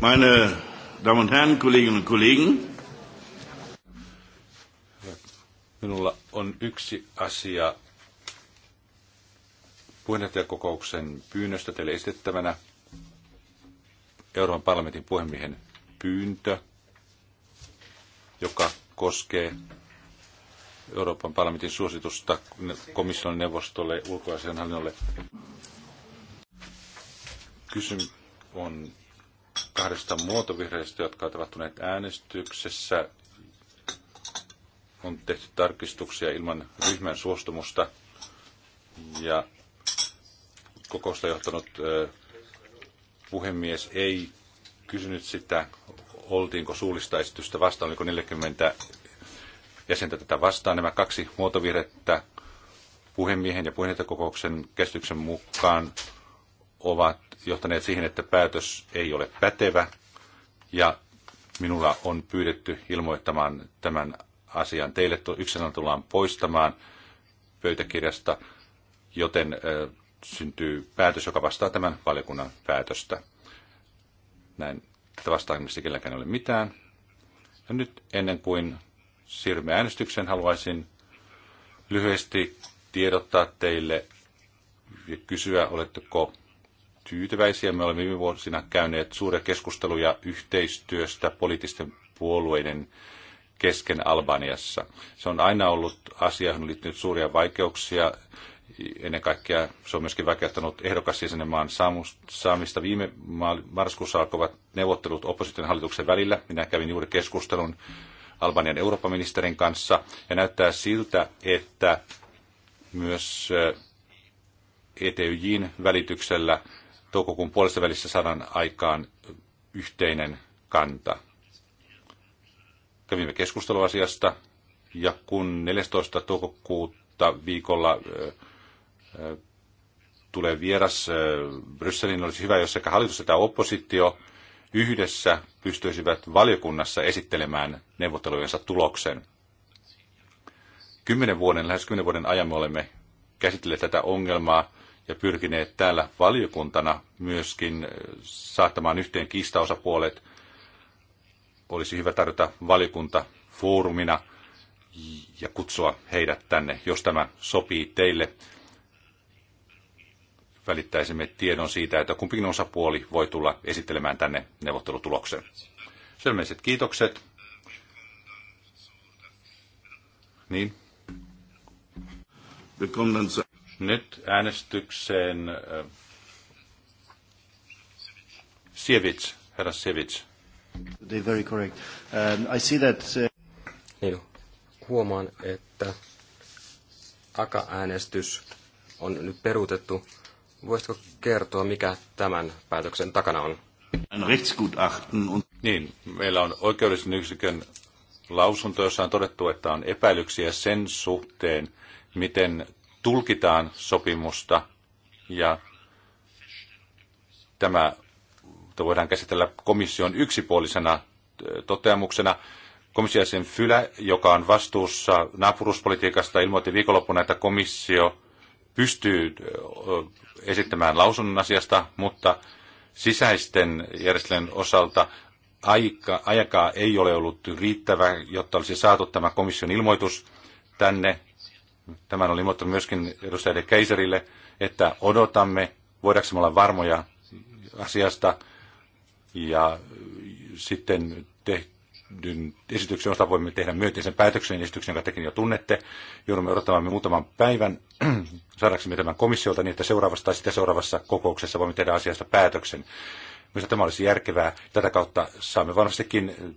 Meine Damen und Herren, Kolleginnen und Kollegen. Minulla on yksi asia puheenjohtajakokouksen pyynnöstä teille esitettävänä. Euroopan parlamentin puhemiehen pyyntö, joka koskee Euroopan parlamentin suositusta komission neuvostolle ulkoasianhallinnolle. Kysymys on kahdesta muotovihreistä, jotka ovat tapahtuneet äänestyksessä. On tehty tarkistuksia ilman ryhmän suostumusta ja kokousta johtanut puhemies ei kysynyt sitä, oltiinko suullista esitystä vastaan, oliko 40 jäsentä tätä vastaan. Nämä kaksi muotovihrettä puhemiehen ja puheenjohtajakokouksen käsityksen mukaan ovat johtaneet siihen, että päätös ei ole pätevä ja minulla on pyydetty ilmoittamaan tämän asian teille. Yksinään tullaan poistamaan pöytäkirjasta, joten syntyy päätös, joka vastaa tämän valiokunnan päätöstä. Näin tätä vastaan missä kenelläkään ei ole mitään. Ja nyt ennen kuin siirrymme äänestykseen, haluaisin lyhyesti tiedottaa teille ja kysyä, oletteko tyytyväisiä. Me olemme viime vuosina käyneet suuria keskusteluja yhteistyöstä poliittisten puolueiden kesken Albaniassa. Se on aina ollut asia, johon liittynyt suuria vaikeuksia. Ennen kaikkea se on myöskin vaikeuttanut ehdokasjäsenenmaan saamista. Viime marraskuussa alkoivat neuvottelut opposition hallituksen välillä. Minä kävin juuri keskustelun Albanian eurooppaministerin kanssa. Ja näyttää siltä, että myös ETYJin välityksellä toukokuun puolessa välissä sadan aikaan yhteinen kanta. Kävimme keskustelua asiasta ja kun 14. toukokuuta viikolla tulee vieras Brysselin, olisi hyvä, jos sekä hallitus että oppositio yhdessä pystyisivät valiokunnassa esittelemään neuvottelujensa tuloksen. Kymmenen vuoden, lähes kymmenen vuoden ajan me olemme käsitelleet tätä ongelmaa ja pyrkineet täällä valiokuntana myöskin eh, saattamaan yhteen kiistaosapuolet. Olisi hyvä tarjota valiokunta foorumina ja kutsua heidät tänne, jos tämä sopii teille. Välittäisimme tiedon siitä, että kumpikin osapuoli voi tulla esittelemään tänne neuvottelutuloksen. Selmeiset kiitokset. Niin. Nyt äänestykseen äh, Sievits, herra Sievits. They're very correct. Um, I see that... Uh... Niin, huomaan, että AKA-äänestys on nyt peruutettu. Voisitko kertoa, mikä tämän päätöksen takana on? Niin, meillä on oikeudellisen yksikön lausunto, jossa on todettu, että on epäilyksiä sen suhteen, miten tulkitaan sopimusta ja tämä voidaan käsitellä komission yksipuolisena toteamuksena. Komissiaisen Fylä, joka on vastuussa naapuruspolitiikasta, ilmoitti viikonloppuna, että komissio pystyy esittämään lausunnon asiasta, mutta sisäisten järjestelmien osalta aika, aikaa ei ole ollut riittävä, jotta olisi saatu tämä komission ilmoitus tänne Tämän oli ilmoittanut myöskin edustajalle Keiserille, että odotamme, voidaanko me olla varmoja asiasta. Ja sitten tehdyn esityksen osalta voimme tehdä myönteisen päätöksen esityksen, jonka tekin jo tunnette. Joudumme odottamaan muutaman päivän saadaksemme tämän komissiolta niin, että seuraavassa tai sitä seuraavassa kokouksessa voimme tehdä asiasta päätöksen. Minusta tämä olisi järkevää. Tätä kautta saamme varmastikin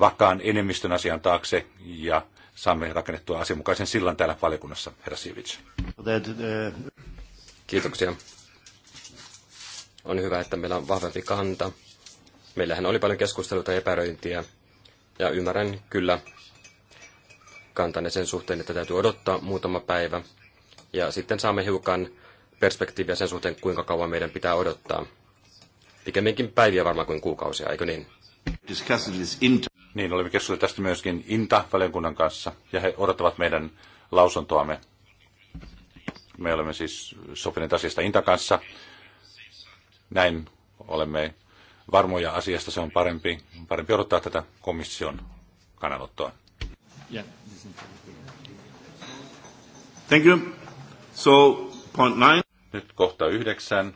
vakaan enemmistön asian taakse ja saamme rakennettua asianmukaisen sillan täällä valiokunnassa, herra Sivic. Kiitoksia. On hyvä, että meillä on vahvempi kanta. Meillähän oli paljon keskusteluta ja epäröintiä, ja ymmärrän kyllä kantanne sen suhteen, että täytyy odottaa muutama päivä, ja sitten saamme hiukan perspektiiviä sen suhteen, kuinka kauan meidän pitää odottaa. Pikemminkin päiviä varmaan kuin kuukausia, eikö niin? Niin, olemme keskustelleet tästä myöskin INTA-valiokunnan kanssa, ja he odottavat meidän lausuntoamme. Me olemme siis sopineet asiasta INTA kanssa. Näin olemme varmoja asiasta, se on parempi, parempi odottaa tätä komission kannanottoa. Thank you. So, point nine. Nyt kohta yhdeksän.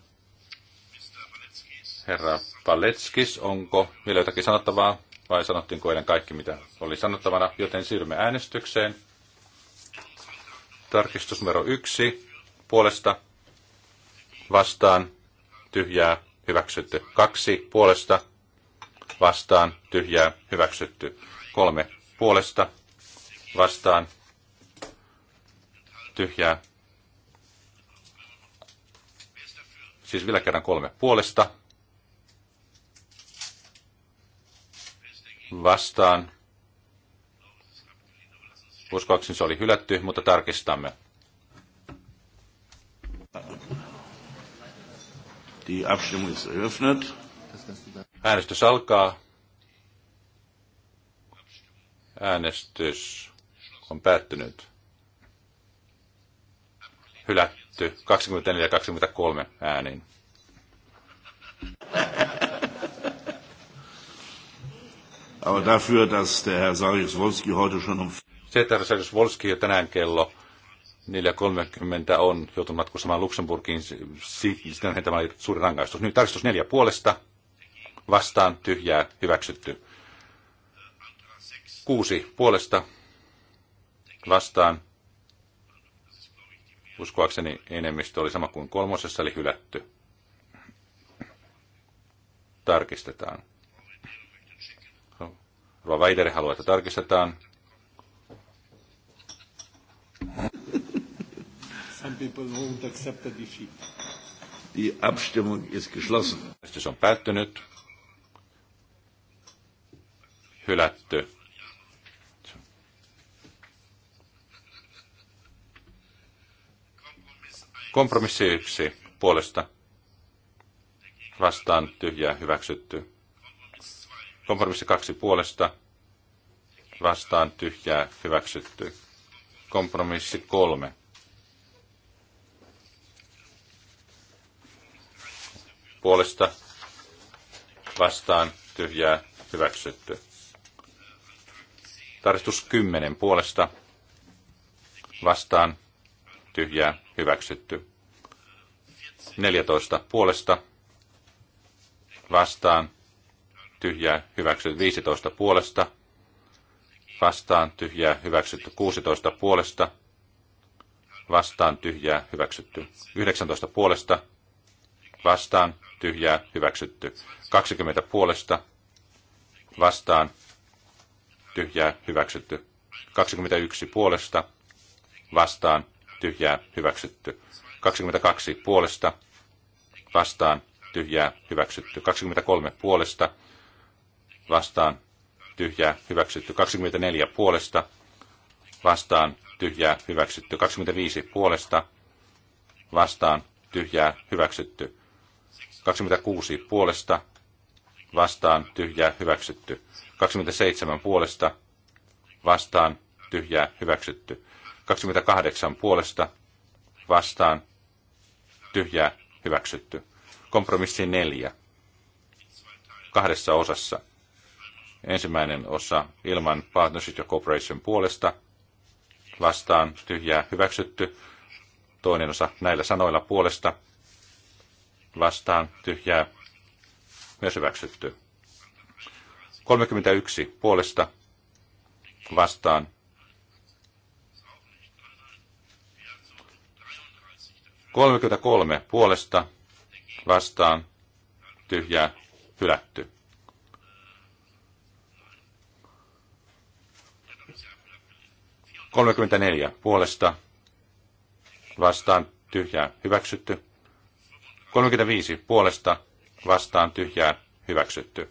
Herra Paletskis, onko vielä jotakin sanottavaa? vai sanottiinko eilen kaikki, mitä oli sanottavana, joten siirrymme äänestykseen. Tarkistus numero yksi, puolesta, vastaan, tyhjää, hyväksytty. Kaksi, puolesta, vastaan, tyhjää, hyväksytty. Kolme, puolesta, vastaan, tyhjää. Siis vielä kerran kolme, puolesta, vastaan. Uskoakseni se oli hylätty, mutta tarkistamme. Die Abstimmung ist eröffnet. Äänestys alkaa. Äänestys on päättynyt. Hylätty 24-23 äänin. Aber dafür, dass der Herr Sarius Wolski heute schon um... Se, että Herra Sarius Wolski jo tänään kello 4.30 on joutunut matkustamaan Luxemburgiin, sitä tämä oli suuri rangaistus. Nyt tarkistus neljä puolesta, vastaan tyhjää, hyväksytty. Kuusi puolesta, vastaan, uskoakseni enemmistö oli sama kuin kolmosessa, eli hylätty. Tarkistetaan. Rova Weider haluaa, että tarkistetaan. Some people won't accept the defeat. Die Abstimmung ist geschlossen. Äänestys on päättynyt. Hylätty. Kompromissi yksi puolesta vastaan tyhjä hyväksytty. Kompromissi kaksi puolesta vastaan tyhjää hyväksytty. Kompromissi kolme. Puolesta vastaan tyhjää hyväksytty. Tarkistus 10 puolesta vastaan tyhjää hyväksytty. 14 puolesta vastaan tyhjää, hyväksytty 15 puolesta, vastaan tyhjää, hyväksytty 16 puolesta, vastaan tyhjää, hyväksytty 19 puolesta, vastaan tyhjää, hyväksytty 20 puolesta, vastaan tyhjää, hyväksytty 21 puolesta, vastaan tyhjää, hyväksytty 22 puolesta, vastaan tyhjää, hyväksytty 23 puolesta, vastaan tyhjää hyväksytty 24 puolesta, vastaan tyhjää hyväksytty 25 puolesta, vastaan tyhjää hyväksytty 26 puolesta, vastaan tyhjää hyväksytty 27 puolesta, vastaan tyhjää hyväksytty 28 puolesta, vastaan tyhjää hyväksytty. Kompromissi neljä Kahdessa osassa. Ensimmäinen osa ilman Partnership ja Cooperation puolesta vastaan tyhjää hyväksytty. Toinen osa näillä sanoilla puolesta vastaan tyhjää myös hyväksytty. 31 puolesta vastaan kolme puolesta vastaan tyhjää hylätty. 34 puolesta vastaan tyhjää hyväksytty. 35 puolesta vastaan tyhjää hyväksytty.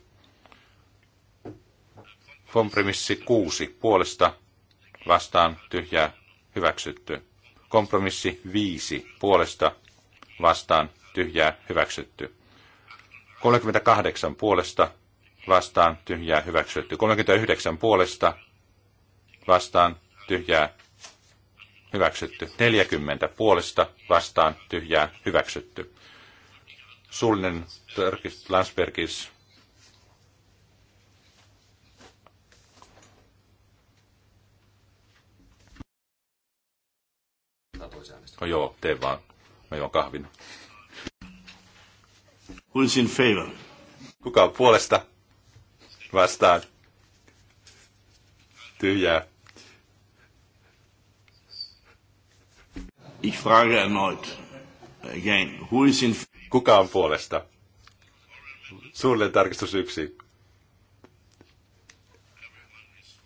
Kompromissi 6 puolesta vastaan tyhjää hyväksytty. Kompromissi 5 puolesta vastaan tyhjää hyväksytty. 38 puolesta vastaan tyhjää hyväksytty. 39 puolesta vastaan tyhjää, hyväksytty. 40 puolesta vastaan tyhjää, hyväksytty. Suullinen Landsbergis No joo, tee vaan. Mä joon kahvin. Who's in favor? Kuka on puolesta? Vastaan. Tyhjää. Ich frage erneut. Again, who is in... Kuka on puolesta? Suullinen tarkistus yksi.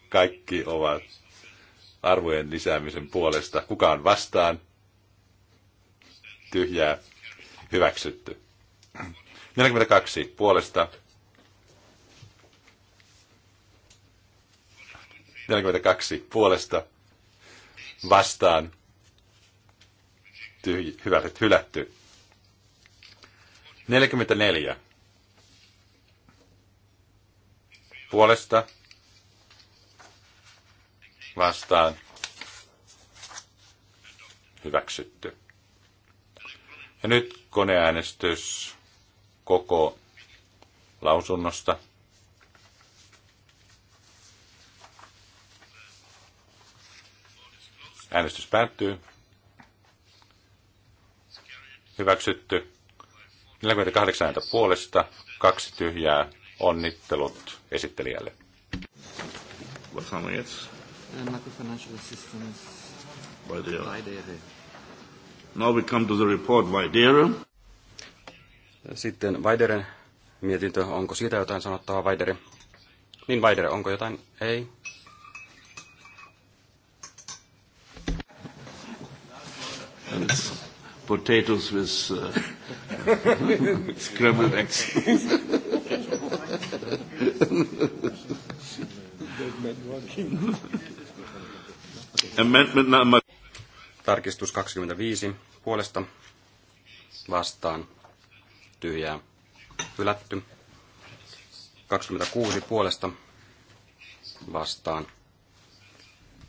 Kaikki ovat arvojen lisäämisen puolesta. Kuka on vastaan? Tyhjää. Hyväksytty. 42 puolesta. 42 puolesta vastaan tyhj, hyväksytty, hylätty. 44. Puolesta vastaan hyväksytty. Ja nyt koneäänestys koko lausunnosta. Äänestys päättyy hyväksytty. 48 ääntä puolesta, kaksi tyhjää. Onnittelut esittelijälle. Uh, Now we come to the report Vaidere. Sitten Vaideren mietintö. Onko siitä jotain sanottavaa, Vaidere? Niin, Vaidere, onko jotain? Ei. It's potatoes with uh, scrambled eggs. Amendment number. Tarkistus 25 puolesta vastaan tyhjää hylätty. 26 puolesta vastaan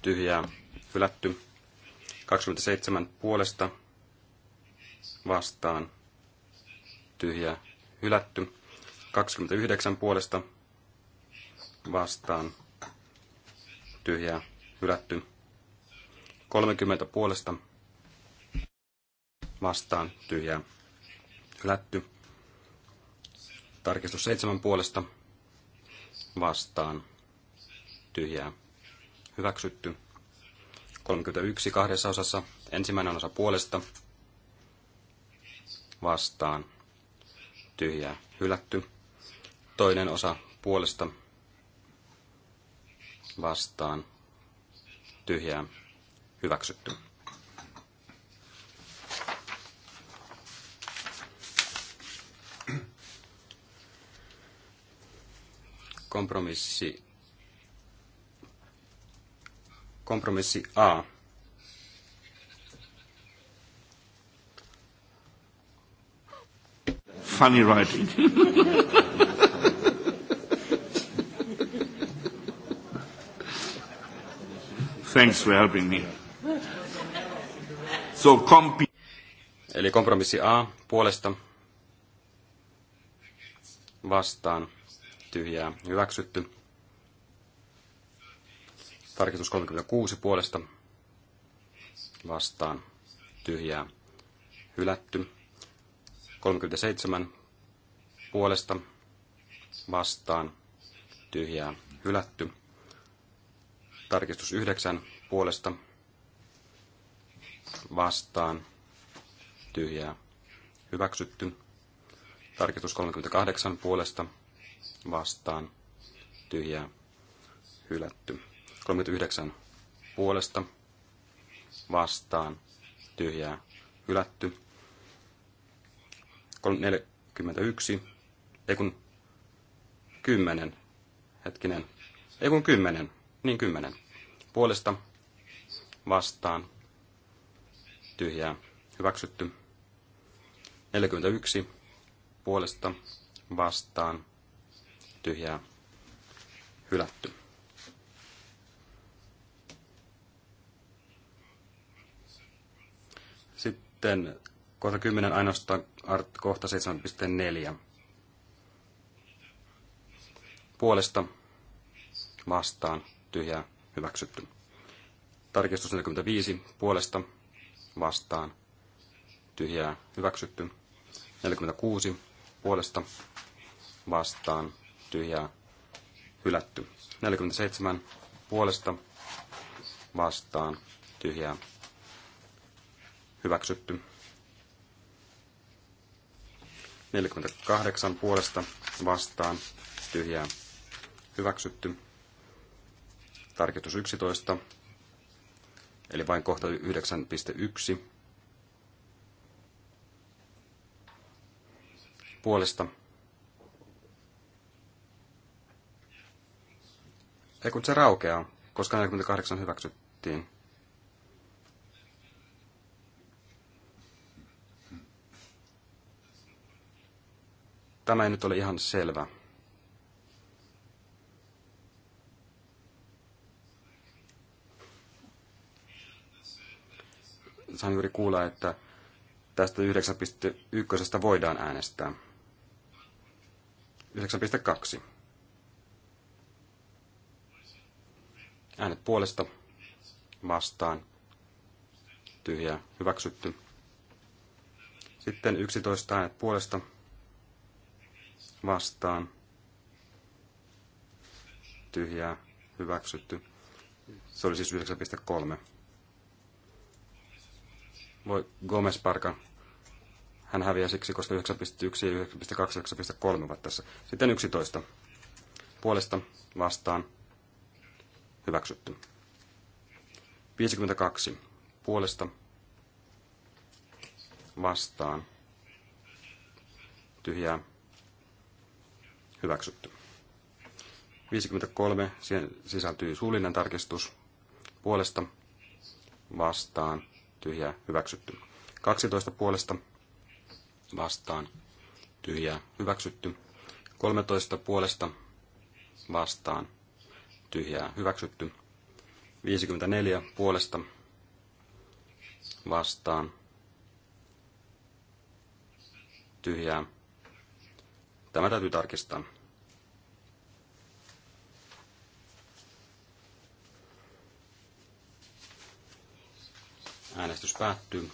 tyhjää hylätty. 27 puolesta vastaan tyhjää hylätty. 29 puolesta vastaan tyhjää hylätty. 30 puolesta vastaan tyhjää hylätty. Tarkistus 7 puolesta vastaan tyhjää hyväksytty. 31 kahdessa osassa ensimmäinen osa puolesta vastaan tyhjää hylätty. Toinen osa puolesta vastaan tyhjää hyväksytty. Kompromissi, kompromissi A funny writing. Thanks for helping me. So compi- Eli kompromissi A puolesta vastaan tyhjää hyväksytty. Tarkistus 36 puolesta vastaan tyhjää hylätty. 37 puolesta vastaan tyhjää hylätty. Tarkistus 9 puolesta vastaan tyhjää hyväksytty. Tarkistus 38 puolesta vastaan tyhjää hylätty. 39 puolesta vastaan tyhjää hylätty. 41, ei kun 10, hetkinen, ei kun 10, niin 10, puolesta vastaan tyhjää hyväksytty. 41 puolesta vastaan tyhjää hylätty. Sitten kohta 10 ainoastaan art, kohta 7.4. Puolesta vastaan tyhjää hyväksytty. Tarkistus 45 puolesta vastaan tyhjää hyväksytty. 46 puolesta vastaan tyhjää hylätty. 47 puolesta vastaan tyhjää hyväksytty. 48 puolesta vastaan tyhjää hyväksytty. Tarkistus 11, eli vain kohta 9.1. Puolesta. Ei kun se raukeaa, koska 48 hyväksyttiin. Tämä ei nyt ole ihan selvä. Sain juuri kuulla, että tästä 9.1 voidaan äänestää. 9.2. Äänet puolesta, vastaan, tyhjä, hyväksytty. Sitten 11 äänet puolesta, vastaan tyhjää hyväksytty. Se oli siis 9,3. Voi Gomez Parka. Hän häviää siksi, koska 9.1 ja 9.2 ja 9.3 ovat tässä. Sitten 11. Puolesta vastaan hyväksytty. 52. Puolesta vastaan tyhjää Hyväksytty. 53. Siihen sisältyy suullinen tarkistus. Puolesta vastaan tyhjää hyväksytty. 12 puolesta vastaan tyhjää hyväksytty. 13 puolesta vastaan tyhjää hyväksytty. 54 puolesta vastaan tyhjää Tämä täytyy tarkistaa. Äänestys päättyy.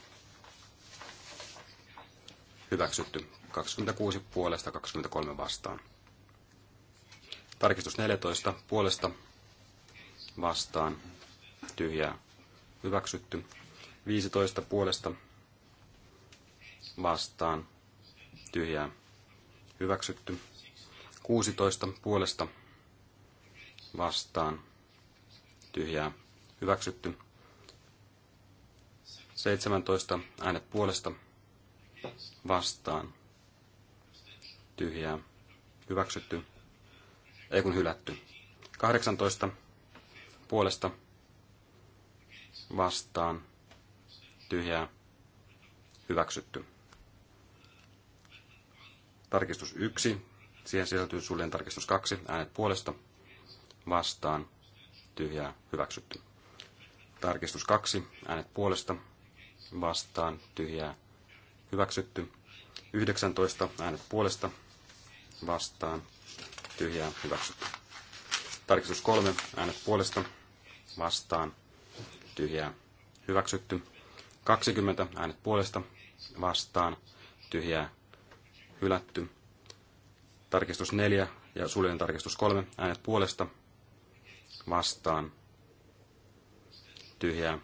Hyväksytty. 26 puolesta 23 vastaan. Tarkistus 14 puolesta vastaan. Tyhjää. Hyväksytty. 15 puolesta vastaan. Tyhjää hyväksytty. 16 puolesta vastaan tyhjää hyväksytty. 17 äänet puolesta vastaan tyhjää hyväksytty, ei kun hylätty. 18 puolesta vastaan tyhjää hyväksytty. Tarkistus 1. Siihen sisältyy suljen tarkistus 2. Äänet puolesta. Vastaan. Tyhjää. Hyväksytty. Tarkistus 2. Äänet puolesta. Vastaan. Tyhjää. Hyväksytty. 19. Äänet puolesta. Vastaan. Tyhjää. Hyväksytty. Tarkistus 3. Äänet puolesta. Vastaan. Tyhjää. Hyväksytty. 20. Äänet puolesta. Vastaan. Tyhjää hylätty. Tarkistus 4 ja suljen tarkistus 3, äänet puolesta, vastaan, tyhjää,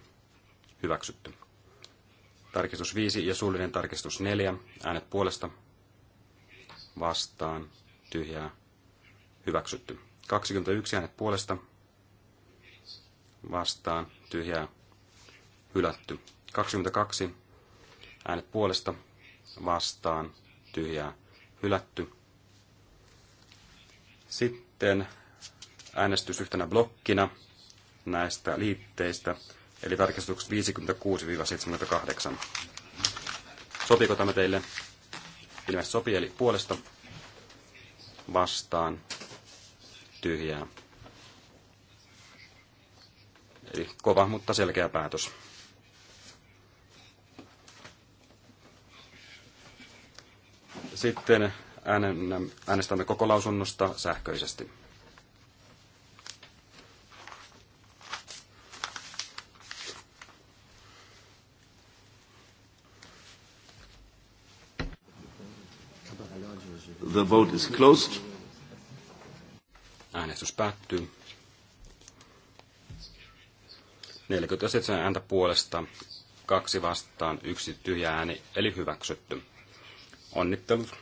hyväksytty. Tarkistus 5 ja suljen tarkistus 4, äänet puolesta, vastaan, tyhjää, hyväksytty. 21 äänet puolesta, vastaan, tyhjää, hylätty. 22 äänet puolesta, vastaan, tyhjää hylätty. Sitten äänestys yhtenä blokkina näistä liitteistä, eli tarkistukset 56-78. Sopiiko tämä teille? Ilmeisesti sopii, eli puolesta vastaan tyhjää. Eli kova, mutta selkeä päätös. Sitten äänestämme koko lausunnosta sähköisesti. The vote is closed. Äänestys päättyy. 47 ääntä puolesta, kaksi vastaan, yksi tyhjä ääni, eli hyväksytty. Onnittelut.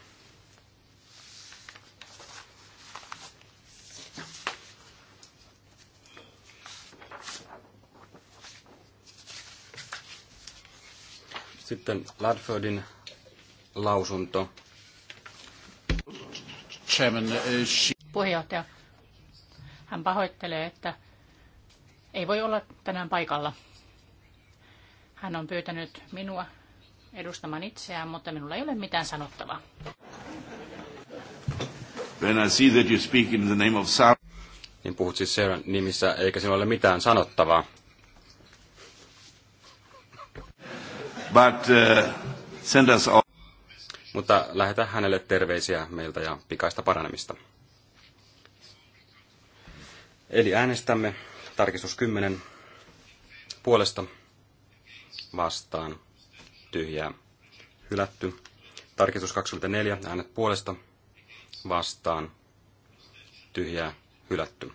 Sitten Ladfordin lausunto. Uh, Puheenjohtaja, hän pahoittelee, että ei voi olla tänään paikalla. Hän on pyytänyt minua edustamaan itseään, mutta minulla ei ole mitään sanottavaa. When I see that you speak in the name of Sarah. Niin puhut siis Saran nimissä, eikä sinulla ole mitään sanottavaa. But, uh, send us all. Mutta lähetä hänelle terveisiä meiltä ja pikaista paranemista. Eli äänestämme tarkistus 10 puolesta vastaan tyhjää hylätty. Tarkistus 24, äänet puolesta vastaan tyhjää hylätty.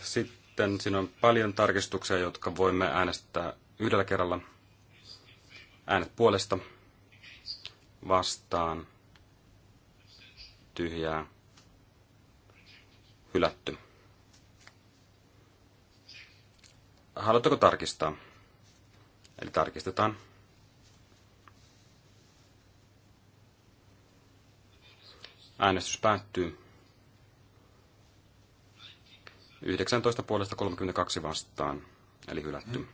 Sitten siinä on paljon tarkistuksia, jotka voimme äänestää yhdellä kerralla. Äänet puolesta vastaan tyhjää hylätty. Haluatteko tarkistaa? Eli tarkistetaan. Äänestys päättyy. 19 puolesta 32 vastaan, eli hylätty.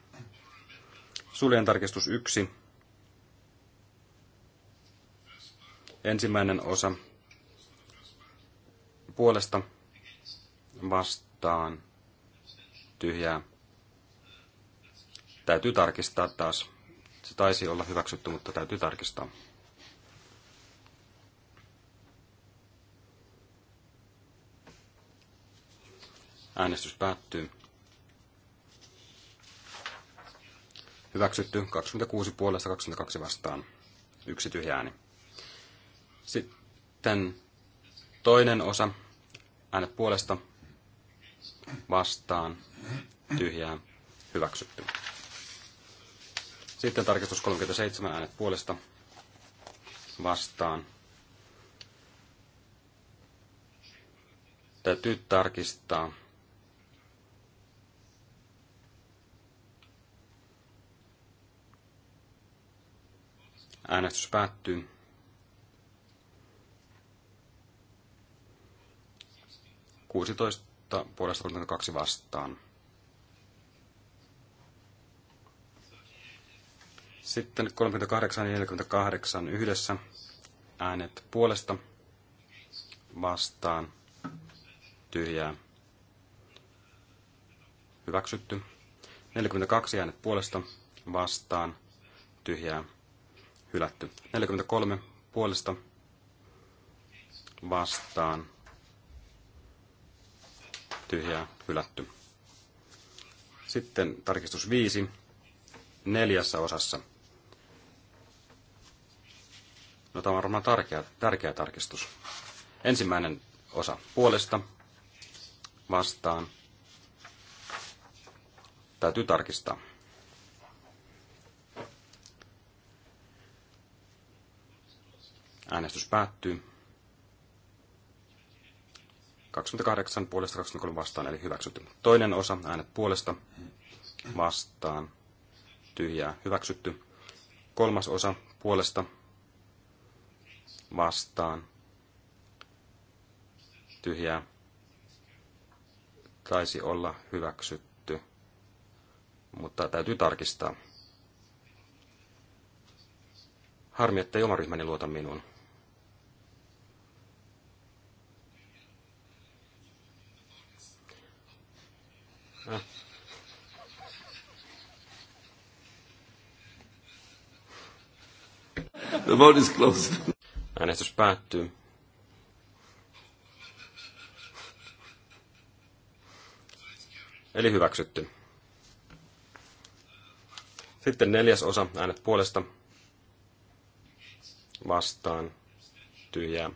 Suljen tarkistus 1. Ensimmäinen osa puolesta vastaan tyhjää Täytyy tarkistaa taas. Se taisi olla hyväksytty, mutta täytyy tarkistaa. Äänestys päättyy. Hyväksytty 26 puolesta 22 vastaan. Yksi tyhjä ääni. Sitten toinen osa. Äänet puolesta vastaan. Tyhjää. Hyväksytty. Sitten tarkistus 37 äänet puolesta vastaan. Täytyy tarkistaa. Äänestys päättyy. Kuusitoista puolesta kaksi vastaan. Sitten 38 ja 48 yhdessä äänet puolesta vastaan tyhjää hyväksytty. 42 äänet puolesta vastaan tyhjää hylätty. 43 puolesta vastaan tyhjää hylätty. Sitten tarkistus 5 neljässä osassa. No tämä on varmaan tärkeä, tärkeä tarkistus. Ensimmäinen osa puolesta vastaan. Täytyy tarkistaa. Äänestys päättyy. 28 puolesta 23 vastaan, eli hyväksytty. Toinen osa, äänet puolesta, vastaan, tyhjää, hyväksytty. Kolmas osa, puolesta, vastaan tyhjää taisi olla hyväksytty, mutta täytyy tarkistaa. Harmi, että ei oma ryhmäni luota minuun. Äh. The vote is closed. Äänestys päättyy. Eli hyväksytty. Sitten neljäs osa, äänet puolesta, vastaan, tyhjää,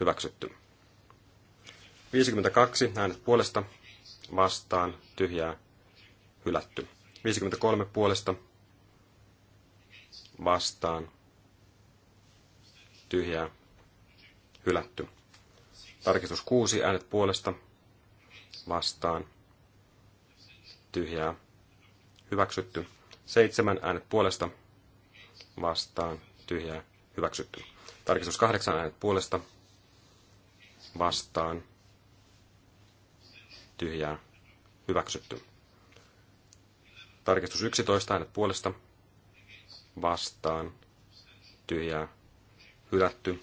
hyväksytty. 52, äänet puolesta, vastaan, tyhjää, hylätty. 53 puolesta, vastaan, tyhjää, hylätty. Tarkistus 6, äänet puolesta, vastaan, tyhjää, hyväksytty. 7, äänet puolesta, vastaan, tyhjää, hyväksytty. Tarkistus 8, äänet puolesta, vastaan, tyhjää, hyväksytty. Tarkistus 11, äänet puolesta, vastaan, tyhjää, hylätty.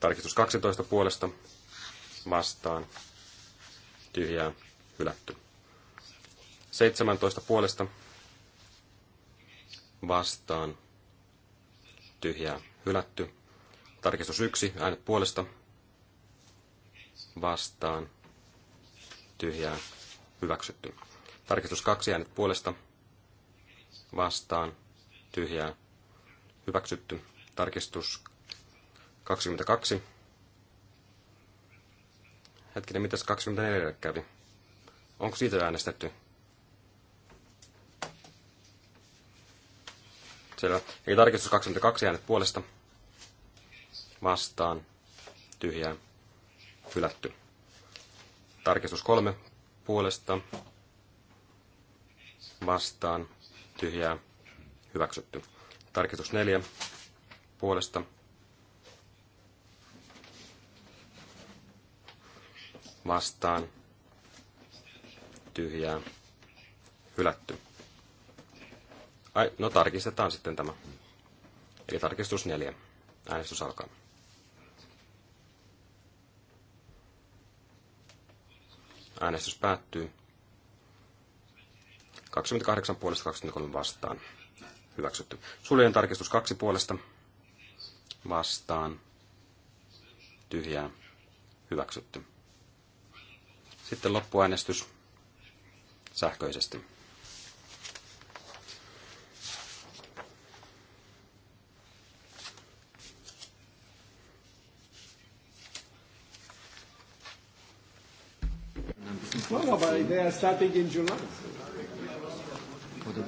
Tarkistus 12 puolesta vastaan tyhjää hylätty. 17 puolesta vastaan tyhjää hylätty. Tarkistus 1 äänet puolesta vastaan tyhjää hyväksytty. Tarkistus 2 äänet puolesta vastaan tyhjää hyväksytty. Tarkistus 22. Hetkinen, mitäs 24 kävi? Onko siitä äänestetty? Selvä. Eli tarkistus 22 äänet puolesta. Vastaan. Tyhjää. Hylätty. Tarkistus 3 puolesta. Vastaan. Tyhjää. Hyväksytty. Tarkistus 4 puolesta. vastaan tyhjää hylätty. Ai, no tarkistetaan sitten tämä. Eli tarkistus neljä. Äänestys alkaa. Äänestys päättyy. 28 puolesta 23 vastaan. Hyväksytty. Suljen tarkistus kaksi puolesta vastaan. Tyhjää. Hyväksytty. Sitten loppuäänestys sähköisesti. No,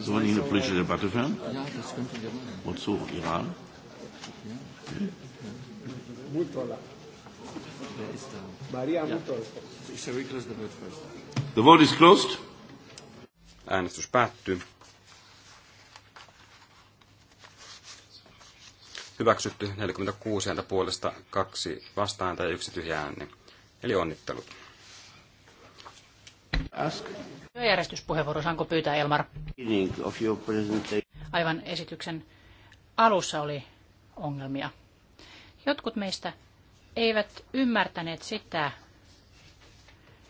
So eine politische Debatte führen? Ja, das machen. Wozu? Iran? Ja. Okay the vote is closed. Äänestys päättyy. Hyväksytty 46 ääntä puolesta, kaksi vastaan ja yksi tyhjä ääni. Eli onnittelut. Ask. Työjärjestyspuheenvuoro, saanko pyytää Elmar? Aivan esityksen alussa oli ongelmia. Jotkut meistä eivät ymmärtäneet sitä,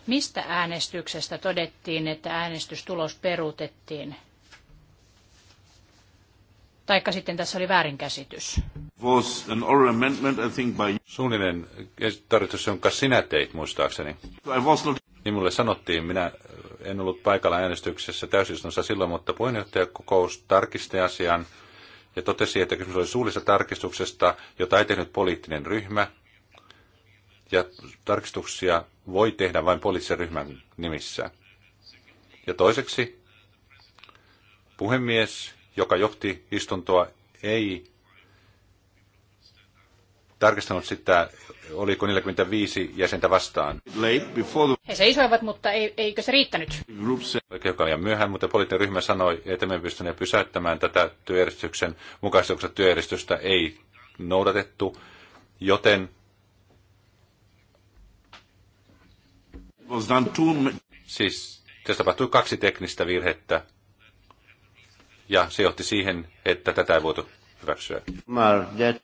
mistä äänestyksestä todettiin, että äänestystulos peruutettiin. Taikka sitten tässä oli väärinkäsitys. Was an oral amendment, I think by... Suunnilleen tarkoitus, jonka sinä teit, muistaakseni. I was not... Niin mulle sanottiin, minä en ollut paikalla äänestyksessä täysistunnossa silloin, mutta puheenjohtajakokous tarkisti asian ja totesi, että kysymys oli suullisesta tarkistuksesta, jota ei tehnyt poliittinen ryhmä, ja tarkistuksia voi tehdä vain poliittisen ryhmän nimissä. Ja toiseksi, puhemies, joka johti istuntoa, ei tarkistanut sitä, oliko 45 jäsentä vastaan. He seisoivat, mutta ei, eikö se riittänyt? Oikein joka liian myöhään, mutta poliittinen ryhmä sanoi, että me pystymme pysäyttämään tätä työjärjestyksen mukaisuuksesta työjärjestystä ei noudatettu, joten Siis tässä tapahtui kaksi teknistä virhettä ja se johti siihen, että tätä ei voitu hyväksyä.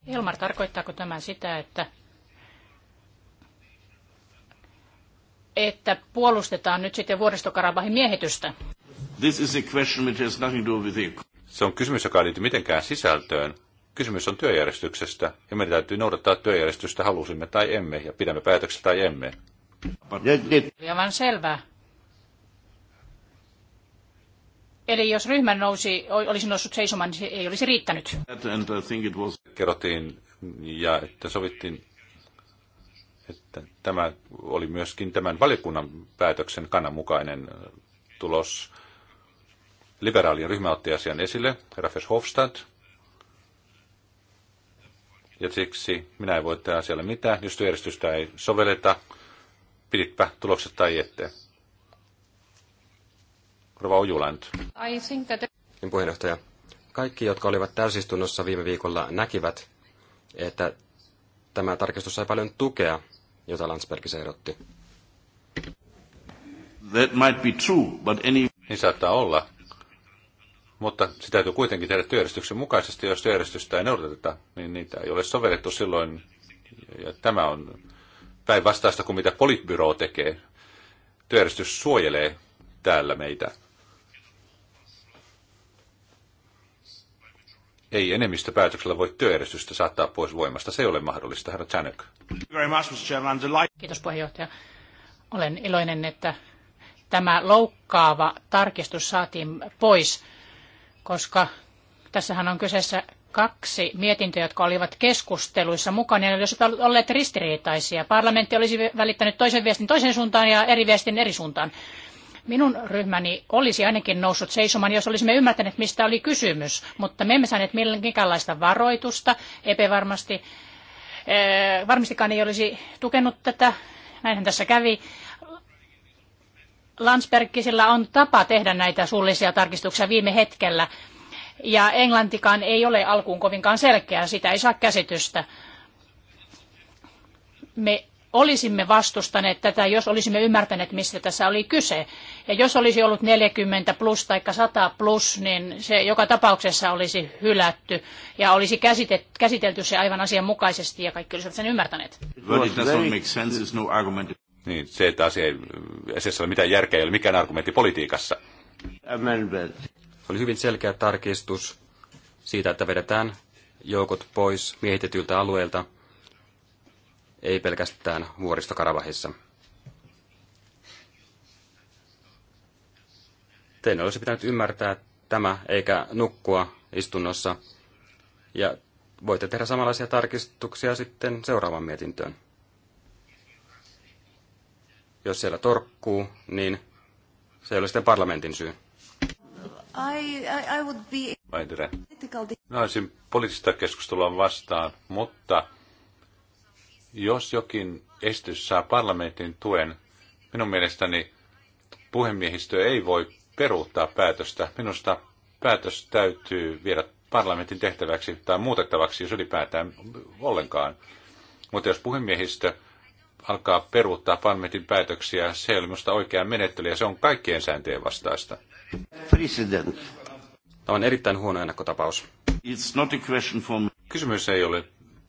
Ilmar, tarkoittaako tämä sitä, että että puolustetaan nyt sitten vuoristokarabahin miehitystä? This is a question which has nothing to do with it. Se on kysymys, joka ei liity mitenkään sisältöön. Kysymys on työjärjestyksestä, ja meidän täytyy noudattaa työjärjestystä halusimme tai emme, ja pidämme päätöksestä tai emme. Hieman selvä. Eli jos ryhmä nousi, olisi noussut seisomaan, niin se ei olisi riittänyt. Kerrottiin ja että sovittiin, että tämä oli myöskin tämän valiokunnan päätöksen kannan mukainen äh, tulos. Liberaalien ryhmä otti asian esille, Raffes Hofstad. Ja siksi minä en voi tehdä asialle mitään, jos työjärjestystä ei sovelleta piditpä tulokset tai ette. Rova Ojuland. I think that... Niin puheenjohtaja. Kaikki, jotka olivat täysistunnossa viime viikolla, näkivät, että tämä tarkistus sai paljon tukea, jota Landsbergis ehdotti. That might be true, but any... Niin saattaa olla, mutta sitä täytyy kuitenkin tehdä työjärjestyksen mukaisesti. Jos työjärjestystä ei noudateta, niin niitä ei ole sovellettu silloin. Ja tämä on päinvastaista kuin mitä politbyro tekee. Työjärjestys suojelee täällä meitä. Ei enemmistöpäätöksellä voi työjärjestystä saattaa pois voimasta. Se ei ole mahdollista, herra Chanuk. Kiitos puheenjohtaja. Olen iloinen, että tämä loukkaava tarkistus saatiin pois, koska tässähän on kyseessä kaksi mietintöä, jotka olivat keskusteluissa mukana, ja olisivat olleet ristiriitaisia. Parlamentti olisi välittänyt toisen viestin toiseen suuntaan ja eri viestin eri suuntaan. Minun ryhmäni olisi ainakin noussut seisomaan, jos olisimme ymmärtäneet, mistä oli kysymys, mutta me emme saaneet minkäänlaista varoitusta. Epe varmasti, ee, varmastikaan ei olisi tukenut tätä, näinhän tässä kävi. Landsbergisillä on tapa tehdä näitä suullisia tarkistuksia viime hetkellä ja englantikaan ei ole alkuun kovinkaan selkeää, sitä ei saa käsitystä. Me olisimme vastustaneet tätä, jos olisimme ymmärtäneet, mistä tässä oli kyse. Ja jos olisi ollut 40 plus tai 100 plus, niin se joka tapauksessa olisi hylätty ja olisi käsitet, käsitelty se aivan asianmukaisesti ja kaikki olisivat sen ymmärtäneet. No niin, se, että asia ei, ei ole mitään järkeä, ei ole mikään argumentti politiikassa. Se oli hyvin selkeä tarkistus siitä, että vedetään joukot pois miehitetyltä alueelta, ei pelkästään vuoristokarabahissa. Teidän olisi pitänyt ymmärtää tämä, eikä nukkua istunnossa. Ja voitte tehdä samanlaisia tarkistuksia sitten seuraavaan mietintöön. Jos siellä torkkuu, niin se ei ole sitten parlamentin syy. I, I, I would be... olisin poliittista keskustelua vastaan, mutta jos jokin esitys saa parlamentin tuen, minun mielestäni puhemiehistö ei voi peruuttaa päätöstä. Minusta päätös täytyy viedä parlamentin tehtäväksi tai muutettavaksi, jos ylipäätään ollenkaan. Mutta jos puhemiehistö alkaa peruuttaa parlamentin päätöksiä, se ei ole minusta oikea menettely ja se on kaikkien sääntöjen vastaista. President. Tämä on erittäin huono ennakkotapaus. It's not a question for... Kysymys ei ole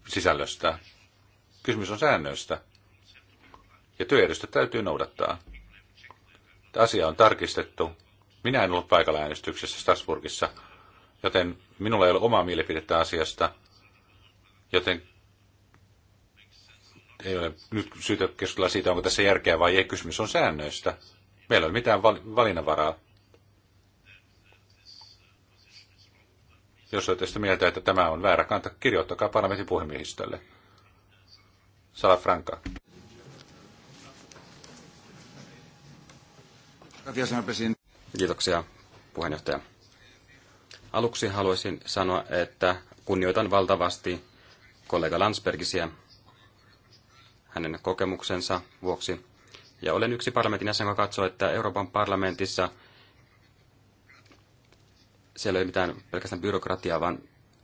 sisällöstä. Kysymys on säännöistä. Ja työjärjestö täytyy noudattaa. Asia on tarkistettu. Minä en ollut paikalla äänestyksessä Strasbourgissa, joten minulla ei ole omaa mielipidettä asiasta, joten ei ole nyt syytä keskustella siitä, onko tässä järkeä vai ei. Kysymys on säännöistä. Meillä ei ole mitään valinnanvaraa. Jos olette sitä mieltä, että tämä on väärä kanta, kirjoittakaa parlamentin puhemiehistölle. Sala Franca. Kiitoksia, puheenjohtaja. Aluksi haluaisin sanoa, että kunnioitan valtavasti kollega Landsbergisiä hänen kokemuksensa vuoksi. Ja olen yksi parlamentin jäsen, joka katsoo, että Euroopan parlamentissa – siellä ei mitään pelkästään byrokratiaa, vaan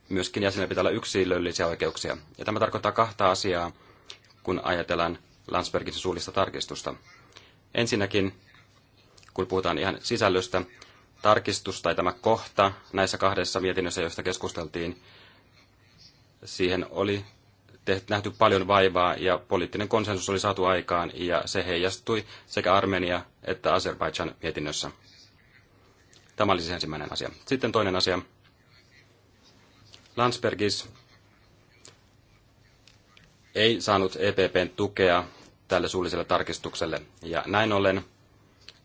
myöskin jäsenillä pitää olla yksilöllisiä oikeuksia. Ja tämä tarkoittaa kahta asiaa, kun ajatellaan Landsbergin suullista tarkistusta. Ensinnäkin, kun puhutaan ihan sisällöstä, tarkistus tai tämä kohta näissä kahdessa mietinnössä, joista keskusteltiin, siihen oli tehty, nähty paljon vaivaa ja poliittinen konsensus oli saatu aikaan ja se heijastui sekä Armenia että Azerbaidžan mietinnössä. Tämä oli siis ensimmäinen asia. Sitten toinen asia. Landsbergis ei saanut EPPn tukea tälle suulliselle tarkistukselle. Ja näin ollen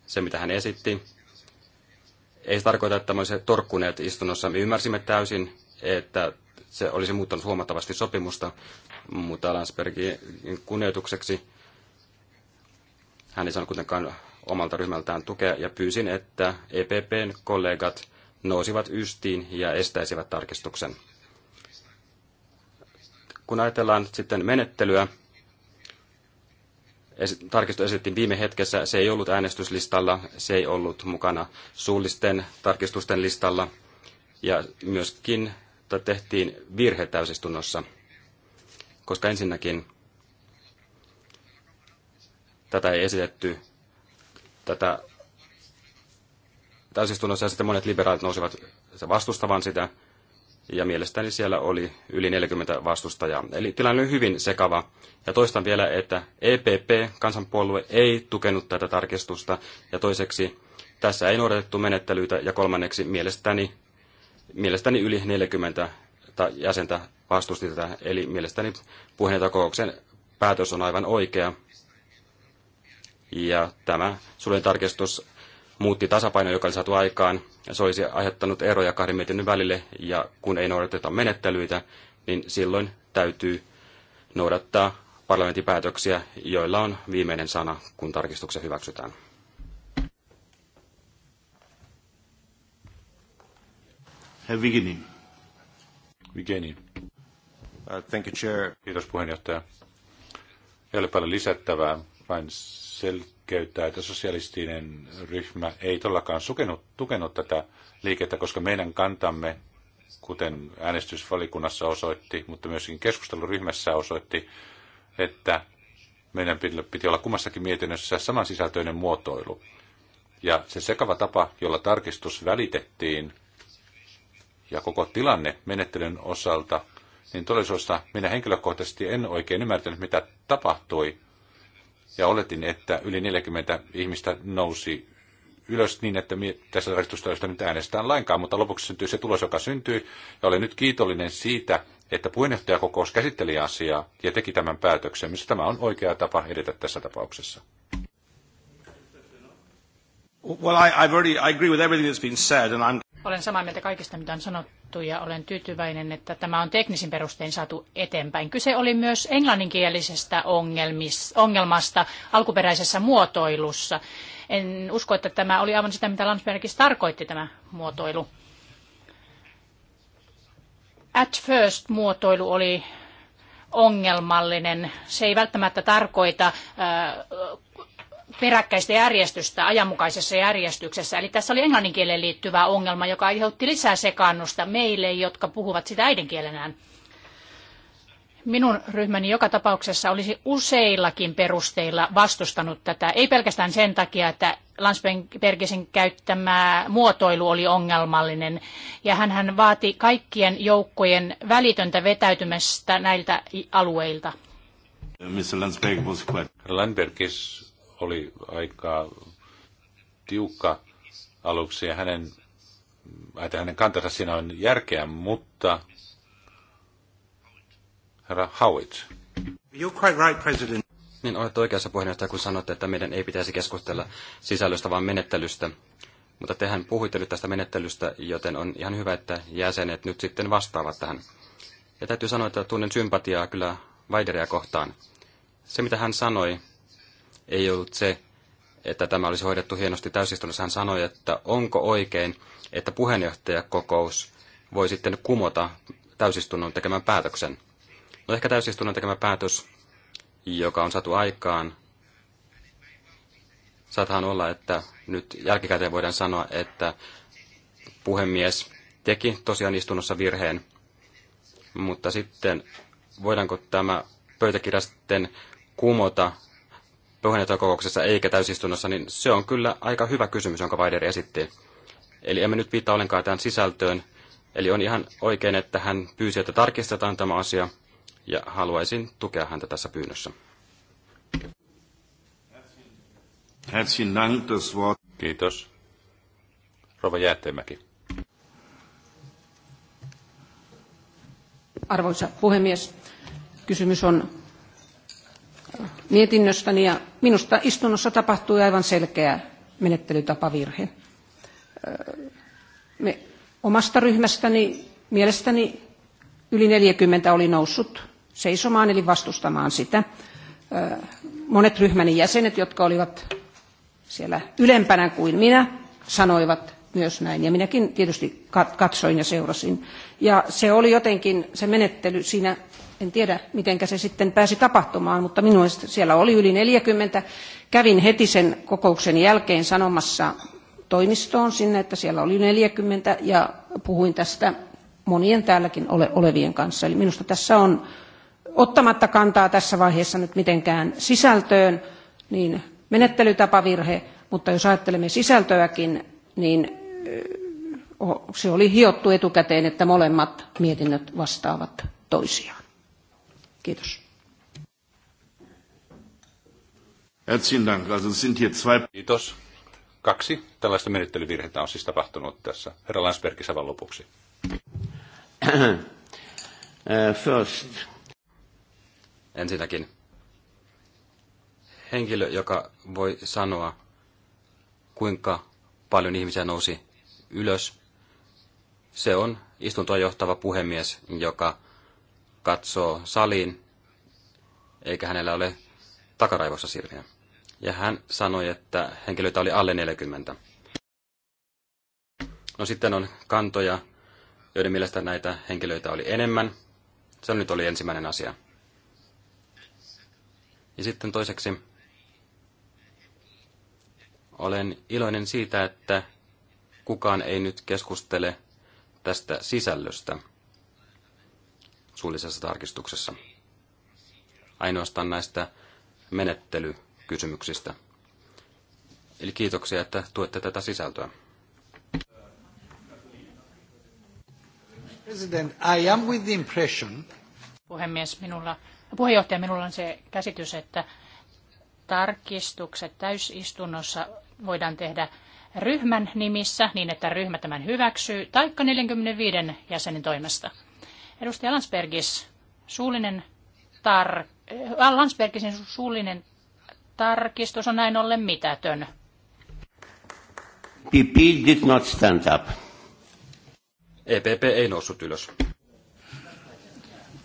se, mitä hän esitti, ei se tarkoita, että olisi torkkuneet istunnossa. Me ymmärsimme täysin, että se olisi muuttanut huomattavasti sopimusta, mutta Landsbergin kunnioitukseksi hän ei saanut kuitenkaan omalta ryhmältään tukea ja pyysin, että EPPn kollegat nousivat ystiin ja estäisivät tarkistuksen. Kun ajatellaan sitten menettelyä, tarkistus esitettiin viime hetkessä, se ei ollut äänestyslistalla, se ei ollut mukana suullisten tarkistusten listalla ja myöskin tehtiin virhe täysistunnossa, koska ensinnäkin tätä ei esitetty tätä täysistunnossa ja sitten monet liberaalit nousivat vastustavan sitä. Ja mielestäni siellä oli yli 40 vastustajaa. Eli tilanne oli hyvin sekava. Ja toistan vielä, että EPP, kansanpuolue, ei tukenut tätä tarkistusta. Ja toiseksi, tässä ei noudatettu menettelyitä. Ja kolmanneksi, mielestäni, mielestäni yli 40 jäsentä vastusti tätä. Eli mielestäni puheenjohtajakokouksen päätös on aivan oikea. Ja tämä suljen tarkistus muutti tasapaino, joka oli saatu aikaan. Se olisi aiheuttanut eroja kahden mietinnön välille, ja kun ei noudateta menettelyitä, niin silloin täytyy noudattaa parlamentin päätöksiä, joilla on viimeinen sana, kun tarkistuksen hyväksytään. Herr Vigenin. Uh, thank you, Chair. Kiitos puheenjohtaja. Ei ole paljon lisättävää vain selkeyttää, että sosialistinen ryhmä ei todellakaan sukenut, tukenut tätä liikettä, koska meidän kantamme, kuten äänestysvalikunnassa osoitti, mutta myöskin keskusteluryhmässä osoitti, että meidän piti olla kummassakin mietinnössä samansisältöinen muotoilu. Ja se sekava tapa, jolla tarkistus välitettiin ja koko tilanne menettelyn osalta, niin todellisuudessa minä henkilökohtaisesti en oikein ymmärtänyt, mitä tapahtui ja oletin, että yli 40 ihmistä nousi ylös niin, että tässä tarkistusta nyt äänestään lainkaan, mutta lopuksi syntyi se tulos, joka syntyi, ja olen nyt kiitollinen siitä, että puheenjohtajakokous käsitteli asiaa ja teki tämän päätöksen, missä tämä on oikea tapa edetä tässä tapauksessa. Well, I, I've already, I agree with everything that's been said, and I'm... Olen samaa mieltä kaikista, mitä on sanottu, ja olen tyytyväinen, että tämä on teknisin perustein saatu eteenpäin. Kyse oli myös englanninkielisestä ongelmasta alkuperäisessä muotoilussa. En usko, että tämä oli aivan sitä, mitä Landsbergis tarkoitti tämä muotoilu. At first-muotoilu oli ongelmallinen. Se ei välttämättä tarkoita äh, peräkkäistä järjestystä ajanmukaisessa järjestyksessä. Eli tässä oli englanninkieleen liittyvä ongelma, joka aiheutti lisää sekaannusta meille, jotka puhuvat sitä äidinkielenään. Minun ryhmäni joka tapauksessa olisi useillakin perusteilla vastustanut tätä, ei pelkästään sen takia, että Lansbergisen käyttämä muotoilu oli ongelmallinen, ja hän vaati kaikkien joukkojen välitöntä vetäytymistä näiltä alueilta. Mr. Landsberg was quite... Landbergis oli aika tiukka aluksi ja hänen, että hänen kantansa siinä on järkeä, mutta herra Howitt. You're quite right, President. Niin olette oikeassa puheenjohtaja, kun sanotte, että meidän ei pitäisi keskustella sisällöstä, vaan menettelystä. Mutta tehän puhuitte nyt tästä menettelystä, joten on ihan hyvä, että jäsenet nyt sitten vastaavat tähän. Ja täytyy sanoa, että tunnen sympatiaa kyllä Vaideria kohtaan. Se, mitä hän sanoi, ei ollut se, että tämä olisi hoidettu hienosti täysistunnossa. Hän sanoi, että onko oikein, että puheenjohtajakokous voi sitten kumota täysistunnon tekemän päätöksen. No ehkä täysistunnon tekemä päätös, joka on saatu aikaan, saathan olla, että nyt jälkikäteen voidaan sanoa, että puhemies teki tosiaan istunnossa virheen, mutta sitten voidaanko tämä pöytäkirja sitten kumota puheenjohtajakokouksessa eikä täysistunnossa, niin se on kyllä aika hyvä kysymys, jonka Vaider esitti. Eli emme nyt viittaa ollenkaan tämän sisältöön. Eli on ihan oikein, että hän pyysi, että tarkistetaan tämä asia, ja haluaisin tukea häntä tässä pyynnössä. Kiitos. Rova Jäätteenmäki. Arvoisa puhemies, kysymys on mietinnöstäni ja minusta istunnossa tapahtui aivan selkeä menettelytapavirhe. Me omasta ryhmästäni mielestäni yli 40 oli noussut seisomaan eli vastustamaan sitä. Monet ryhmäni jäsenet, jotka olivat siellä ylempänä kuin minä, sanoivat myös näin. Ja minäkin tietysti katsoin ja seurasin. Ja se oli jotenkin se menettely siinä, en tiedä miten se sitten pääsi tapahtumaan, mutta minun siellä oli yli 40. Kävin heti sen kokouksen jälkeen sanomassa toimistoon sinne, että siellä oli 40 ja puhuin tästä monien täälläkin ole, olevien kanssa. Eli minusta tässä on ottamatta kantaa tässä vaiheessa nyt mitenkään sisältöön, niin menettelytapavirhe, mutta jos ajattelemme sisältöäkin, niin se oli hiottu etukäteen, että molemmat mietinnöt vastaavat toisiaan. Kiitos. Kiitos. Kaksi tällaista menettelyvirhettä on siis tapahtunut tässä. Herra Landsberg, aivan lopuksi. Äh, first. Ensinnäkin henkilö, joka voi sanoa, kuinka paljon ihmisiä nousi ylös. Se on istuntoa johtava puhemies, joka katsoo saliin, eikä hänellä ole takaraivossa sirviä. Ja hän sanoi, että henkilöitä oli alle 40. No sitten on kantoja, joiden mielestä näitä henkilöitä oli enemmän. Se nyt oli ensimmäinen asia. Ja sitten toiseksi, olen iloinen siitä, että kukaan ei nyt keskustele tästä sisällöstä suullisessa tarkistuksessa. Ainoastaan näistä menettelykysymyksistä. Eli kiitoksia, että tuette tätä sisältöä. President, I am with the impression... Puhemies, minulla, puheenjohtaja, minulla on se käsitys, että tarkistukset täysistunnossa voidaan tehdä ryhmän nimissä niin, että ryhmä tämän hyväksyy, taikka 45 jäsenen toimesta. Edustaja Landsbergis, suullinen tar... Äh, Landsbergisin suullinen tarkistus on näin ollen mitätön. PP did not stand up. EPP ei noussut ylös.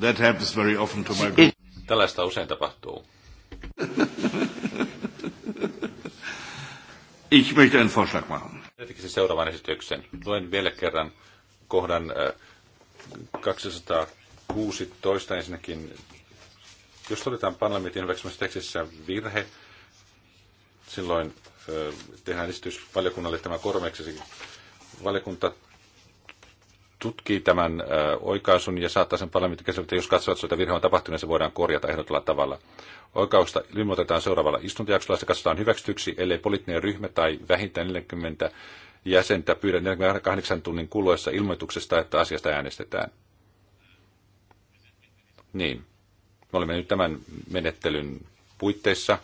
That happens very often to my... Tällaista usein tapahtuu. Ich möchte einen Vorschlag machen. Seuraavan esityksen. Luen vielä kerran kohdan 216 äh, ensinnäkin. Jos todetaan parlamentin hyväksymässä tekstissä virhe, silloin äh, tehdään esitys valiokunnalle tämä kormeksesi. Valiokunta tutkii tämän oikaisun ja saattaa sen parlamentin että jos katsovat, että virhe on tapahtunut, niin se voidaan korjata ehdotella tavalla. Oikausta ilmoitetaan seuraavalla istuntojaksolla, se katsotaan hyväksytyksi, ellei poliittinen ryhmä tai vähintään 40 jäsentä pyydä 48 tunnin kuluessa ilmoituksesta, että asiasta äänestetään. Niin. Me olemme nyt tämän menettelyn puitteissa.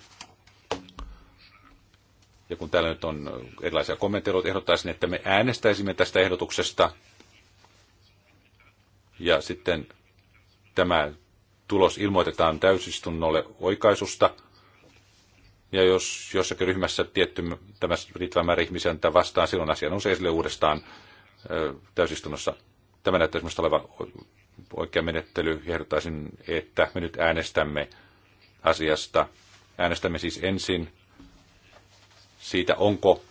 Ja kun täällä nyt on erilaisia kommentteja, ehdottaisin, että me äänestäisimme tästä ehdotuksesta – ja sitten tämä tulos ilmoitetaan täysistunnolle oikaisusta. Ja jos jossakin ryhmässä tietty tämä riittävä määrä ihmisiä antaa vastaan, silloin asia nousee esille uudestaan ö, täysistunnossa. Tämä näyttää minusta oleva oikea menettely. Ehdottaisin, että me nyt äänestämme asiasta. Äänestämme siis ensin siitä, onko,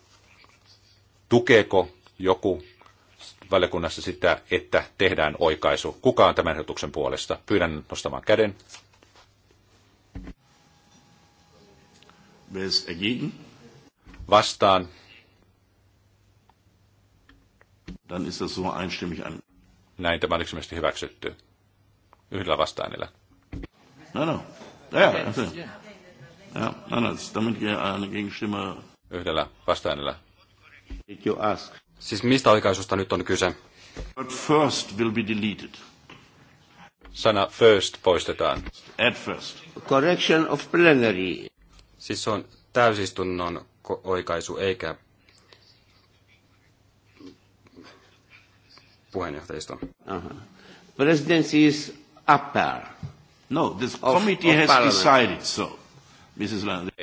tukeeko joku valiokunnassa sitä, että tehdään oikaisu. Kuka on tämän ehdotuksen puolesta? Pyydän nostamaan käden. Vastaan. Dann ist das so einstimmig an. Näin tämä on yksimielisesti hyväksytty. Yhdellä vastaanilla. No, no. Ja, ja. Ja, no, no. Yhdellä vastaanilla. Did you ask? Siis mistä oikaisusta nyt on kyse? But first will be deleted. Sana first poistetaan. At first. Correction of plenary. Siis se on täysistunnon oikaisu eikä puheenjohtajisto. Uh-huh. Presidency is upper. No, this committee of, of has parliament. decided so, Mrs. Landry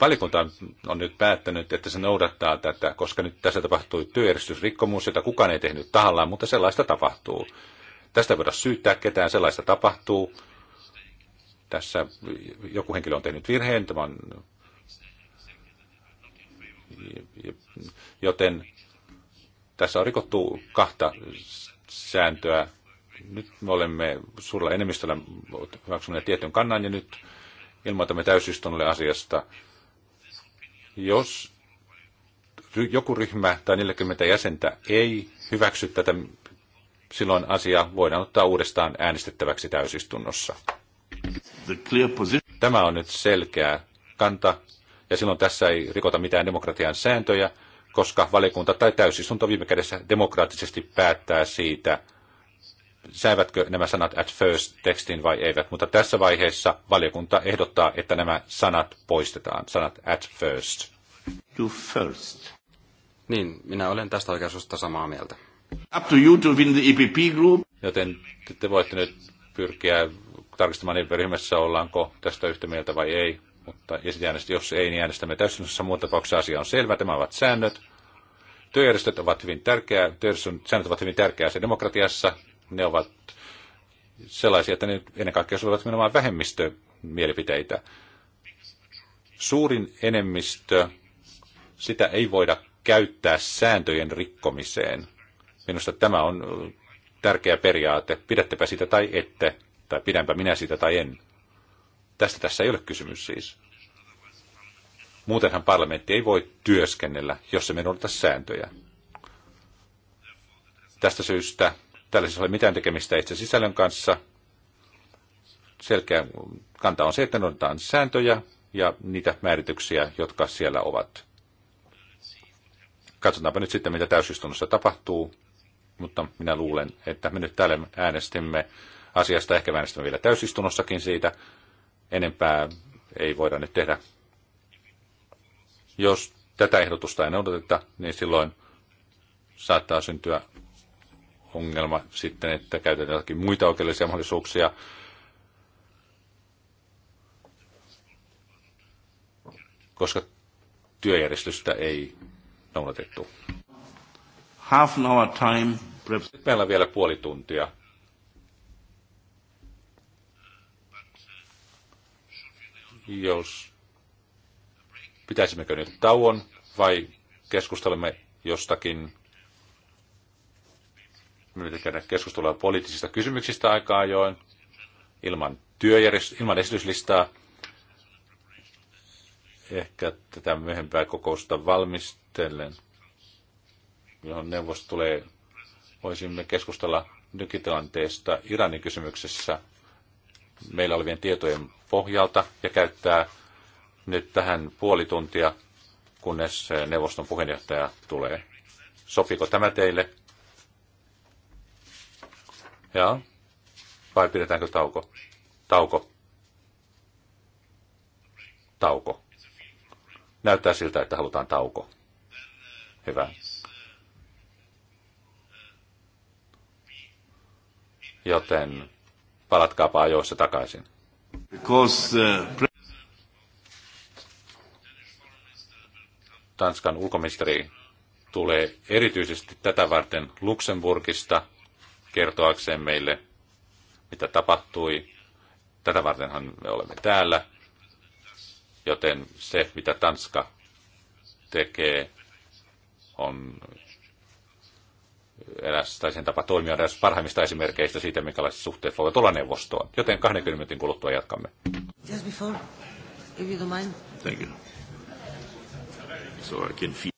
valikunta on nyt päättänyt, että se noudattaa tätä, koska nyt tässä tapahtui työjärjestysrikkomus, jota kukaan ei tehnyt tahallaan, mutta sellaista tapahtuu. Tästä ei voida syyttää ketään, sellaista tapahtuu. Tässä joku henkilö on tehnyt virheen, tämän, joten tässä on rikottu kahta sääntöä. Nyt me olemme suurella enemmistöllä hyväksyneet tietyn kannan ja nyt ilmoitamme täysistunnolle asiasta. Jos joku ryhmä tai 40 jäsentä ei hyväksy tätä, silloin asia voidaan ottaa uudestaan äänestettäväksi täysistunnossa. Tämä on nyt selkeä kanta, ja silloin tässä ei rikota mitään demokratian sääntöjä, koska valiokunta tai täysistunto viime kädessä demokraattisesti päättää siitä, Säivätkö nämä sanat at first tekstin vai eivät, mutta tässä vaiheessa valiokunta ehdottaa, että nämä sanat poistetaan, sanat at first. To first. Niin, minä olen tästä oikeasusta samaa mieltä. Up to you to win the EPP group. Joten te voitte nyt pyrkiä tarkistamaan niin ryhmässä, ollaanko tästä yhtä mieltä vai ei. Mutta esitäänestä, jos ei, niin äänestämme täysin. Muun tapauksessa asia on selvä. Tämä ovat säännöt työjärjestöt ovat hyvin tärkeä, työjärjestön säännöt ovat hyvin tärkeää se demokratiassa ne ovat sellaisia, että ne ennen kaikkea sopivat nimenomaan vähemmistömielipiteitä. Suurin enemmistö, sitä ei voida käyttää sääntöjen rikkomiseen. Minusta tämä on tärkeä periaate. Pidättepä sitä tai ette, tai pidänpä minä sitä tai en. Tästä tässä ei ole kysymys siis. Muutenhan parlamentti ei voi työskennellä, jos se me sääntöjä. Tästä syystä Tällaisessa siis ole mitään tekemistä itse sisällön kanssa. Selkeä kanta on se, että noudatetaan sääntöjä ja niitä määrityksiä, jotka siellä ovat. Katsotaanpa nyt sitten, mitä täysistunnossa tapahtuu, mutta minä luulen, että me nyt täällä äänestimme asiasta, ehkä äänestämme vielä täysistunnossakin siitä. Enempää ei voida nyt tehdä. Jos tätä ehdotusta ei noudateta, niin silloin saattaa syntyä ongelma sitten, että käytetään jotakin muita oikeudellisia mahdollisuuksia. Koska työjärjestystä ei noudatettu. Half an hour time. Sitten meillä on vielä puoli tuntia. Jos pitäisimmekö nyt tauon vai keskustelemme jostakin myötä käydä keskustelua poliittisista kysymyksistä aika ajoin ilman, työjärjest- ilman esityslistaa. Ehkä tätä myöhempää kokousta valmistellen, johon neuvosto tulee, voisimme keskustella nykytilanteesta Iranin kysymyksessä meillä olevien tietojen pohjalta ja käyttää nyt tähän puoli tuntia, kunnes neuvoston puheenjohtaja tulee. Sopiiko tämä teille? Ja? Vai pidetäänkö tauko? Tauko. Tauko. Näyttää siltä, että halutaan tauko. Hyvä. Joten palatkaapa ajoissa takaisin. Because, uh, Tanskan ulkoministeri tulee erityisesti tätä varten Luxemburgista – kertoakseen meille, mitä tapahtui. Tätä vartenhan me olemme täällä, joten se, mitä Tanska tekee, on eräs, tai sen tapa toimia eräs parhaimmista esimerkkeistä siitä, minkälaiset suhteet voivat olla neuvostoon. Joten 20 minuutin kuluttua jatkamme. Just before, if you don't mind. Thank you. So I can feel.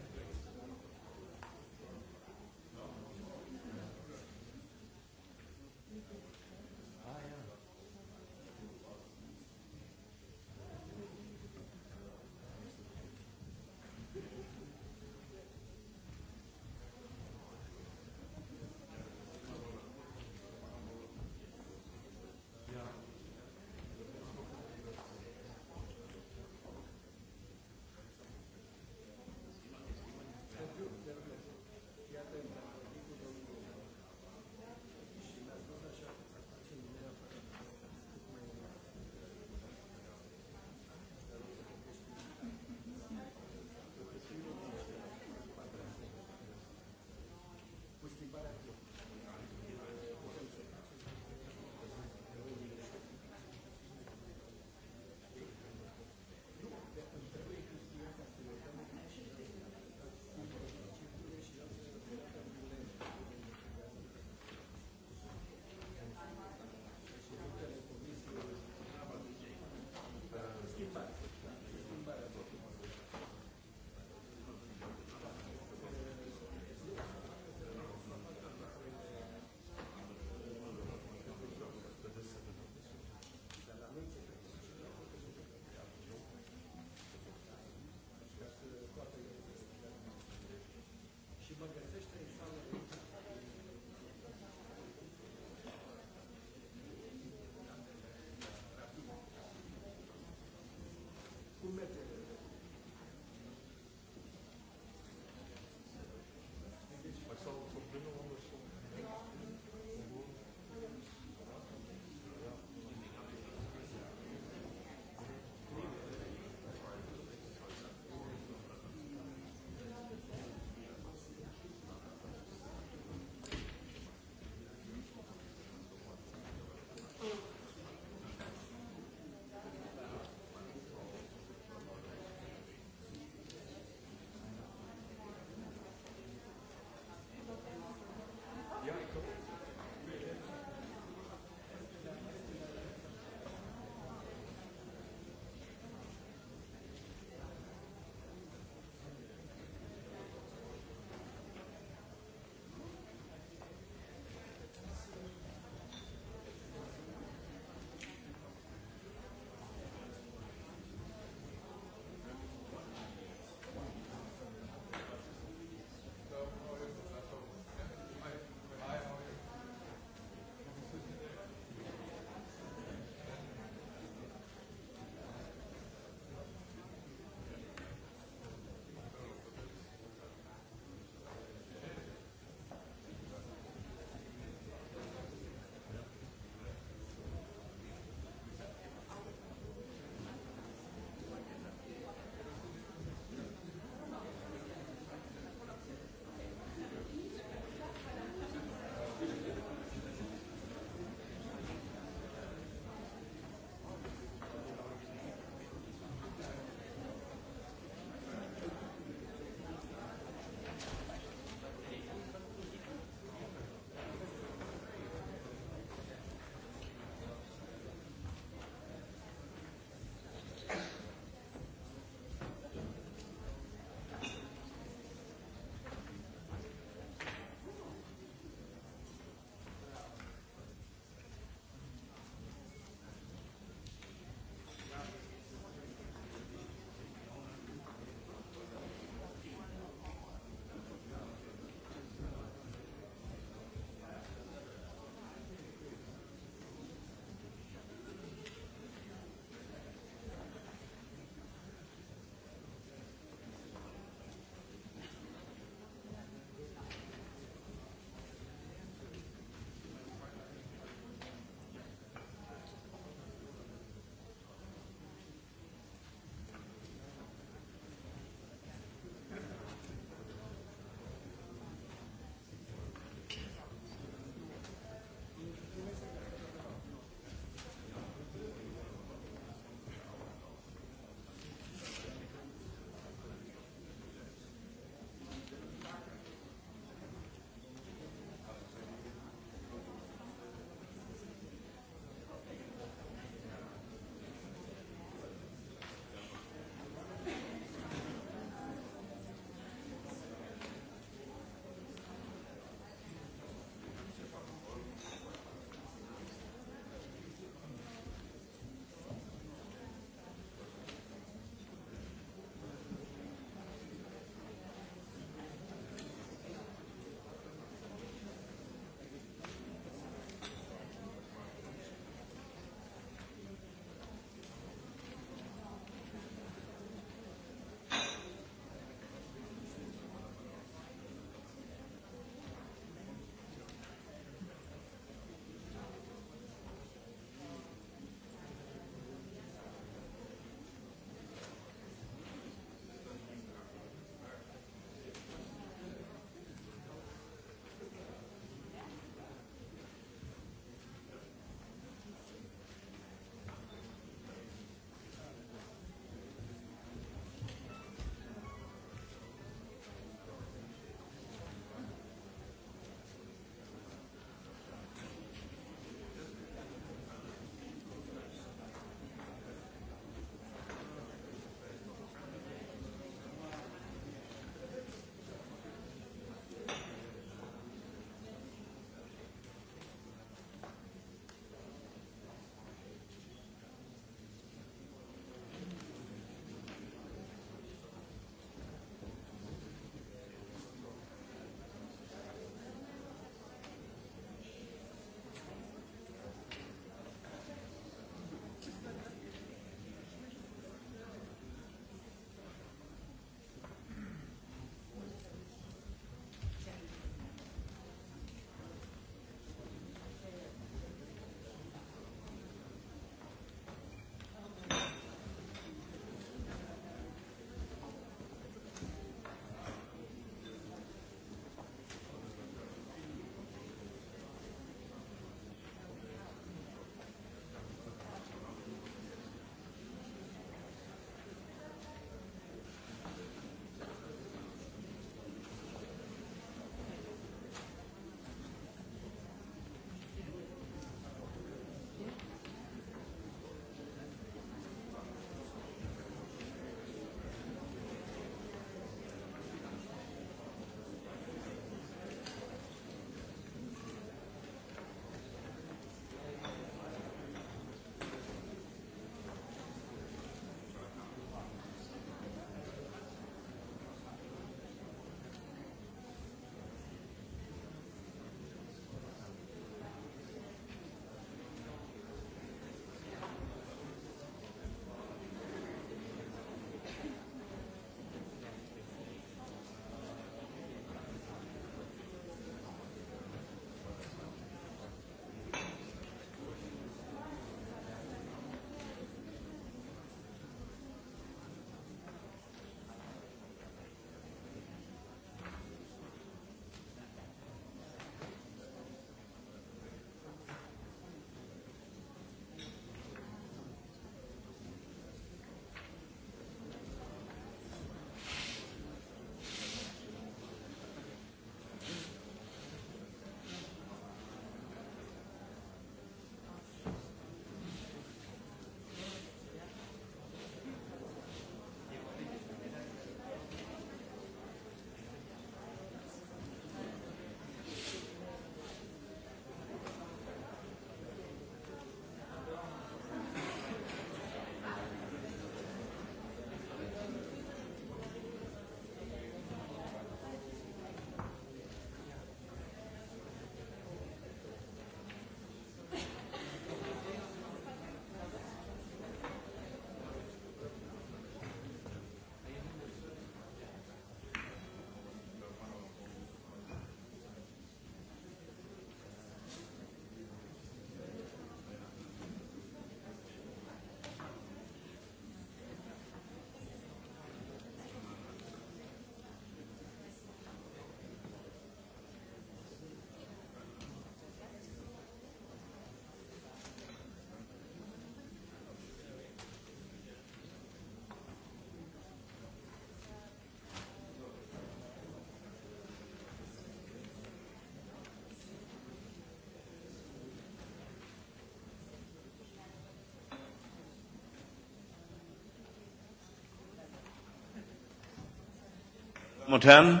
und Herren,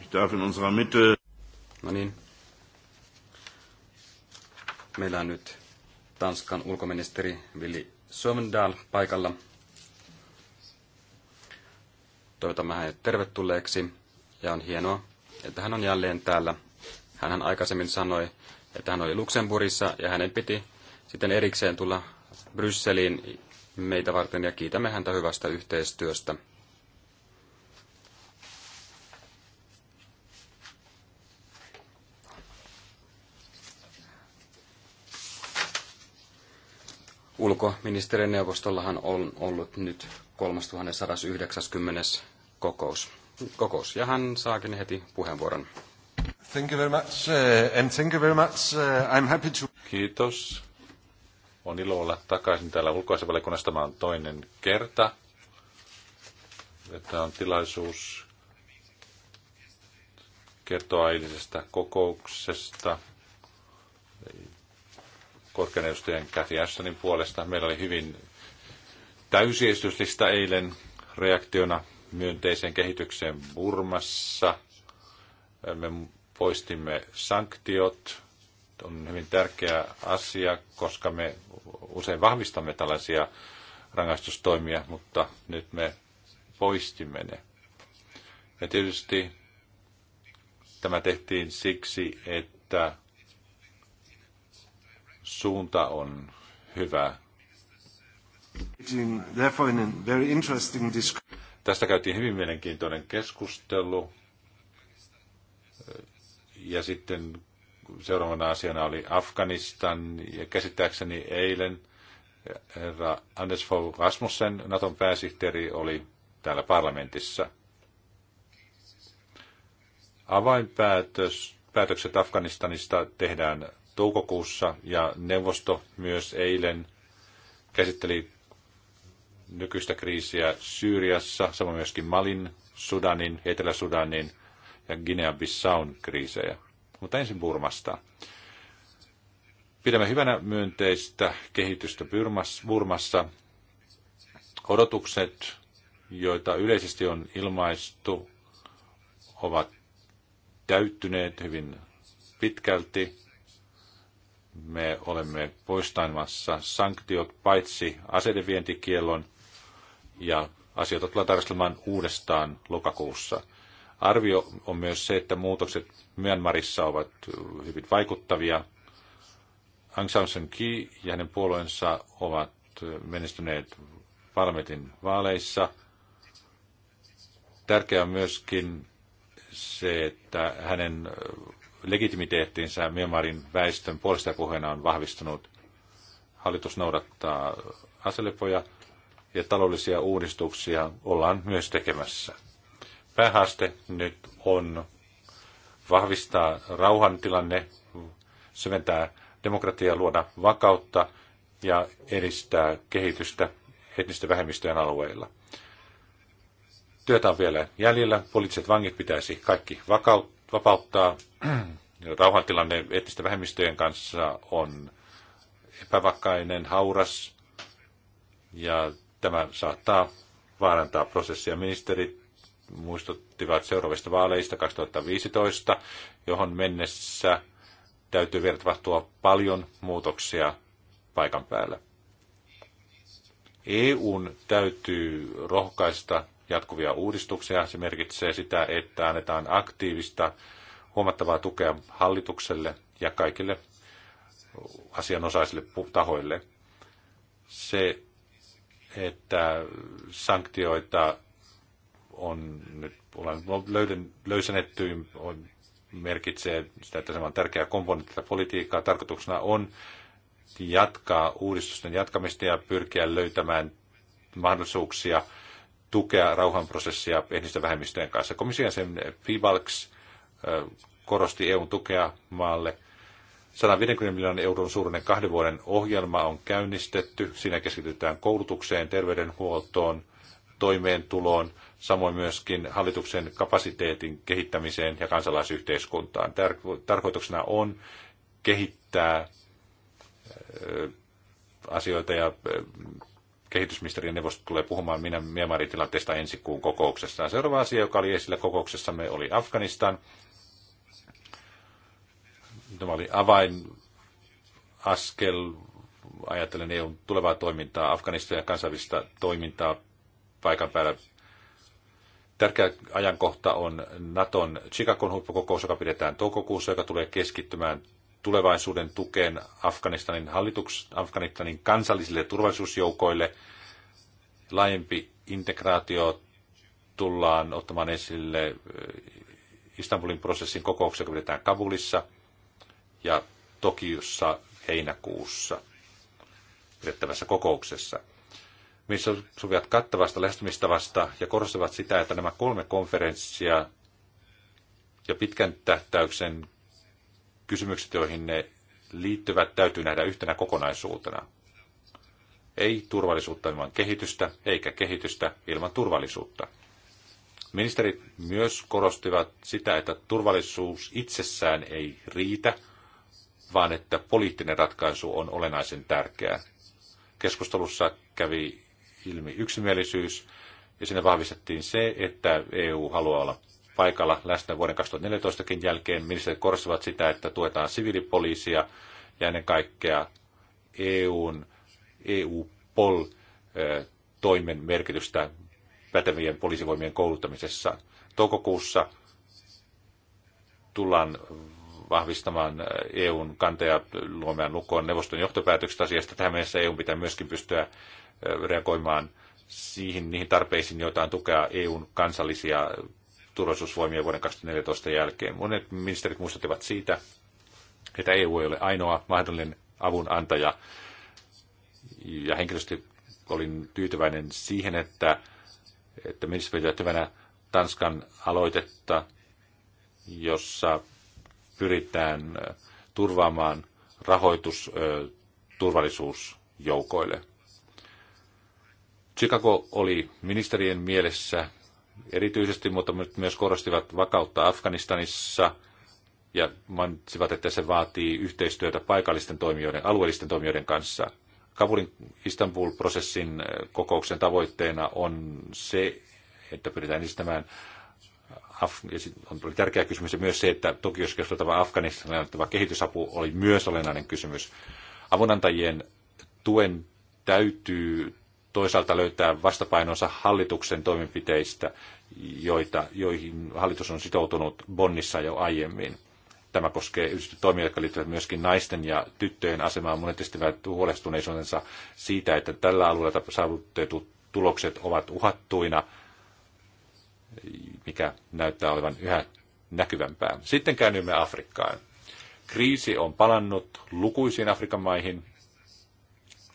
ich darf in unserer Mitte... Manin. No niin. Meillä on nyt Tanskan ulkoministeri Vili Sömendal paikalla. Toivotamme hänet tervetulleeksi ja on hienoa, että hän on jälleen täällä. Hän aikaisemmin sanoi, että hän oli Luxemburgissa ja hänen piti sitten erikseen tulla Brysseliin meitä varten ja kiitämme häntä hyvästä yhteistyöstä. Ulkoministerineuvostollahan on ollut nyt 3190. kokous. kokous. Ja hän saakin heti puheenvuoron. Thank you very much, uh, and thank you very much. Uh, I'm happy to... Kiitos. On ilo olla takaisin täällä ulkoasevalikunnassa. Tämä on toinen kerta. Tämä on tilaisuus kertoa eilisestä kokouksesta korkean edustajan Kathy Ashtonin puolesta. Meillä oli hyvin täysiestyslista eilen reaktiona myönteiseen kehitykseen Burmassa. Me poistimme sanktiot on hyvin tärkeä asia, koska me usein vahvistamme tällaisia rangaistustoimia, mutta nyt me poistimme ne. Ja tietysti tämä tehtiin siksi, että suunta on hyvä. Tästä käytiin hyvin mielenkiintoinen keskustelu. Ja sitten seuraavana asiana oli Afganistan ja käsittääkseni eilen herra Anders Fogh Rasmussen, Naton pääsihteeri, oli täällä parlamentissa. Avainpäätös, Afganistanista tehdään toukokuussa ja neuvosto myös eilen käsitteli nykyistä kriisiä Syyriassa, samoin myöskin Malin, Sudanin, Etelä-Sudanin ja Guinea-Bissaun kriisejä. Mutta ensin Burmasta. Pidämme hyvänä myönteistä kehitystä Burmassa. Odotukset, joita yleisesti on ilmaistu, ovat täyttyneet hyvin pitkälti. Me olemme poistamassa sanktiot paitsi aseidenvientikiellon ja asioita tullaan tarkastelemaan uudestaan lokakuussa – Arvio on myös se, että muutokset Myanmarissa ovat hyvin vaikuttavia. Aung San Suu Kyi ja hänen puolueensa ovat menestyneet parlamentin vaaleissa. Tärkeää on myöskin se, että hänen legitimiteettinsä Myanmarin väestön puolesta puheena on vahvistunut. Hallitus noudattaa aselepoja ja taloudellisia uudistuksia ollaan myös tekemässä päähaaste nyt on vahvistaa rauhantilanne, syventää demokratiaa, luoda vakautta ja edistää kehitystä etnisten vähemmistöjen alueilla. Työtä on vielä jäljellä. Poliittiset vangit pitäisi kaikki vakaut, vapauttaa. Rauhantilanne etnisten vähemmistöjen kanssa on epävakainen, hauras ja tämä saattaa vaarantaa prosessia. Ministerit muistuttivat seuraavista vaaleista 2015, johon mennessä täytyy vielä tapahtua paljon muutoksia paikan päällä. EUn täytyy rohkaista jatkuvia uudistuksia. Se merkitsee sitä, että annetaan aktiivista, huomattavaa tukea hallitukselle ja kaikille asianosaisille tahoille. Se, että sanktioita on nyt, ollaan löyden, löysennetty, on, merkitsee sitä, että se on tärkeä komponentti tätä politiikkaa. Tarkoituksena on jatkaa uudistusten jatkamista ja pyrkiä löytämään mahdollisuuksia tukea rauhanprosessia etnisten vähemmistöjen kanssa. Komission sen Fibalks korosti EUn tukea maalle. 150 miljoonan euron suurinen kahden vuoden ohjelma on käynnistetty. Siinä keskitytään koulutukseen, terveydenhuoltoon, toimeentuloon, samoin myöskin hallituksen kapasiteetin kehittämiseen ja kansalaisyhteiskuntaan. Tarkoituksena on kehittää asioita ja kehitysministeriön neuvosto tulee puhumaan minä Myanmarin tilanteesta ensi kuun kokouksessa. Seuraava asia, joka oli esillä kokouksessamme, oli Afganistan. Tämä oli avainaskel, ajattelen EUn tulevaa toimintaa, Afganistan ja kansainvälistä toimintaa paikan päällä Tärkeä ajankohta on Naton Chicagon huippukokous, joka pidetään toukokuussa, joka tulee keskittymään tulevaisuuden tukeen Afganistanin, hallituks, Afganistanin kansallisille turvallisuusjoukoille. Laajempi integraatio tullaan ottamaan esille eh, Istanbulin prosessin kokouksessa, joka pidetään Kabulissa ja Tokiossa heinäkuussa pidettävässä kokouksessa missä sopivat kattavasta lähestymistavasta ja korostavat sitä, että nämä kolme konferenssia ja pitkän tähtäyksen kysymykset, joihin ne liittyvät, täytyy nähdä yhtenä kokonaisuutena. Ei turvallisuutta ilman kehitystä, eikä kehitystä ilman turvallisuutta. Ministerit myös korostivat sitä, että turvallisuus itsessään ei riitä, vaan että poliittinen ratkaisu on olennaisen tärkeää. Keskustelussa kävi ilmi yksimielisyys, ja siinä vahvistettiin se, että EU haluaa olla paikalla läsnä vuoden 2014kin jälkeen. Ministerit korostivat sitä, että tuetaan siviilipoliisia ja ennen kaikkea EUn, EU-POL-toimen merkitystä pätevien poliisivoimien kouluttamisessa. Toukokuussa tullaan vahvistamaan äh, EUn kanteja luomaan lukoon neuvoston johtopäätökset asiasta. Tähän mennessä EUn pitää myöskin pystyä äh, reagoimaan siihen, niihin tarpeisiin, joita on tukea EUn kansallisia turvallisuusvoimia vuoden 2014 jälkeen. Monet ministerit muistuttivat siitä, että EU ei ole ainoa mahdollinen avunantaja. Ja henkilösti olin tyytyväinen siihen, että, että ministeri hyvänä Tanskan aloitetta, jossa pyritään turvaamaan rahoitus turvallisuusjoukoille. Chicago oli ministerien mielessä erityisesti, mutta myös korostivat vakautta Afganistanissa ja mainitsivat, että se vaatii yhteistyötä paikallisten toimijoiden, alueellisten toimijoiden kanssa. Kabulin Istanbul-prosessin kokouksen tavoitteena on se, että pyritään edistämään Af- oli tärkeä kysymys ja myös se, että toki jos keskusteltava Afganistanin annettava kehitysapu oli myös olennainen kysymys. Avunantajien tuen täytyy toisaalta löytää vastapainonsa hallituksen toimenpiteistä, joita, joihin hallitus on sitoutunut Bonnissa jo aiemmin. Tämä koskee toimia, jotka liittyvät myöskin naisten ja tyttöjen asemaan. Monet estivät huolestuneisuutensa siitä, että tällä alueella saavutetut tulokset ovat uhattuina – mikä näyttää olevan yhä näkyvämpää. Sitten käännymme Afrikkaan. Kriisi on palannut lukuisiin Afrikan maihin.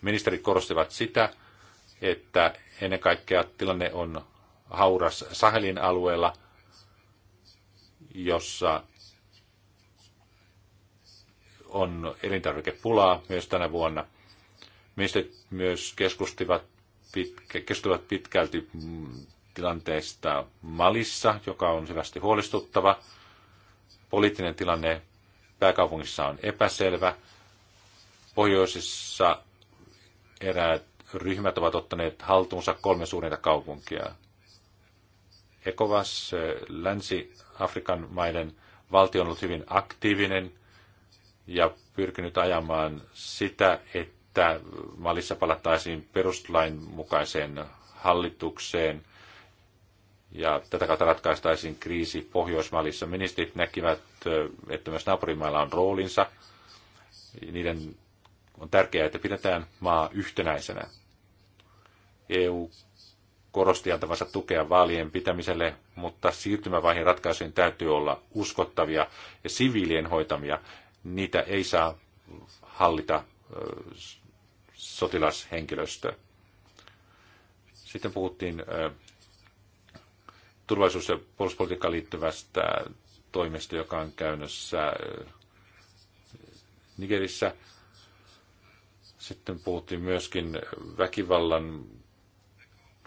Ministerit korostivat sitä, että ennen kaikkea tilanne on hauras Sahelin alueella, jossa on elintarvikepulaa myös tänä vuonna. Ministerit myös keskustivat, pitkä, keskustivat pitkälti tilanteesta Malissa, joka on syvästi huolestuttava. Poliittinen tilanne pääkaupungissa on epäselvä. Pohjoisissa eräät ryhmät ovat ottaneet haltuunsa kolme suurinta kaupunkia. ECOWAS, Länsi-Afrikan maiden valtio on ollut hyvin aktiivinen ja pyrkinyt ajamaan sitä, että Malissa palattaisiin perustuslain mukaiseen hallitukseen ja tätä kautta ratkaistaisiin kriisi Pohjoismaalissa. Ministerit näkivät, että myös naapurimailla on roolinsa. Niiden on tärkeää, että pidetään maa yhtenäisenä. EU korosti antavansa tukea vaalien pitämiselle, mutta siirtymävaiheen ratkaisujen täytyy olla uskottavia ja siviilien hoitamia. Niitä ei saa hallita sotilashenkilöstö. Sitten puhuttiin turvallisuus- ja puolustuspolitiikkaan liittyvästä toimesta, joka on käynnössä äh, Nigerissä. Sitten puhuttiin myöskin väkivallan,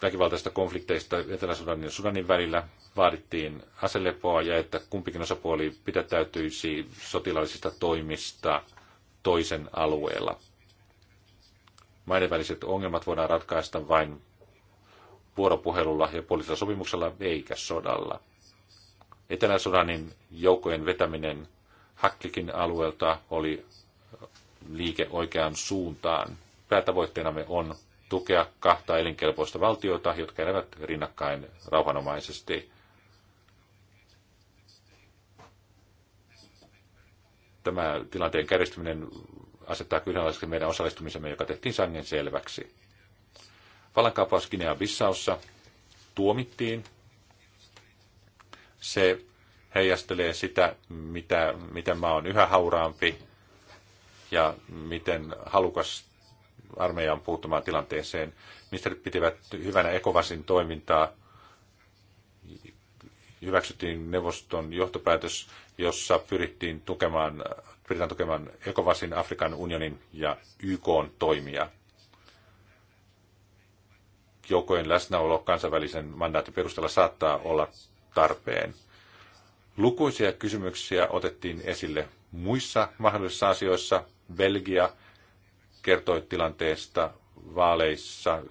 väkivaltaisista konflikteista Etelä-Sudanin ja Sudanin välillä. Vaadittiin aselepoa ja että kumpikin osapuoli pidättäytyisi sotilaallisista toimista toisen alueella. Maiden väliset ongelmat voidaan ratkaista vain vuoropuhelulla ja poliittisella sopimuksella eikä sodalla. Etelä-Sudanin joukkojen vetäminen Hakkikin alueelta oli liike oikeaan suuntaan. Päätavoitteenamme on tukea kahta elinkelpoista valtiota, jotka elävät rinnakkain rauhanomaisesti. Tämä tilanteen kärjistyminen asettaa kyseenalaiseksi meidän osallistumisemme, joka tehtiin sangen selväksi. Valankaapaus bissaussa tuomittiin. Se heijastelee sitä, mitä, miten maa on yhä hauraampi ja miten halukas armeija on puuttumaan tilanteeseen. Ministerit pitivät hyvänä Ekovasin toimintaa. Hyväksyttiin neuvoston johtopäätös, jossa pyrittiin tukemaan, pyritään tukemaan Ekovasin, Afrikan unionin ja YK toimia joukkojen läsnäolo kansainvälisen mandaatin perusteella saattaa olla tarpeen. Lukuisia kysymyksiä otettiin esille muissa mahdollisissa asioissa. Belgia kertoi tilanteesta vaaleissa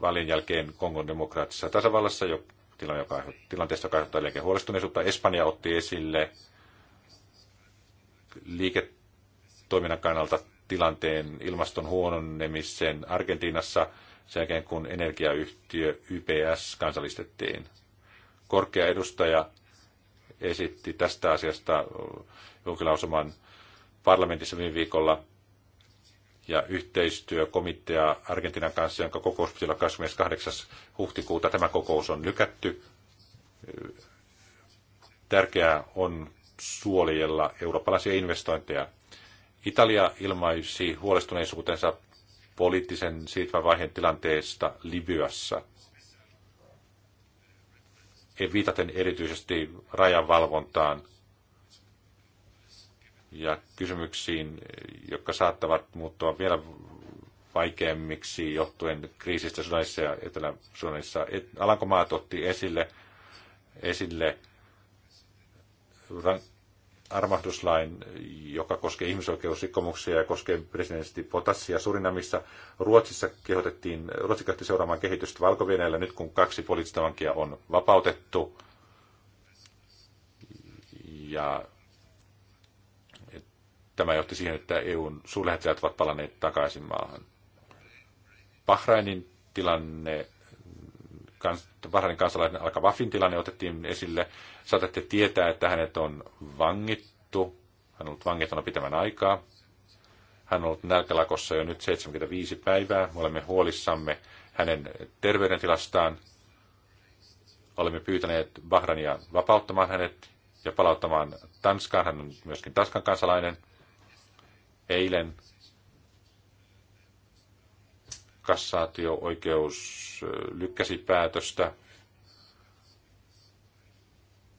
vaalien jälkeen Kongon demokraattisessa tasavallassa, jo, tilanne, joka, tilanteesta, joka aiheuttaa jälkeen huolestuneisuutta. Espanja otti esille liiketoiminnan kannalta tilanteen ilmaston huononemisen Argentiinassa – sen jälkeen kun energiayhtiö YPS kansallistettiin. Korkea edustaja esitti tästä asiasta julkilausuman parlamentissa viime viikolla ja yhteistyökomitea Argentinan kanssa, jonka kokous piti olla 28. huhtikuuta. Tämä kokous on lykätty. Tärkeää on suolijella eurooppalaisia investointeja. Italia ilmaisi huolestuneisuutensa poliittisen siirtymävaiheen tilanteesta Libyassa. Viitaten erityisesti rajanvalvontaan ja kysymyksiin, jotka saattavat muuttua vielä vaikeammiksi johtuen kriisistä Sudanissa ja Etelä-Sudanissa. Alankomaat otti esille, esille armahduslain, joka koskee ihmisoikeusrikkomuksia ja koskee presidentti Potassia Surinamissa. Ruotsissa kehotettiin, Ruotsi kehotti seuraamaan kehitystä valko nyt kun kaksi poliittista vankia on vapautettu. Ja tämä johti siihen, että EUn suurlähettiläät ovat palanneet takaisin maahan. Bahrainin tilanne kans, Bahrainin kansalainen Al-Kawafin tilanne otettiin esille. Saatatte tietää, että hänet on vangittu. Hän on ollut vangittuna pitemmän aikaa. Hän on ollut nälkälakossa jo nyt 75 päivää. Me olemme huolissamme hänen terveydentilastaan. Olemme pyytäneet Bahrania vapauttamaan hänet ja palauttamaan Tanskaan. Hän on myöskin Tanskan kansalainen. Eilen kassaatio-oikeus lykkäsi päätöstä.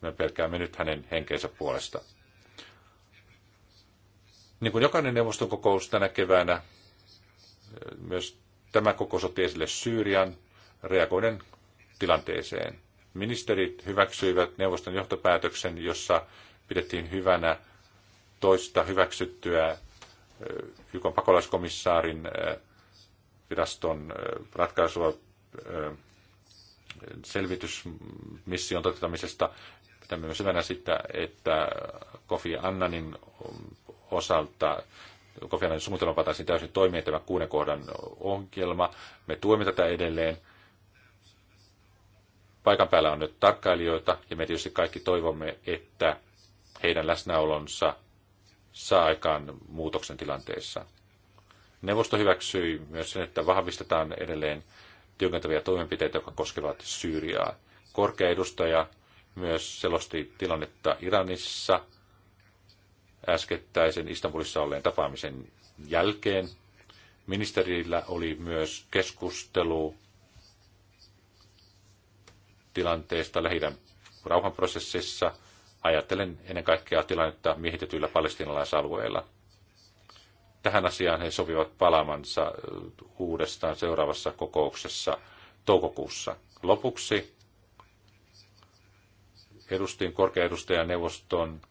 Me pelkäämme nyt hänen henkeensä puolesta. Niin kuin jokainen neuvoston kokous tänä keväänä, myös tämä kokous otti esille Syyrian reagoiden tilanteeseen. Ministerit hyväksyivät neuvoston johtopäätöksen, jossa pidettiin hyvänä toista hyväksyttyä YK pakolaiskomissaarin viraston ratkaisua selvitysmission toteuttamisesta. Pitämme myös hyvänä sitä, että Kofi Annanin osalta Kofi Annanin suunnitelma pataisiin täysin toimia tämä kuuden kohdan ongelma. Me tuemme tätä edelleen. Paikan päällä on nyt tarkkailijoita ja me tietysti kaikki toivomme, että heidän läsnäolonsa saa aikaan muutoksen tilanteessa. Neuvosto hyväksyi myös sen, että vahvistetaan edelleen tiukentavia toimenpiteitä, jotka koskevat Syyriaa. Korkea edustaja myös selosti tilannetta Iranissa äskettäisen Istanbulissa olleen tapaamisen jälkeen. Ministerillä oli myös keskustelu tilanteesta lähi rauhanprosessissa. Ajattelen ennen kaikkea tilannetta miehitetyillä palestinalaisalueilla tähän asiaan he sopivat palaamansa äh, uudestaan seuraavassa kokouksessa toukokuussa. Lopuksi edustin korkeaedustajan neuvoston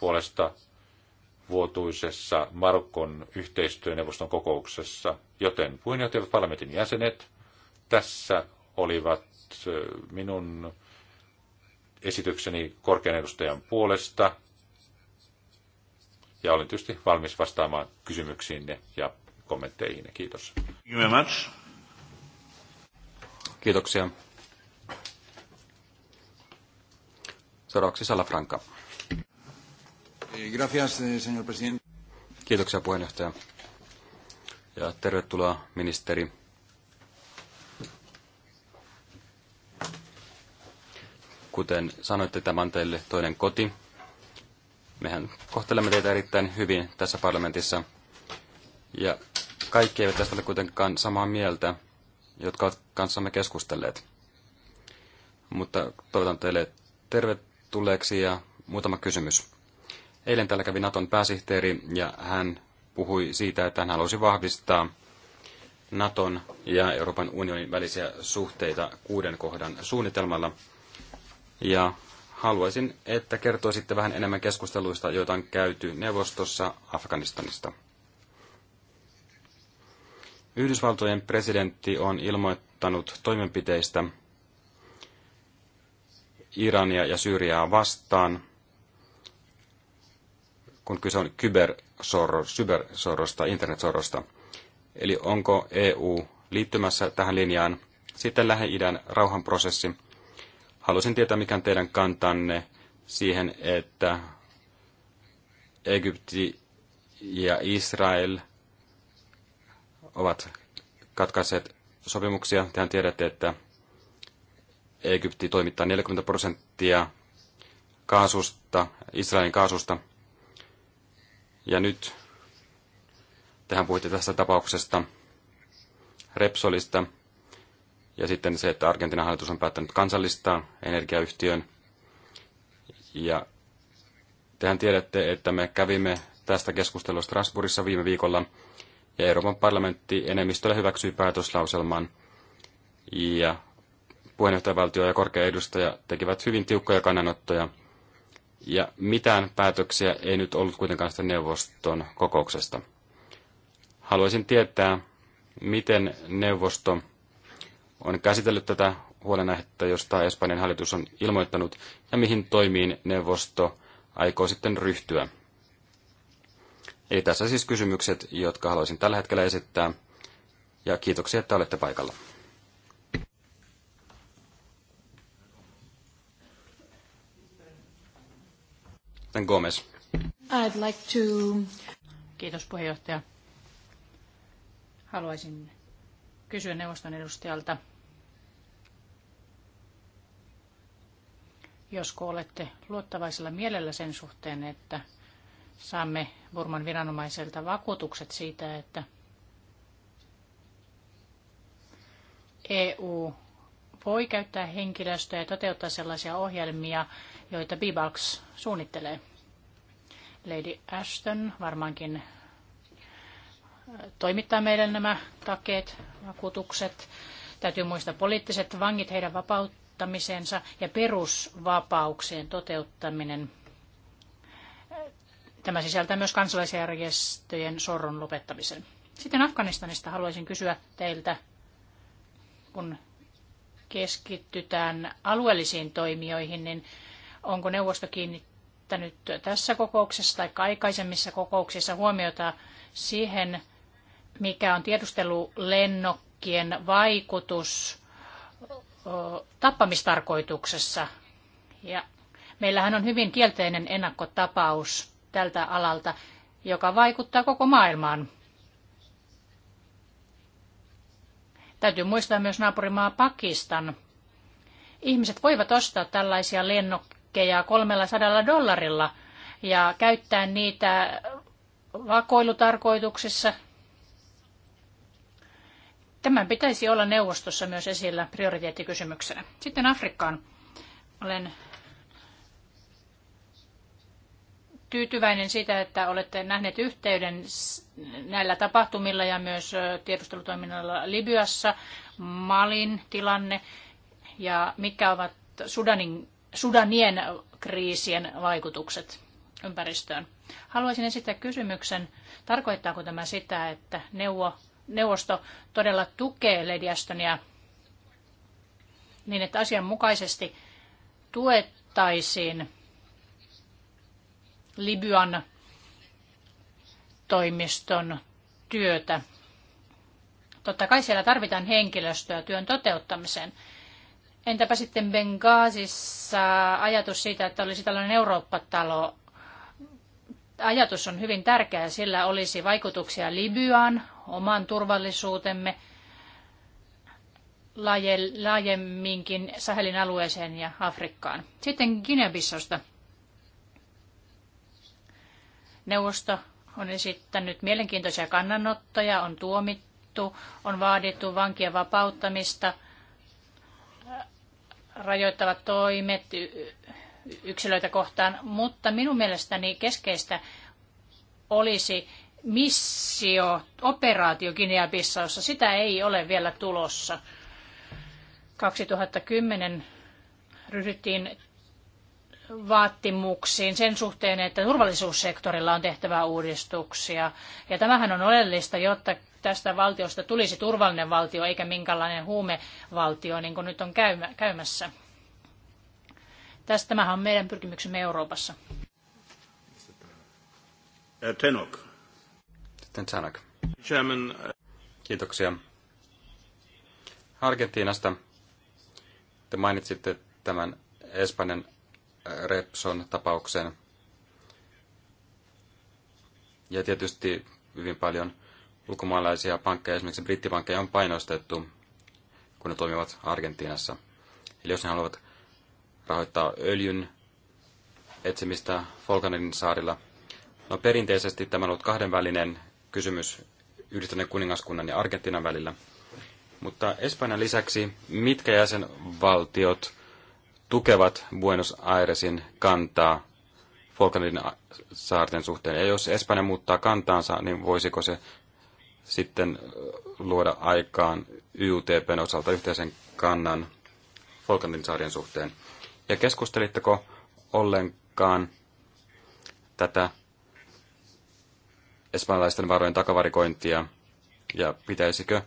puolesta vuotuisessa Marokon yhteistyöneuvoston kokouksessa, joten puheenjohtajat parlamentin jäsenet, tässä olivat äh, minun esitykseni korkean edustajan puolesta ja olen tietysti valmis vastaamaan kysymyksiinne ja kommentteihinne. Kiitos. Kiitoksia. Seuraavaksi Salafranca. Eh, gracias, eh, señor presidente. Kiitoksia puheenjohtaja. Ja tervetuloa ministeri. Kuten sanoitte, tämä on teille toinen koti. Mehän kohtelemme teitä erittäin hyvin tässä parlamentissa. Ja kaikki eivät tästä ole kuitenkaan samaa mieltä, jotka ovat kanssamme keskustelleet. Mutta toivotan teille tervetulleeksi ja muutama kysymys. Eilen täällä kävi Naton pääsihteeri ja hän puhui siitä, että hän halusi vahvistaa Naton ja Euroopan unionin välisiä suhteita kuuden kohdan suunnitelmalla. Ja haluaisin, että kertoisitte vähän enemmän keskusteluista, joita on käyty neuvostossa Afganistanista. Yhdysvaltojen presidentti on ilmoittanut toimenpiteistä Irania ja Syyriaa vastaan, kun kyse on kybersorosta, internetsorosta. Eli onko EU liittymässä tähän linjaan? Sitten Lähi-idän rauhanprosessi. Haluaisin tietää, mikä on teidän kantanne siihen, että Egypti ja Israel ovat katkaiseet sopimuksia. Tehän tiedätte, että Egypti toimittaa 40 prosenttia kaasusta, Israelin kaasusta. Ja nyt tähän puhuitte tästä tapauksesta Repsolista – ja sitten se, että Argentinan hallitus on päättänyt kansallistaa energiayhtiön. Ja tehän tiedätte, että me kävimme tästä keskustelua Strasbourgissa viime viikolla, ja Euroopan parlamentti enemmistöllä hyväksyi päätöslauselman, ja puheenjohtajavaltio ja korkea edustaja tekivät hyvin tiukkoja kannanottoja, ja mitään päätöksiä ei nyt ollut kuitenkaan sitä neuvoston kokouksesta. Haluaisin tietää, miten neuvosto on käsitellyt tätä huolenaihetta, josta Espanjan hallitus on ilmoittanut, ja mihin toimiin neuvosto aikoo sitten ryhtyä. Eli tässä siis kysymykset, jotka haluaisin tällä hetkellä esittää, ja kiitoksia, että olette paikalla. Sitten Gomez. I'd like to... Kiitos puheenjohtaja. Haluaisin kysyä neuvoston edustajalta josko olette luottavaisella mielellä sen suhteen, että saamme Burman viranomaiselta vakuutukset siitä, että EU voi käyttää henkilöstöä ja toteuttaa sellaisia ohjelmia, joita Bibax suunnittelee. Lady Ashton varmaankin äh, toimittaa meille nämä takeet, vakuutukset. Täytyy muistaa poliittiset vangit, heidän vapautta toteuttamisensa ja perusvapauksien toteuttaminen. Tämä sisältää myös kansalaisjärjestöjen sorron lopettamisen. Sitten Afganistanista haluaisin kysyä teiltä, kun keskitytään alueellisiin toimijoihin, niin onko neuvosto kiinnittänyt tässä kokouksessa tai aikaisemmissa kokouksissa huomiota siihen, mikä on tiedustelulennokkien vaikutus tappamistarkoituksessa. Ja meillähän on hyvin kielteinen ennakkotapaus tältä alalta, joka vaikuttaa koko maailmaan. Täytyy muistaa myös naapurimaa Pakistan. Ihmiset voivat ostaa tällaisia lennokkeja 300 dollarilla ja käyttää niitä vakoilutarkoituksissa – Tämän pitäisi olla neuvostossa myös esillä prioriteettikysymyksenä. Sitten Afrikkaan. Olen tyytyväinen siitä, että olette nähneet yhteyden näillä tapahtumilla ja myös tiedustelutoiminnalla Libyassa, Malin tilanne ja mitkä ovat Sudanin, Sudanien kriisien vaikutukset ympäristöön. Haluaisin esittää kysymyksen, tarkoittaako tämä sitä, että neuvo neuvosto todella tukee Lady Astonia niin, että asianmukaisesti tuettaisiin Libyan toimiston työtä. Totta kai siellä tarvitaan henkilöstöä työn toteuttamiseen. Entäpä sitten Bengaasissa ajatus siitä, että olisi tällainen Eurooppa-talo ajatus on hyvin tärkeä. Sillä olisi vaikutuksia Libyaan, oman turvallisuutemme, laajemminkin Sahelin alueeseen ja Afrikkaan. Sitten Guinea-Bissosta. Neuvosto on esittänyt mielenkiintoisia kannanottoja, on tuomittu, on vaadittu vankien vapauttamista, rajoittavat toimet, yksilöitä kohtaan, mutta minun mielestäni keskeistä olisi missio, operaatio Guinea-Bissaussa. Sitä ei ole vielä tulossa. 2010 ryhdyttiin vaatimuksiin sen suhteen, että turvallisuussektorilla on tehtävä uudistuksia. Ja tämähän on oleellista, jotta tästä valtiosta tulisi turvallinen valtio eikä minkäänlainen huumevaltio, niin kuin nyt on käymässä. Tästä tämähän on meidän pyrkimyksemme Euroopassa. Tenok. Sitten Tanak. Chairman. Uh, Kiitoksia. Argentiinasta te mainitsitte tämän Espanjan äh, Repson tapauksen. Ja tietysti hyvin paljon ulkomaalaisia pankkeja, esimerkiksi brittipankkeja, on painostettu, kun ne toimivat Argentiinassa. Eli jos ne haluavat rahoittaa öljyn etsimistä Folkanerin saarilla. No perinteisesti tämä on ollut kahdenvälinen kysymys Yhdistyneen kuningaskunnan ja Argentiinan välillä. Mutta Espanjan lisäksi mitkä jäsenvaltiot tukevat Buenos Airesin kantaa Falklandin saarten suhteen? Ja jos Espanja muuttaa kantaansa, niin voisiko se sitten luoda aikaan YUTPn osalta yhteisen kannan Falklandin saarien suhteen? Ja keskustelitteko ollenkaan tätä espanjalaisten varojen takavarikointia ja pitäisikö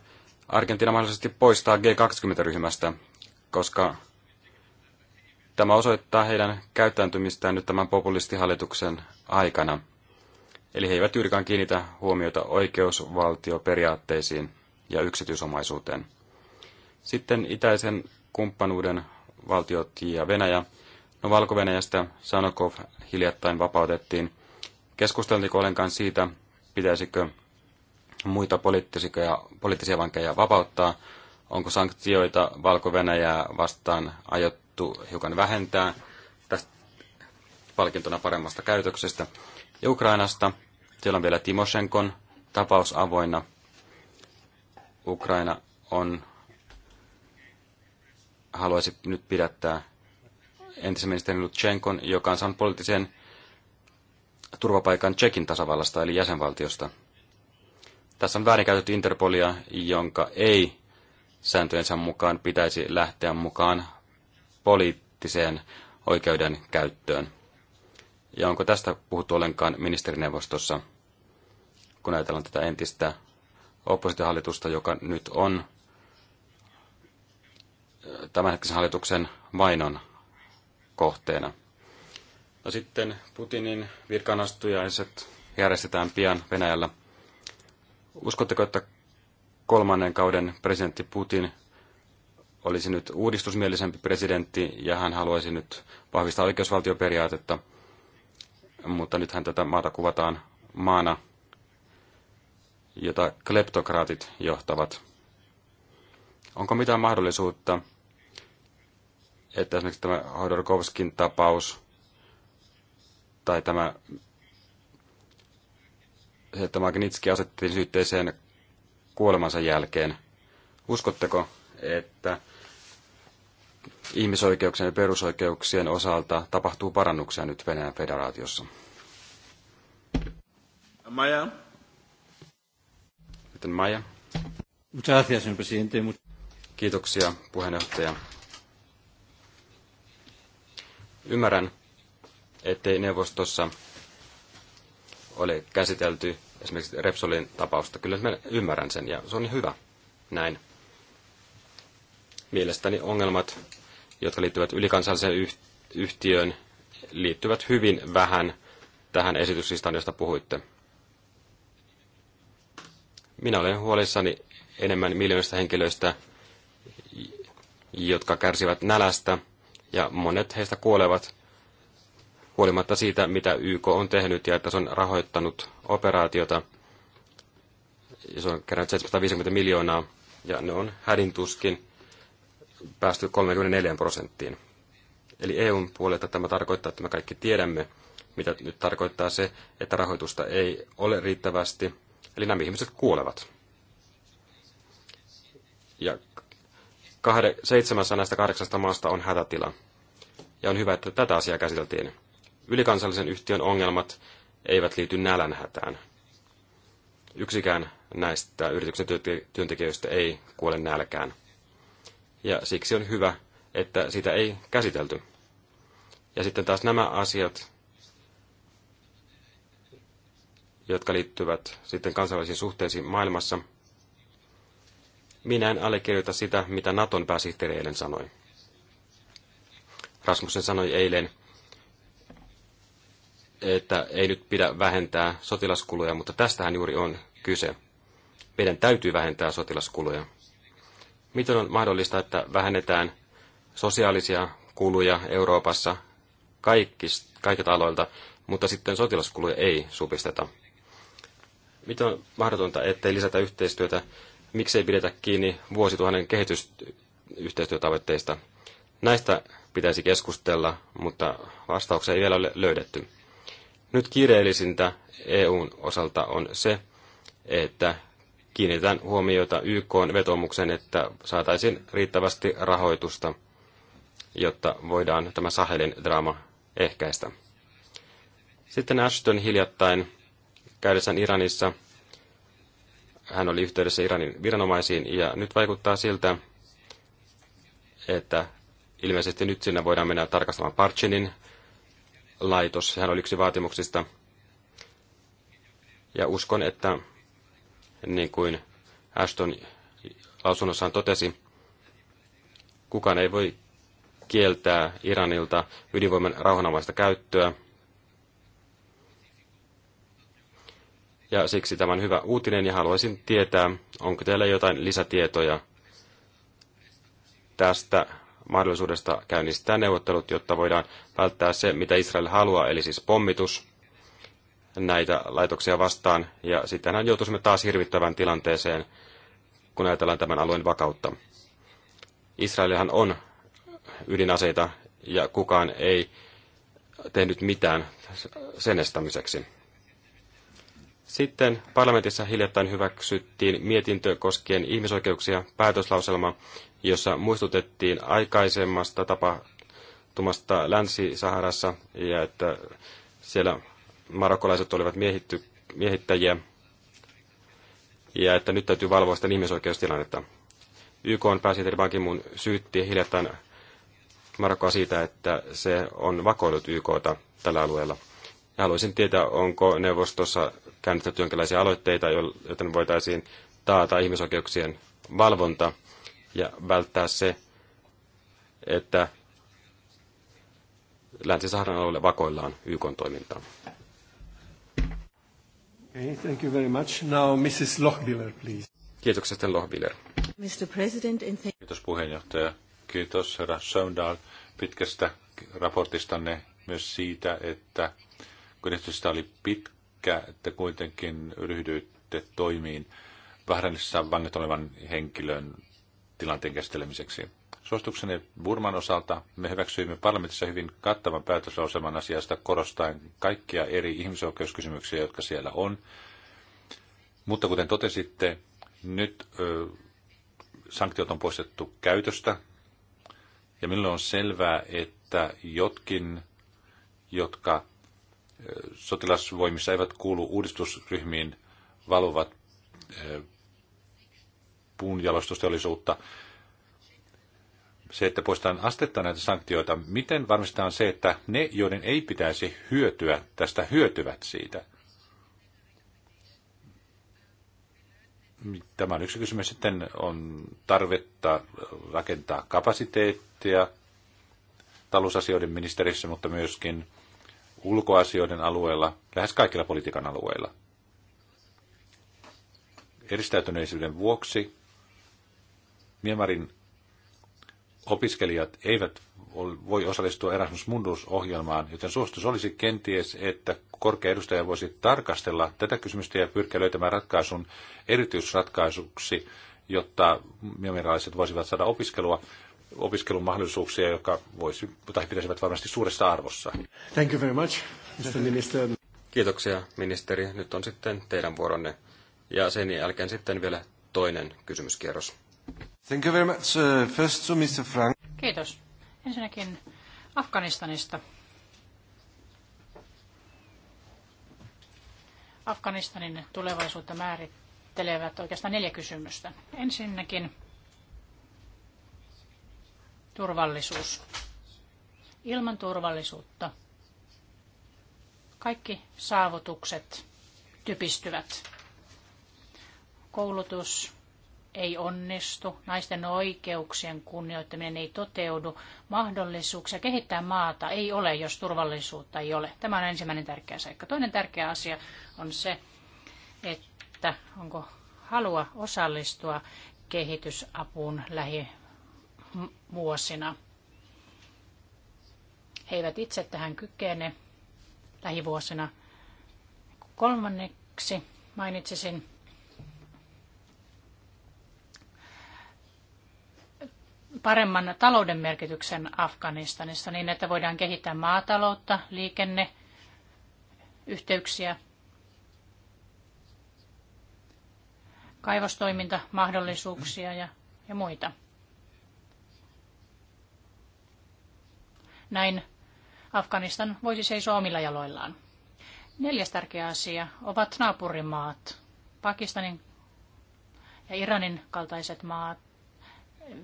Argentiina mahdollisesti poistaa G20-ryhmästä, koska tämä osoittaa heidän käyttäytymistään nyt tämän populistihallituksen aikana. Eli he eivät juurikaan kiinnitä huomiota oikeusvaltioperiaatteisiin ja yksityisomaisuuteen. Sitten itäisen kumppanuuden valtiot ja Venäjä. No Valko-Venäjästä Sanokov hiljattain vapautettiin. Keskusteltiko ollenkaan siitä, pitäisikö muita poliittisia, poliittisia vankeja vapauttaa? Onko sanktioita valko vastaan ajottu hiukan vähentää tästä palkintona paremmasta käytöksestä? Ja Ukrainasta, siellä on vielä Timoshenkon tapaus avoinna. Ukraina on haluaisi nyt pidättää entisen ministerin Lutsenkon, joka on saanut poliittisen turvapaikan Tsekin tasavallasta eli jäsenvaltiosta. Tässä on väärinkäytetty Interpolia, jonka ei sääntöjensä mukaan pitäisi lähteä mukaan poliittiseen oikeuden käyttöön. Ja onko tästä puhuttu ollenkaan ministerineuvostossa, kun ajatellaan tätä entistä oppositiohallitusta, joka nyt on tämänhetkisen hallituksen vainon kohteena. No sitten Putinin virkanastujaiset järjestetään pian Venäjällä. Uskotteko, että kolmannen kauden presidentti Putin olisi nyt uudistusmielisempi presidentti ja hän haluaisi nyt vahvistaa oikeusvaltioperiaatetta, mutta nythän tätä maata kuvataan maana, jota kleptokraatit johtavat. Onko mitään mahdollisuutta, että esimerkiksi tämä Hodorkovskin tapaus tai tämä, se, että Magnitski asettiin syytteeseen kuolemansa jälkeen. Uskotteko, että ihmisoikeuksien ja perusoikeuksien osalta tapahtuu parannuksia nyt Venäjän federaatiossa? Maja. Sitten Maja. Muchas gracias, señor presidente. Kiitoksia, puheenjohtaja. Ymmärrän, ettei neuvostossa ole käsitelty esimerkiksi Repsolin tapausta. Kyllä mä ymmärrän sen ja se on hyvä näin. Mielestäni ongelmat, jotka liittyvät ylikansalliseen yhtiöön, liittyvät hyvin vähän tähän esityslistaan, josta puhuitte. Minä olen huolissani enemmän miljoonista henkilöistä, jotka kärsivät nälästä – ja monet heistä kuolevat huolimatta siitä, mitä YK on tehnyt ja että se on rahoittanut operaatiota. Ja se on kerännyt 750 miljoonaa ja ne on hädintuskin päästy 34 prosenttiin. Eli EUn puolelta tämä tarkoittaa, että me kaikki tiedämme, mitä nyt tarkoittaa se, että rahoitusta ei ole riittävästi. Eli nämä ihmiset kuolevat. Ja kahde, seitsemässä näistä kahdeksasta maasta on hätätila. Ja on hyvä, että tätä asiaa käsiteltiin. Ylikansallisen yhtiön ongelmat eivät liity nälänhätään. Yksikään näistä yrityksen työntekijöistä ei kuole nälkään. Ja siksi on hyvä, että sitä ei käsitelty. Ja sitten taas nämä asiat, jotka liittyvät sitten kansainvälisiin suhteisiin maailmassa – minä en allekirjoita sitä, mitä Naton pääsihteeri eilen sanoi. Rasmussen sanoi eilen, että ei nyt pidä vähentää sotilaskuluja, mutta tästähän juuri on kyse. Meidän täytyy vähentää sotilaskuluja. Miten on mahdollista, että vähennetään sosiaalisia kuluja Euroopassa kaikista, kaikilta aloilta, mutta sitten sotilaskuluja ei supisteta? Miten on mahdotonta, ettei lisätä yhteistyötä miksei pidetä kiinni vuosituhannen kehitysyhteistyötavoitteista. Näistä pitäisi keskustella, mutta vastauksia ei vielä ole löydetty. Nyt kiireellisintä EUn osalta on se, että kiinnitetään huomiota YK vetomuksen, että saataisiin riittävästi rahoitusta, jotta voidaan tämä Sahelin draama ehkäistä. Sitten Ashton hiljattain käydessään Iranissa hän oli yhteydessä Iranin viranomaisiin ja nyt vaikuttaa siltä, että ilmeisesti nyt sinne voidaan mennä tarkastamaan Parchinin laitos. Hän oli yksi vaatimuksista. Ja uskon, että niin kuin Ashton lausunnossaan totesi, kukaan ei voi kieltää Iranilta ydinvoiman rauhanomaista käyttöä. Ja siksi tämän hyvä uutinen ja haluaisin tietää, onko teillä jotain lisätietoja tästä mahdollisuudesta käynnistää neuvottelut, jotta voidaan välttää se, mitä Israel haluaa, eli siis pommitus näitä laitoksia vastaan. Ja sittenhän joutuisimme taas hirvittävän tilanteeseen, kun ajatellaan tämän alueen vakautta. Israelihan on ydinaseita ja kukaan ei tehnyt mitään sen estämiseksi. Sitten parlamentissa hiljattain hyväksyttiin mietintö koskien ihmisoikeuksia päätöslauselma, jossa muistutettiin aikaisemmasta tapahtumasta Länsi-Saharassa ja että siellä marokkolaiset olivat miehitty, miehittäjiä ja että nyt täytyy valvoa sitä ihmisoikeustilannetta. YK on pääsihteeri Bankimun syytti hiljattain Marokkoa siitä, että se on vakoillut YKta tällä alueella. Ja haluaisin tietää, onko neuvostossa käynnistetty jonkinlaisia aloitteita, joten voitaisiin taata ihmisoikeuksien valvonta ja välttää se, että Länsi-Saharan alueelle vakoillaan YK toimintaa. Okay, thank you very much. Now Mrs. Lochbiller, please. Kiitoksia sitten Lochbiller. Mr. President, and thank... Kiitos puheenjohtaja. Kiitos herra Söndal pitkästä raportistanne myös siitä, että kun oli pitkä että kuitenkin ryhdyitte toimiin Bahrainissa vangit olevan henkilön tilanteen käsittelemiseksi. Suostukseni Burman osalta me hyväksyimme parlamentissa hyvin kattavan päätöslauselman asiasta korostaen kaikkia eri ihmisoikeuskysymyksiä, jotka siellä on. Mutta kuten totesitte, nyt ö, sanktiot on poistettu käytöstä. Ja minulle on selvää, että jotkin, jotka sotilasvoimissa eivät kuulu uudistusryhmiin, valuvat eh, puunjalostusteollisuutta. Se, että poistetaan astetta näitä sanktioita, miten varmistetaan se, että ne, joiden ei pitäisi hyötyä tästä, hyötyvät siitä? Tämä on yksi kysymys. Sitten on tarvetta rakentaa kapasiteettia talousasioiden ministerissä, mutta myöskin ulkoasioiden alueella, lähes kaikilla politiikan alueilla. Eristäytyneisyyden vuoksi Miemarin opiskelijat eivät voi osallistua Erasmus Mundus-ohjelmaan, joten suositus olisi kenties, että korkea edustaja voisi tarkastella tätä kysymystä ja pyrkiä löytämään ratkaisun erityisratkaisuksi, jotta miemiralaiset voisivat saada opiskelua opiskelun mahdollisuuksia, jotka voisi, tai pitäisivät varmasti suuressa arvossa. Thank you very much, Mr. Minister. Kiitoksia, ministeri. Nyt on sitten teidän vuoronne. Ja sen jälkeen sitten vielä toinen kysymyskierros. Thank you very much. Uh, first to Mr. Frank. Kiitos. Ensinnäkin Afganistanista. Afganistanin tulevaisuutta määrittelevät oikeastaan neljä kysymystä. Ensinnäkin Turvallisuus. Ilman turvallisuutta kaikki saavutukset typistyvät. Koulutus ei onnistu, naisten oikeuksien kunnioittaminen ei toteudu, mahdollisuuksia kehittää maata ei ole, jos turvallisuutta ei ole. Tämä on ensimmäinen tärkeä seikka. Toinen tärkeä asia on se, että onko halua osallistua kehitysapuun lähi vuosina. He eivät itse tähän kykene lähivuosina. Kolmanneksi mainitsisin paremman talouden merkityksen Afganistanissa niin, että voidaan kehittää maataloutta, liikenne, yhteyksiä, kaivostoimintamahdollisuuksia ja, ja muita. Näin Afganistan voisi seisoa omilla jaloillaan. Neljäs tärkeä asia ovat naapurimaat. Pakistanin ja Iranin kaltaiset maat,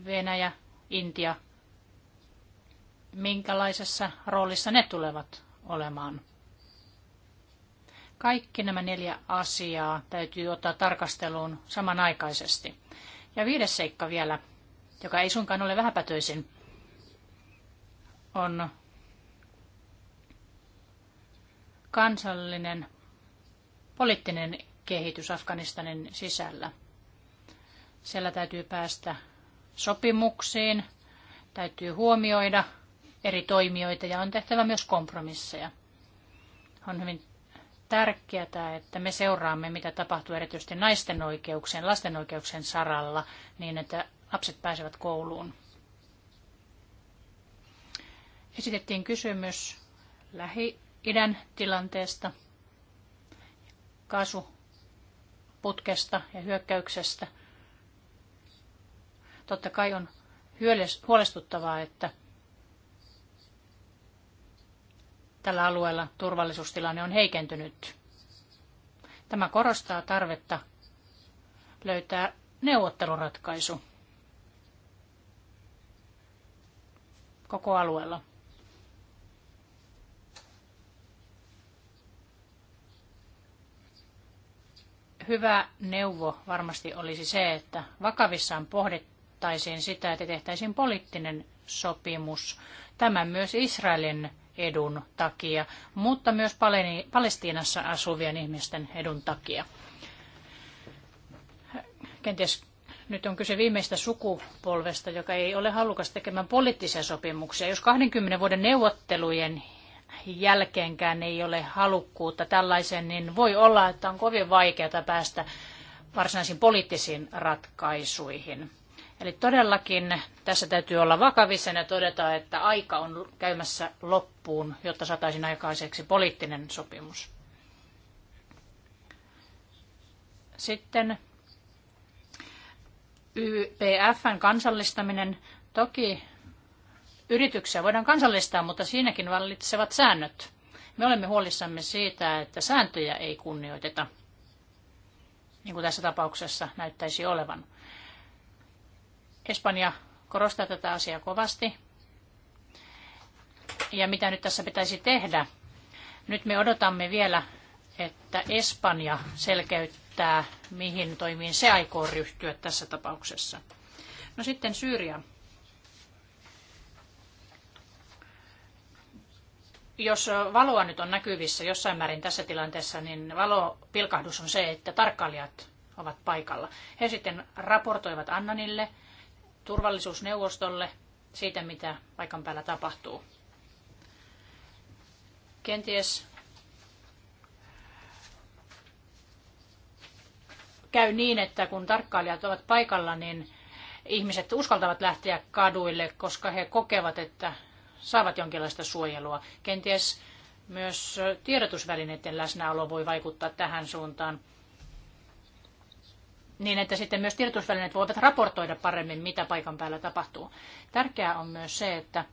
Venäjä, Intia. Minkälaisessa roolissa ne tulevat olemaan? Kaikki nämä neljä asiaa täytyy ottaa tarkasteluun samanaikaisesti. Ja viides seikka vielä, joka ei suinkaan ole vähäpätöisin on kansallinen poliittinen kehitys Afganistanin sisällä. Siellä täytyy päästä sopimuksiin, täytyy huomioida eri toimijoita ja on tehtävä myös kompromisseja. On hyvin tärkeää, että me seuraamme, mitä tapahtuu erityisesti naisten oikeuksien, lasten oikeuksien saralla, niin että lapset pääsevät kouluun. Esitettiin kysymys Lähi-idän tilanteesta, kaasuputkesta ja hyökkäyksestä. Totta kai on huolestuttavaa, että tällä alueella turvallisuustilanne on heikentynyt. Tämä korostaa tarvetta löytää neuvotteluratkaisu koko alueella. hyvä neuvo varmasti olisi se, että vakavissaan pohdittaisiin sitä, että tehtäisiin poliittinen sopimus. Tämä myös Israelin edun takia, mutta myös Palestiinassa asuvien ihmisten edun takia. Kenties nyt on kyse viimeistä sukupolvesta, joka ei ole halukas tekemään poliittisia sopimuksia. Jos 20 vuoden neuvottelujen jälkeenkään ei ole halukkuutta tällaiseen, niin voi olla, että on kovin vaikeaa päästä varsinaisiin poliittisiin ratkaisuihin. Eli todellakin tässä täytyy olla vakavissa ja todeta, että aika on käymässä loppuun, jotta saataisiin aikaiseksi poliittinen sopimus. Sitten YPFn kansallistaminen. Toki Yrityksiä voidaan kansallistaa, mutta siinäkin vallitsevat säännöt. Me olemme huolissamme siitä, että sääntöjä ei kunnioiteta, niin kuin tässä tapauksessa näyttäisi olevan. Espanja korostaa tätä asiaa kovasti. Ja mitä nyt tässä pitäisi tehdä? Nyt me odotamme vielä, että Espanja selkeyttää, mihin toimiin se aikoo ryhtyä tässä tapauksessa. No sitten Syyria. jos valoa nyt on näkyvissä jossain määrin tässä tilanteessa, niin valopilkahdus on se, että tarkkailijat ovat paikalla. He sitten raportoivat Annanille, turvallisuusneuvostolle siitä, mitä paikan päällä tapahtuu. Kenties käy niin, että kun tarkkailijat ovat paikalla, niin ihmiset uskaltavat lähteä kaduille, koska he kokevat, että saavat jonkinlaista suojelua. Kenties myös tiedotusvälineiden läsnäolo voi vaikuttaa tähän suuntaan niin, että sitten myös tiedotusvälineet voivat raportoida paremmin, mitä paikan päällä tapahtuu. Tärkeää on myös se, että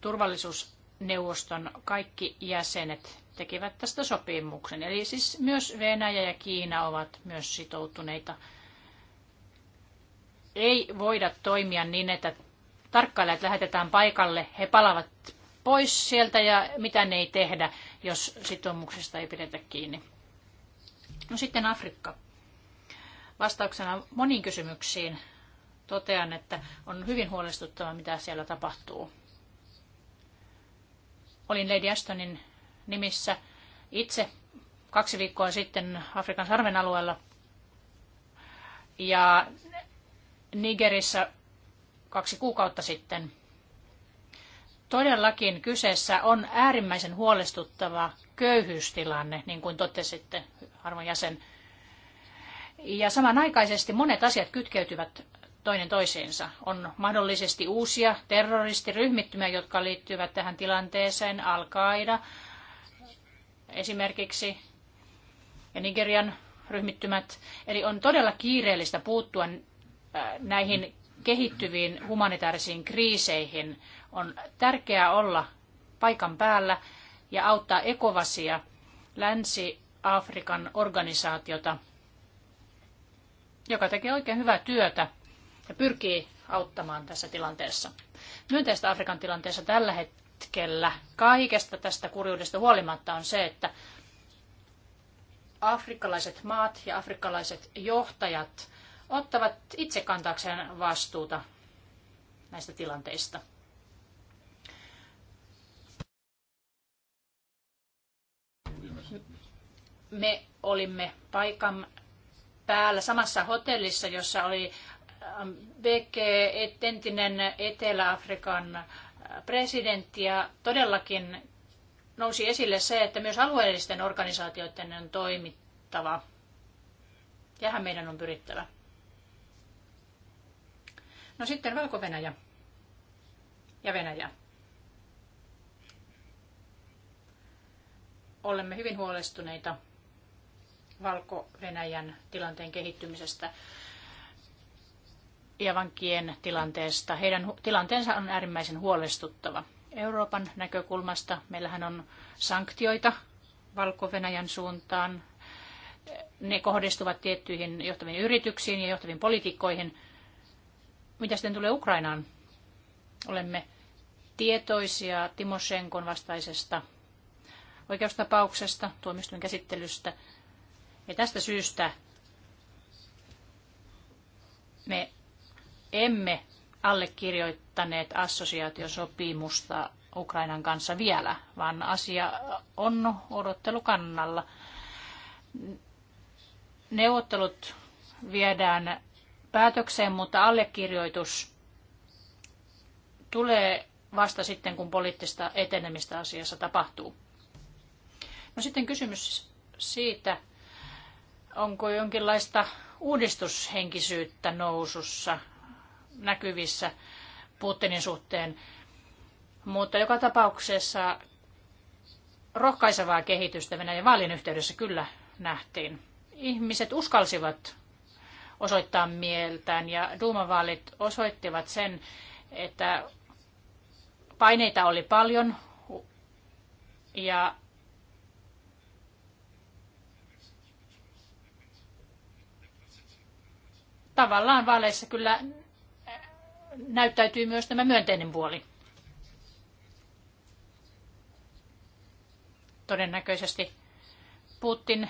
turvallisuusneuvoston kaikki jäsenet tekivät tästä sopimuksen. Eli siis myös Venäjä ja Kiina ovat myös sitoutuneita ei voida toimia niin, että tarkkailijat lähetetään paikalle, he palavat pois sieltä ja mitä ne ei tehdä, jos sitoumuksesta ei pidetä kiinni. No sitten Afrikka. Vastauksena moniin kysymyksiin totean, että on hyvin huolestuttava, mitä siellä tapahtuu. Olin Lady Astonin nimissä itse kaksi viikkoa sitten Afrikan sarven alueella. Ja Nigerissä kaksi kuukautta sitten. Todellakin kyseessä on äärimmäisen huolestuttava köyhyystilanne, niin kuin totesitte, arvon jäsen. Ja samanaikaisesti monet asiat kytkeytyvät toinen toisiinsa. On mahdollisesti uusia terroristiryhmittymiä, jotka liittyvät tähän tilanteeseen, Al-Qaida esimerkiksi ja Nigerian ryhmittymät. Eli on todella kiireellistä puuttua näihin kehittyviin humanitaarisiin kriiseihin on tärkeää olla paikan päällä ja auttaa ekovasia Länsi-Afrikan organisaatiota, joka tekee oikein hyvää työtä ja pyrkii auttamaan tässä tilanteessa. Myönteistä Afrikan tilanteessa tällä hetkellä kaikesta tästä kurjuudesta huolimatta on se, että afrikkalaiset maat ja afrikkalaiset johtajat ottavat itse kantaakseen vastuuta näistä tilanteista. Me olimme paikan päällä samassa hotellissa, jossa oli ähm, BK, entinen Etelä-Afrikan äh, presidentti, ja todellakin nousi esille se, että myös alueellisten organisaatioiden on toimittava. Tähän meidän on pyrittävä. No sitten Valko-Venäjä ja Venäjä. Olemme hyvin huolestuneita Valko-Venäjän tilanteen kehittymisestä ja vankien tilanteesta. Heidän tilanteensa on äärimmäisen huolestuttava. Euroopan näkökulmasta meillähän on sanktioita Valko-Venäjän suuntaan. Ne kohdistuvat tiettyihin johtaviin yrityksiin ja johtaviin poliitikkoihin – mitä sitten tulee Ukrainaan? Olemme tietoisia Timoshenkon vastaisesta oikeustapauksesta, tuomistuin käsittelystä. Ja tästä syystä me emme allekirjoittaneet assosiaatiosopimusta Ukrainan kanssa vielä, vaan asia on odottelukannalla. Neuvottelut viedään päätökseen, mutta allekirjoitus tulee vasta sitten, kun poliittista etenemistä asiassa tapahtuu. No sitten kysymys siitä, onko jonkinlaista uudistushenkisyyttä nousussa näkyvissä Putinin suhteen. Mutta joka tapauksessa rohkaisevaa kehitystä Venäjän vaalin yhteydessä kyllä nähtiin. Ihmiset uskalsivat osoittaa mieltään. Ja duumavaalit osoittivat sen, että paineita oli paljon ja tavallaan vaaleissa kyllä näyttäytyy myös tämä myönteinen puoli. Todennäköisesti Putin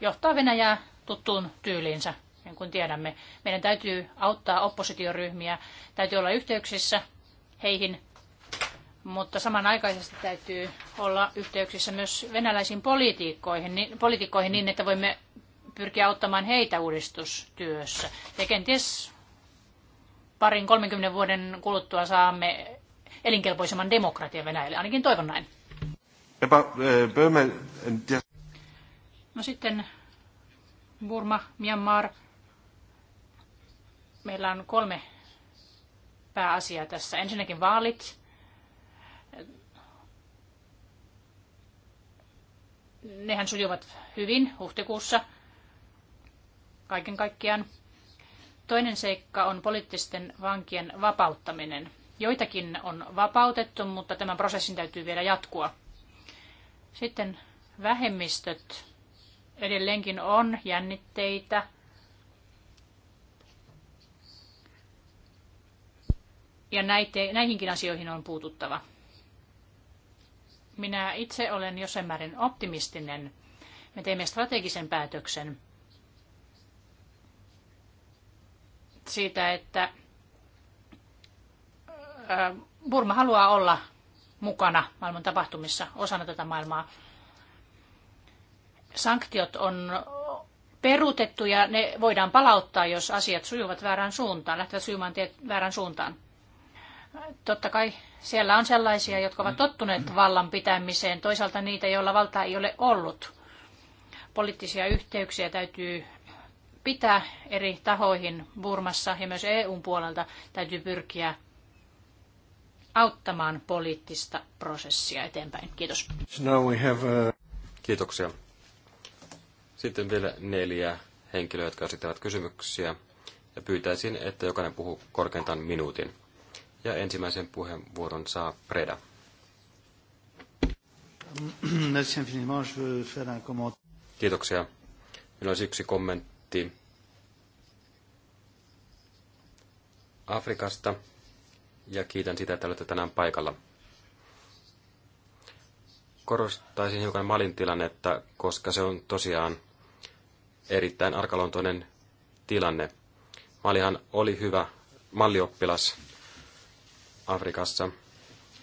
johtaa Venäjää tuttuun tyyliinsä niin kuin tiedämme. Meidän täytyy auttaa oppositioryhmiä, täytyy olla yhteyksissä heihin, mutta samanaikaisesti täytyy olla yhteyksissä myös venäläisiin poliitikkoihin, niin, poliitikkoihin niin, että voimme pyrkiä auttamaan heitä uudistustyössä. Ja kenties parin 30 vuoden kuluttua saamme elinkelpoisemman demokratian Venäjälle. Ainakin toivon näin. E, no sitten Burma, Myanmar, Meillä on kolme pääasiaa tässä. Ensinnäkin vaalit. Nehän sujuvat hyvin huhtikuussa kaiken kaikkiaan. Toinen seikka on poliittisten vankien vapauttaminen. Joitakin on vapautettu, mutta tämän prosessin täytyy vielä jatkua. Sitten vähemmistöt edelleenkin on jännitteitä Ja näite, näihinkin asioihin on puututtava. Minä itse olen jossain määrin optimistinen. Me teemme strategisen päätöksen siitä, että Burma haluaa olla mukana maailman tapahtumissa osana tätä maailmaa. Sanktiot on peruutettu ja ne voidaan palauttaa, jos asiat sujuvat väärään suuntaan, lähtevät sujumaan väärään suuntaan. Totta kai siellä on sellaisia, jotka ovat tottuneet vallan pitämiseen, toisaalta niitä, joilla valtaa ei ole ollut. Poliittisia yhteyksiä täytyy pitää eri tahoihin Burmassa ja myös EUn puolelta täytyy pyrkiä auttamaan poliittista prosessia eteenpäin. Kiitos. Uh, Kiitoksia. Sitten vielä neljä henkilöä, jotka esittävät kysymyksiä. Ja pyytäisin, että jokainen puhuu korkeintaan minuutin. Ja ensimmäisen puheenvuoron saa Preda. Kiitoksia. Minulla olisi yksi kommentti Afrikasta ja kiitän sitä, että olette tänään paikalla. Korostaisin hiukan Malin tilannetta, koska se on tosiaan erittäin arkaluontoinen tilanne. Malihan oli hyvä mallioppilas Afrikassa,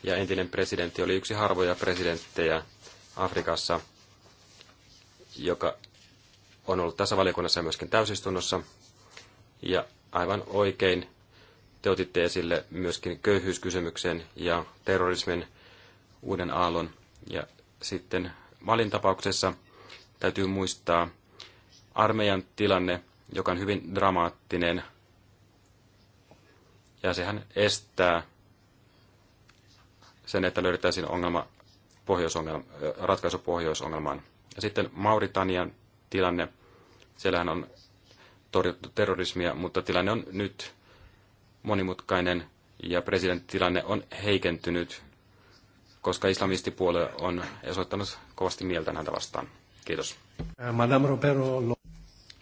ja entinen presidentti oli yksi harvoja presidenttejä Afrikassa, joka on ollut tässä valiokunnassa ja myöskin täysistunnossa. Ja aivan oikein te otitte esille myöskin köyhyyskysymyksen ja terrorismin uuden aallon. Ja sitten Malin tapauksessa täytyy muistaa armeijan tilanne, joka on hyvin dramaattinen. Ja sehän estää sen, että löydettäisiin ongelma pohjoisongelma, ratkaisu pohjoisongelmaan. Ja sitten Mauritanian tilanne. Siellähän on torjuttu terrorismia, mutta tilanne on nyt monimutkainen ja presidenttitilanne on heikentynyt, koska islamistipuolue on osoittanut kovasti mieltä näitä vastaan. Kiitos. Eh, Madame Romero.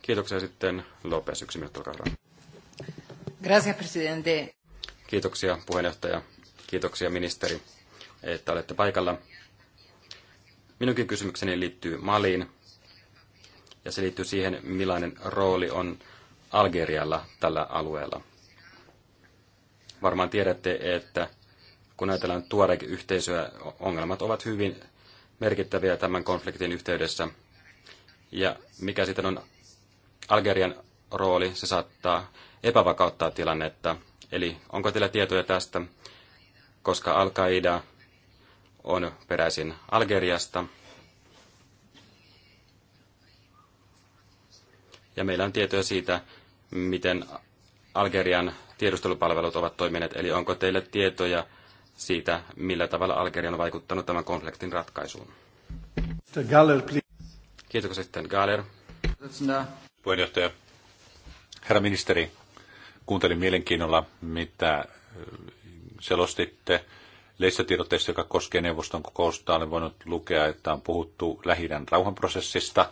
Kiitoksia sitten Lopes, yksi minuutti, olkaa Gracias, presidente. Kiitoksia puheenjohtaja. Kiitoksia ministeri että olette paikalla. Minunkin kysymykseni liittyy Maliin, ja se liittyy siihen, millainen rooli on Algerialla tällä alueella. Varmaan tiedätte, että kun ajatellaan Tuareg-yhteisöä, ongelmat ovat hyvin merkittäviä tämän konfliktin yhteydessä. Ja mikä sitten on Algerian rooli, se saattaa epävakauttaa tilannetta. Eli onko teillä tietoja tästä, koska Al-Qaida on peräisin Algeriasta. Ja meillä on tietoja siitä, miten Algerian tiedustelupalvelut ovat toimineet. Eli onko teille tietoja siitä, millä tavalla Algeria on vaikuttanut tämän konfliktin ratkaisuun? Galler, Kiitoksia sitten Galler. Puheenjohtaja. Herra ministeri, kuuntelin mielenkiinnolla, mitä selostitte lehdistötiedotteessa, joka koskee neuvoston kokousta, olen voinut lukea, että on puhuttu lähidän rauhanprosessista,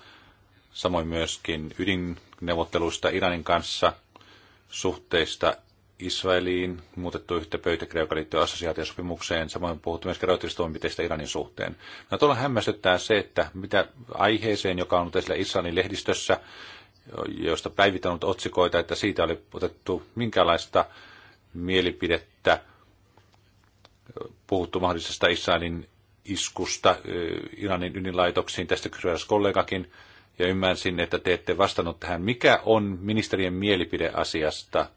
samoin myöskin ydinneuvotteluista Iranin kanssa, suhteista Israeliin, muutettu yhtä pöytäkirja, joka liittyy assosiaatiosopimukseen, samoin puhuttu myös toimenpiteistä Iranin suhteen. No tuolla hämmästyttää se, että mitä aiheeseen, joka on ollut esillä Israelin lehdistössä, josta päivitänyt otsikoita, että siitä oli otettu minkälaista mielipidettä puhuttu mahdollisesta Israelin iskusta Iranin ydinlaitoksiin, tästä kysyi kollegakin, ja ymmärsin, että te ette vastannut tähän. Mikä on ministerien mielipide asiasta?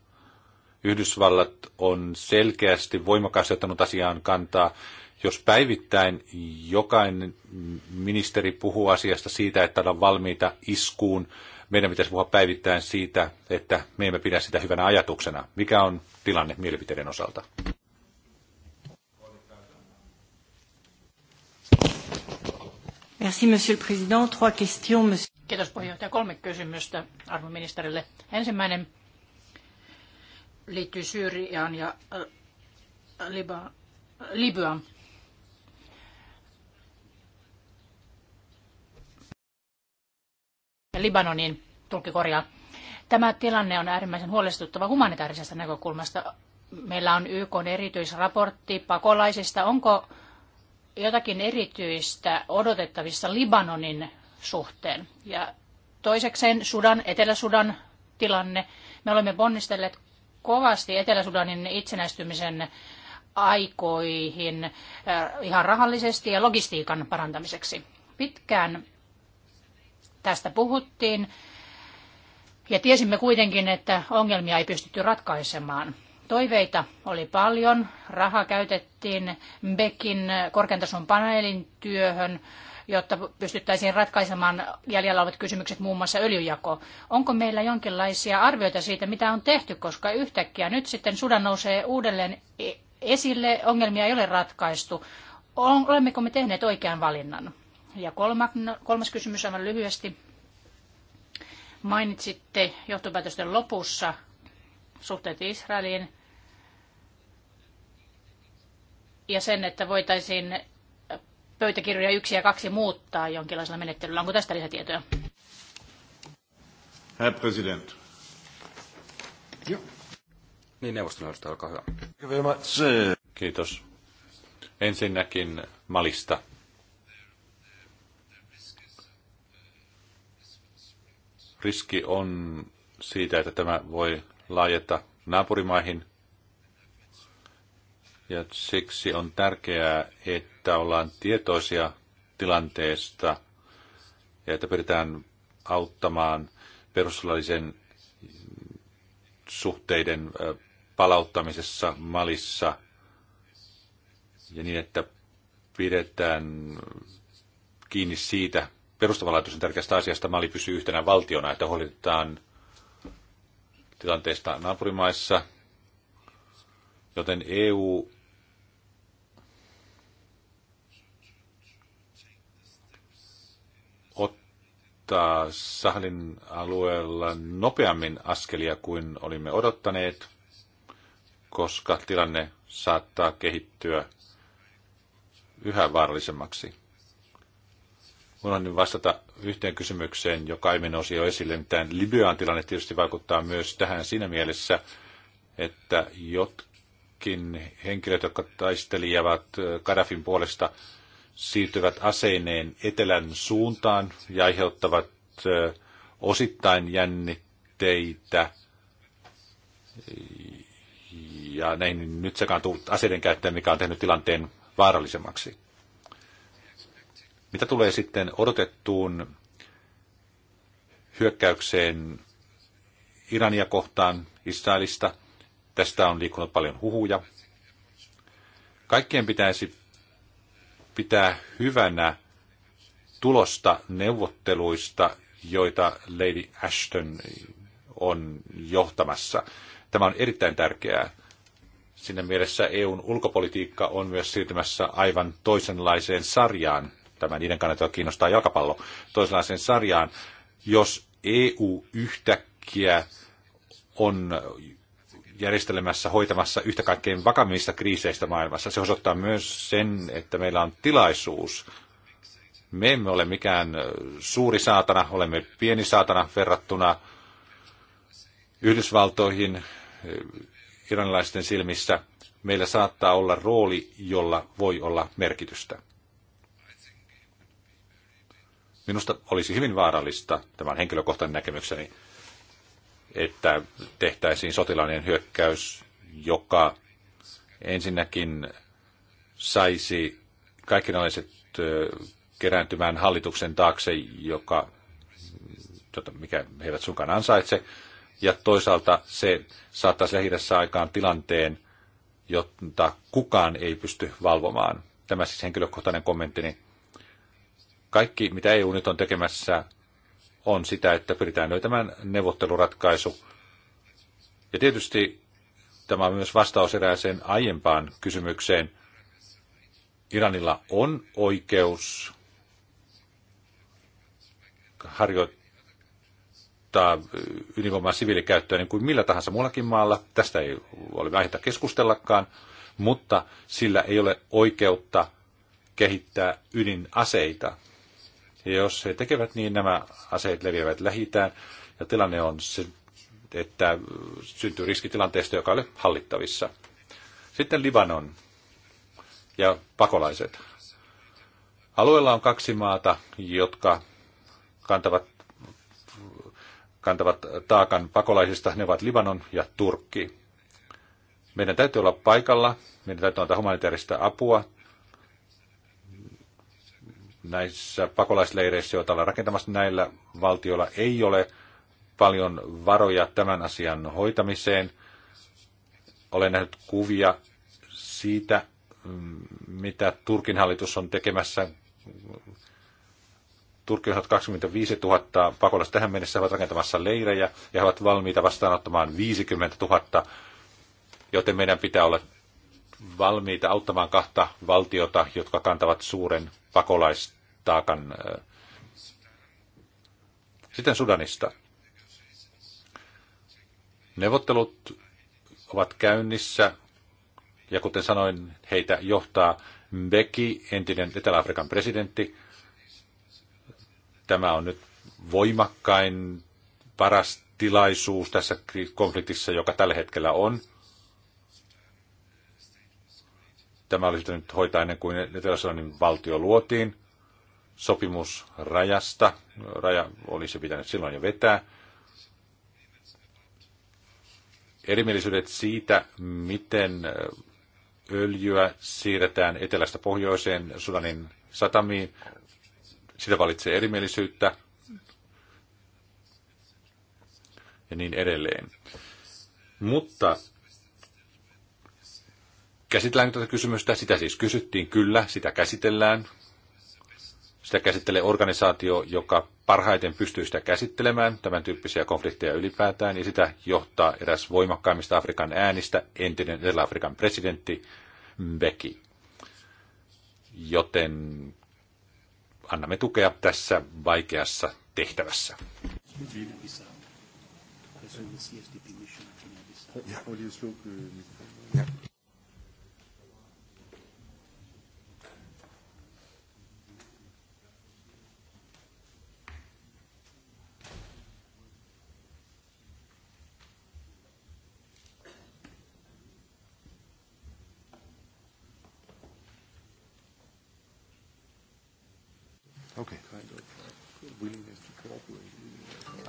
Yhdysvallat on selkeästi voimakkaasti ottanut asiaan kantaa. Jos päivittäin jokainen ministeri puhuu asiasta siitä, että ollaan valmiita iskuun, meidän pitäisi puhua päivittäin siitä, että me emme pidä sitä hyvänä ajatuksena. Mikä on tilanne mielipiteiden osalta? Merci, monsieur le président. Trois questions, monsieur. Kiitos puheenjohtaja. Kolme kysymystä ministerille. Ensimmäinen liittyy Syyriaan ja äh, Liba, Libyaan. Libanonin tulkki korjaa. Tämä tilanne on äärimmäisen huolestuttava humanitaarisesta näkökulmasta. Meillä on YK erityisraportti pakolaisista. Onko jotakin erityistä odotettavissa Libanonin suhteen? Ja toisekseen Sudan, Etelä-Sudan tilanne. Me olemme ponnistelleet kovasti Etelä-Sudanin itsenäistymisen aikoihin äh, ihan rahallisesti ja logistiikan parantamiseksi. Pitkään tästä puhuttiin ja tiesimme kuitenkin, että ongelmia ei pystytty ratkaisemaan. Toiveita oli paljon. Raha käytettiin Beckin korkeantason paneelin työhön, jotta pystyttäisiin ratkaisemaan jäljellä olevat kysymykset, muun muassa öljyjako. Onko meillä jonkinlaisia arvioita siitä, mitä on tehty, koska yhtäkkiä nyt sitten sudan nousee uudelleen e- esille, ongelmia ei ole ratkaistu. Olemmeko me tehneet oikean valinnan? Ja kolmas kysymys aivan lyhyesti. Mainitsitte johtopäätösten lopussa suhteet Israeliin ja sen, että voitaisiin pöytäkirjoja yksi ja kaksi muuttaa jonkinlaisella menettelyllä. Onko tästä lisätietoja? Herr President. Joo. Niin, neuvoston edustaja, olkaa hyvä. Kiitos. Ensinnäkin Malista. Riski on siitä, että tämä voi laajeta naapurimaihin. Ja siksi on tärkeää, että ollaan tietoisia tilanteesta ja että pyritään auttamaan perustuslaillisen suhteiden palauttamisessa Malissa ja niin, että pidetään kiinni siitä perustavanlaatuisen tärkeästä asiasta. Mali pysyy yhtenä valtiona, että huolehditaan tilanteesta naapurimaissa, joten EU ottaa Sahlin alueella nopeammin askelia kuin olimme odottaneet, koska tilanne saattaa kehittyä yhä vaarallisemmaksi. Unohdin vastata yhteen kysymykseen, joka ei nousi jo esille. Mitään Libyan tilanne tietysti vaikuttaa myös tähän siinä mielessä, että jotkin henkilöt, jotka taistelivat eh, Gaddafin puolesta, siirtyvät aseineen etelän suuntaan ja aiheuttavat osittain jännitteitä. Ja näihin nyt sekaan tullut aseiden käyttäjä, mikä on tehnyt tilanteen vaarallisemmaksi. Mitä tulee sitten odotettuun hyökkäykseen Irania kohtaan Israelista, tästä on liikkunut paljon huhuja. Kaikkien pitäisi pitää hyvänä tulosta neuvotteluista, joita Lady Ashton on johtamassa. Tämä on erittäin tärkeää. Siinä mielessä EUn ulkopolitiikka on myös siirtymässä aivan toisenlaiseen sarjaan. Tämä niiden kannalta kiinnostaa jalkapallo. Toisenlaiseen sarjaan, jos EU yhtäkkiä on järjestelemässä, hoitamassa yhtä kaikkein vakavimmista kriiseistä maailmassa. Se osoittaa myös sen, että meillä on tilaisuus. Me emme ole mikään suuri saatana, olemme pieni saatana verrattuna Yhdysvaltoihin iranilaisten silmissä. Meillä saattaa olla rooli, jolla voi olla merkitystä. Minusta olisi hyvin vaarallista, tämä on henkilökohtainen näkemykseni, että tehtäisiin sotilainen hyökkäys, joka ensinnäkin saisi kaikkinaiset kerääntymään hallituksen taakse, joka, tota, mikä he eivät sunkaan ansaitse, ja toisaalta se saattaisi lähidässä aikaan tilanteen, jotta kukaan ei pysty valvomaan. Tämä siis henkilökohtainen kommenttini. Kaikki, mitä EU nyt on tekemässä on sitä, että pyritään löytämään neuvotteluratkaisu. Ja tietysti tämä on myös vastaus erääseen aiempaan kysymykseen. Iranilla on oikeus harjoittaa ydinvoimaa siviilikäyttöä niin kuin millä tahansa muullakin maalla. Tästä ei ole vähintä keskustellakaan, mutta sillä ei ole oikeutta kehittää ydinaseita. Ja jos he tekevät niin, nämä aseet leviävät lähitään. Ja tilanne on se, että syntyy riskitilanteesta, joka ei ole hallittavissa. Sitten Libanon ja pakolaiset. Alueella on kaksi maata, jotka kantavat, kantavat taakan pakolaisista. Ne ovat Libanon ja Turkki. Meidän täytyy olla paikalla, meidän täytyy antaa humanitaarista apua näissä pakolaisleireissä, joita ollaan rakentamassa näillä valtioilla, ei ole paljon varoja tämän asian hoitamiseen. Olen nähnyt kuvia siitä, mm, mitä Turkin hallitus on tekemässä. Turkki on 25 000 pakolaista tähän mennessä ovat rakentamassa leirejä ja he ovat valmiita vastaanottamaan 50 000, joten meidän pitää olla valmiita auttamaan kahta valtiota, jotka kantavat suuren pakolaistaakan. Sitten Sudanista. Neuvottelut ovat käynnissä, ja kuten sanoin, heitä johtaa Mbeki, entinen Etelä-Afrikan presidentti. Tämä on nyt voimakkain paras tilaisuus tässä konfliktissa, joka tällä hetkellä on – tämä olisi nyt hoitaa ennen kuin Etelä-Sudanin valtio luotiin. Sopimus rajasta, raja olisi pitänyt silloin jo vetää. Erimielisyydet siitä, miten öljyä siirretään etelästä pohjoiseen Sudanin satamiin, sitä valitsee erimielisyyttä ja niin edelleen. Mutta käsitellään tätä kysymystä? Sitä siis kysyttiin, kyllä, sitä käsitellään. Sitä käsittelee organisaatio, joka parhaiten pystyy sitä käsittelemään, tämän tyyppisiä konflikteja ylipäätään, ja sitä johtaa eräs voimakkaimmista Afrikan äänistä, entinen Etelä-Afrikan presidentti Mbeki. Joten annamme tukea tässä vaikeassa tehtävässä. Yeah.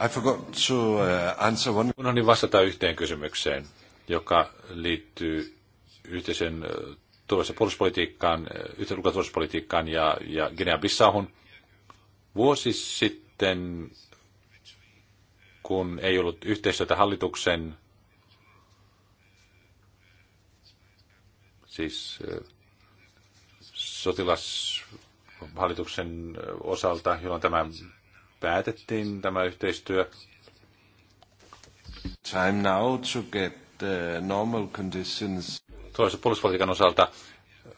I forgot to uh, answer one. Unohdin niin vastata yhteen kysymykseen, joka liittyy yhteisen turvallisuus- puolustuspolitiikkaan, yhteisen ja ja, ja Guinea-Bissauhun. Vuosi sitten, kun ei ollut yhteistyötä hallituksen, siis sotilashallituksen osalta, jolloin tämä päätettiin tämä yhteistyö. Time now to get the uh, normal conditions. Toisessa puolustuspolitiikan osalta,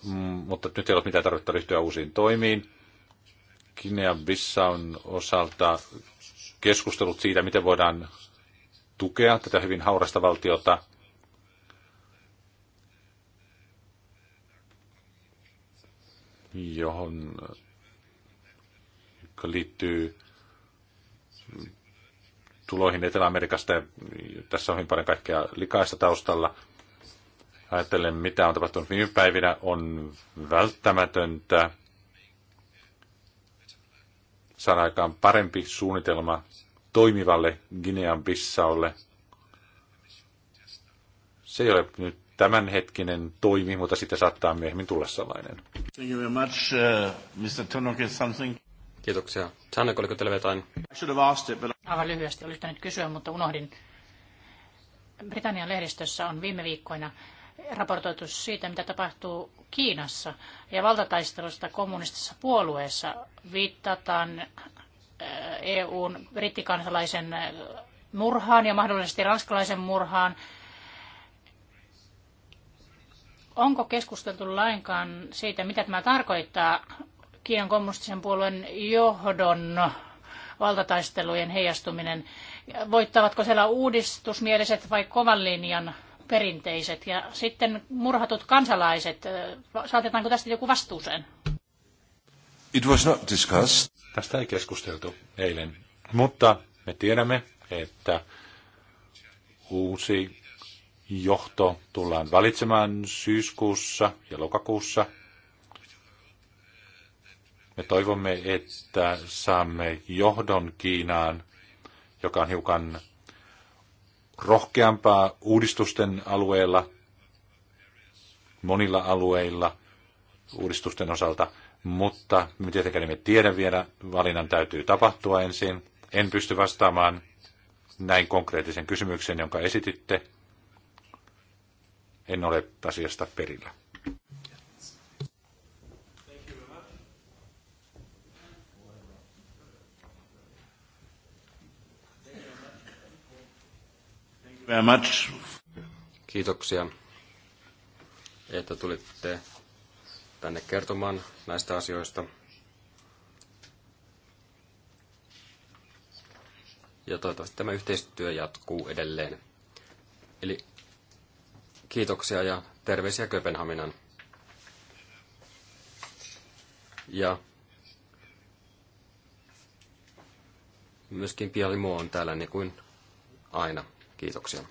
mm, mutta nyt ei ole mitään tarvetta ryhtyä uusiin toimiin. Guinea-Bissaun osalta keskustelut siitä, miten voidaan tukea tätä hyvin haurasta valtiota. johon joka liittyy tuloihin Etelä-Amerikasta. Ja tässä on hyvin paljon kaikkea likaista taustalla. Ajattelen, mitä on tapahtunut viime päivinä, on välttämätöntä saada aikaan parempi suunnitelma toimivalle Ginean Bissaulle. Se ei ole nyt tämänhetkinen toimi, mutta sitä saattaa myöhemmin tulla sellainen. Thank you very much, uh, Mr. Tunnock, something. Kiitoksia. Sanne, oliko teillä jotain? Aivan lyhyesti olisi nyt kysyä, mutta unohdin. Britannian lehdistössä on viime viikkoina raportoitu siitä, mitä tapahtuu Kiinassa ja valtataistelusta kommunistisessa puolueessa. Viittataan eh, EUn brittikansalaisen eh, murhaan ja mahdollisesti ranskalaisen murhaan. Onko keskusteltu lainkaan siitä, mitä tämä tarkoittaa Kiinan kommunistisen puolueen johdon valtataistelujen heijastuminen. Voittavatko siellä uudistusmieliset vai kovan linjan perinteiset? Ja sitten murhatut kansalaiset, saatetaanko tästä joku vastuuseen? It was not discussed. Tästä ei keskusteltu eilen, mutta me tiedämme, että uusi johto tullaan valitsemaan syyskuussa ja lokakuussa – me toivomme, että saamme johdon Kiinaan, joka on hiukan rohkeampaa uudistusten alueella, monilla alueilla uudistusten osalta, mutta me tietenkään emme tiedä vielä, valinnan täytyy tapahtua ensin. En pysty vastaamaan näin konkreettisen kysymyksen, jonka esititte. En ole asiasta perillä. very much. Kiitoksia, että tulitte tänne kertomaan näistä asioista. Ja toivottavasti tämä yhteistyö jatkuu edelleen. Eli kiitoksia ja terveisiä Kööpenhaminan. Ja myöskin Pialimo on täällä niin kuin aina. Kiitoksia.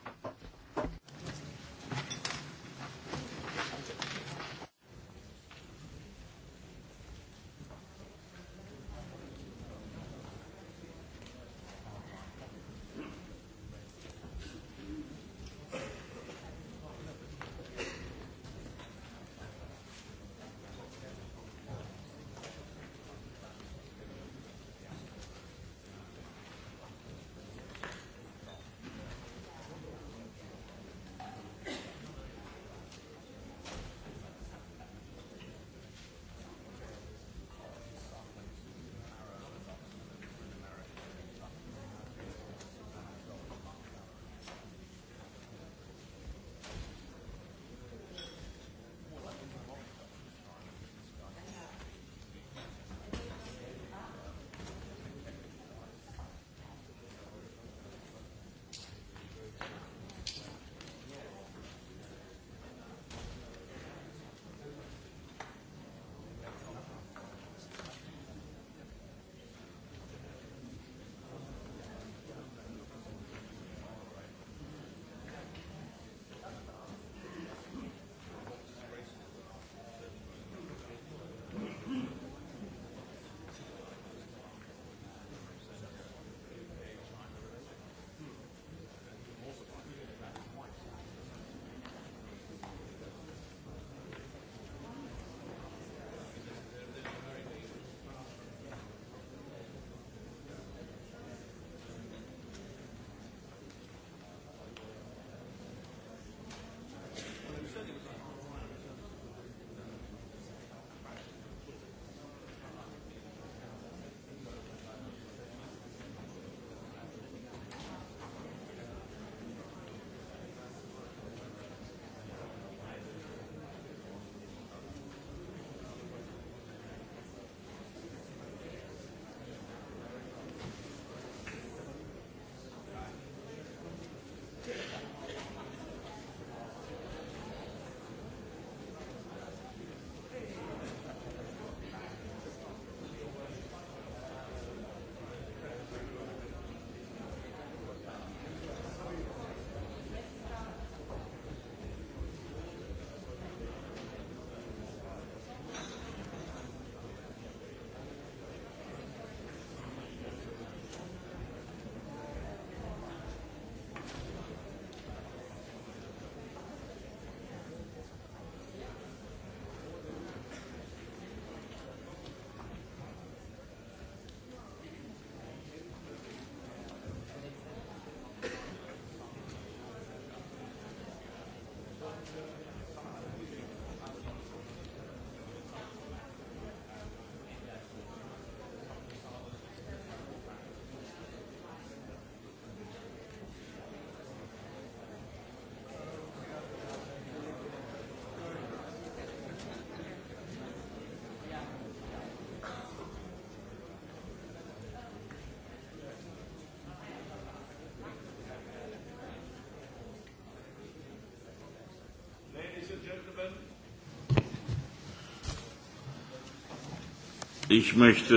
Ich möchte...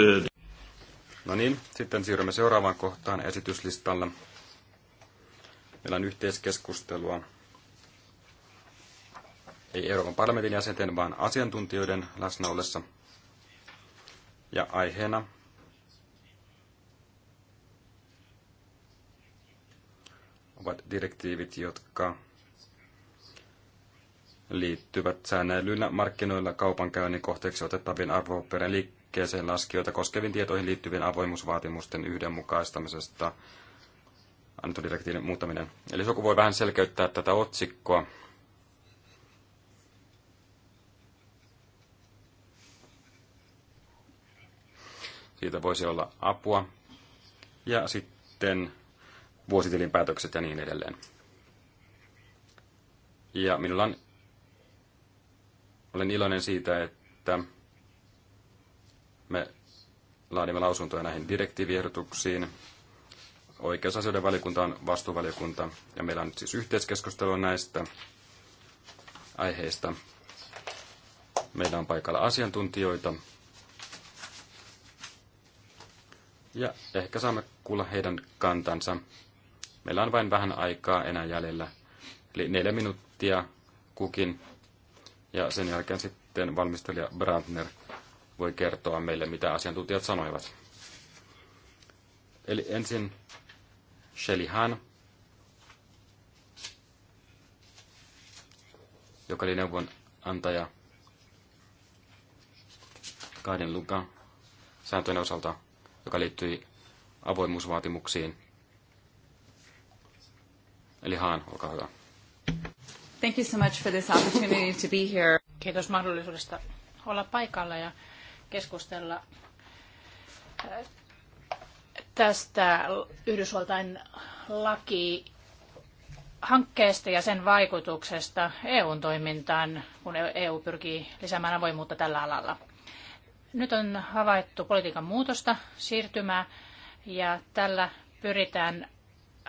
No niin, sitten siirrymme seuraavaan kohtaan esityslistalla. Meillä on yhteiskeskustelua ei Euroopan parlamentin jäsenten, vaan asiantuntijoiden läsnä ollessa. Ja aiheena ovat direktiivit, jotka liittyvät säännellyillä markkinoilla kaupankäynnin kohteeksi otettavien arvopaperien liikkeelle liikkeeseen laskijoita koskevin tietoihin liittyvien avoimuusvaatimusten yhdenmukaistamisesta annetun direktiivin muuttaminen. Eli joku voi vähän selkeyttää tätä otsikkoa. Siitä voisi olla apua. Ja sitten vuositilinpäätökset ja niin edelleen. Ja minulla on, olen iloinen siitä, että laadimme lausuntoja näihin direktiiviehdotuksiin. Oikeusasioiden valiokunta on vastuuvaliokunta ja meillä on nyt siis yhteiskeskustelua näistä aiheista. Meillä on paikalla asiantuntijoita ja ehkä saamme kuulla heidän kantansa. Meillä on vain vähän aikaa enää jäljellä, eli neljä minuuttia kukin ja sen jälkeen sitten valmistelija Brandner voi kertoa meille, mitä asiantuntijat sanoivat. Eli ensin Shelly Han, joka oli neuvonantaja Kaiden Luka sääntöjen osalta, joka liittyi avoimuusvaatimuksiin. Eli Haan, olkaa hyvä. Thank you so much for this opportunity to be here. Kiitos mahdollisuudesta olla paikalla ja keskustella äh, tästä Yhdysvaltain laki hankkeesta ja sen vaikutuksesta EUn toimintaan, kun EU pyrkii lisäämään avoimuutta tällä alalla. Nyt on havaittu politiikan muutosta, siirtymää, ja tällä pyritään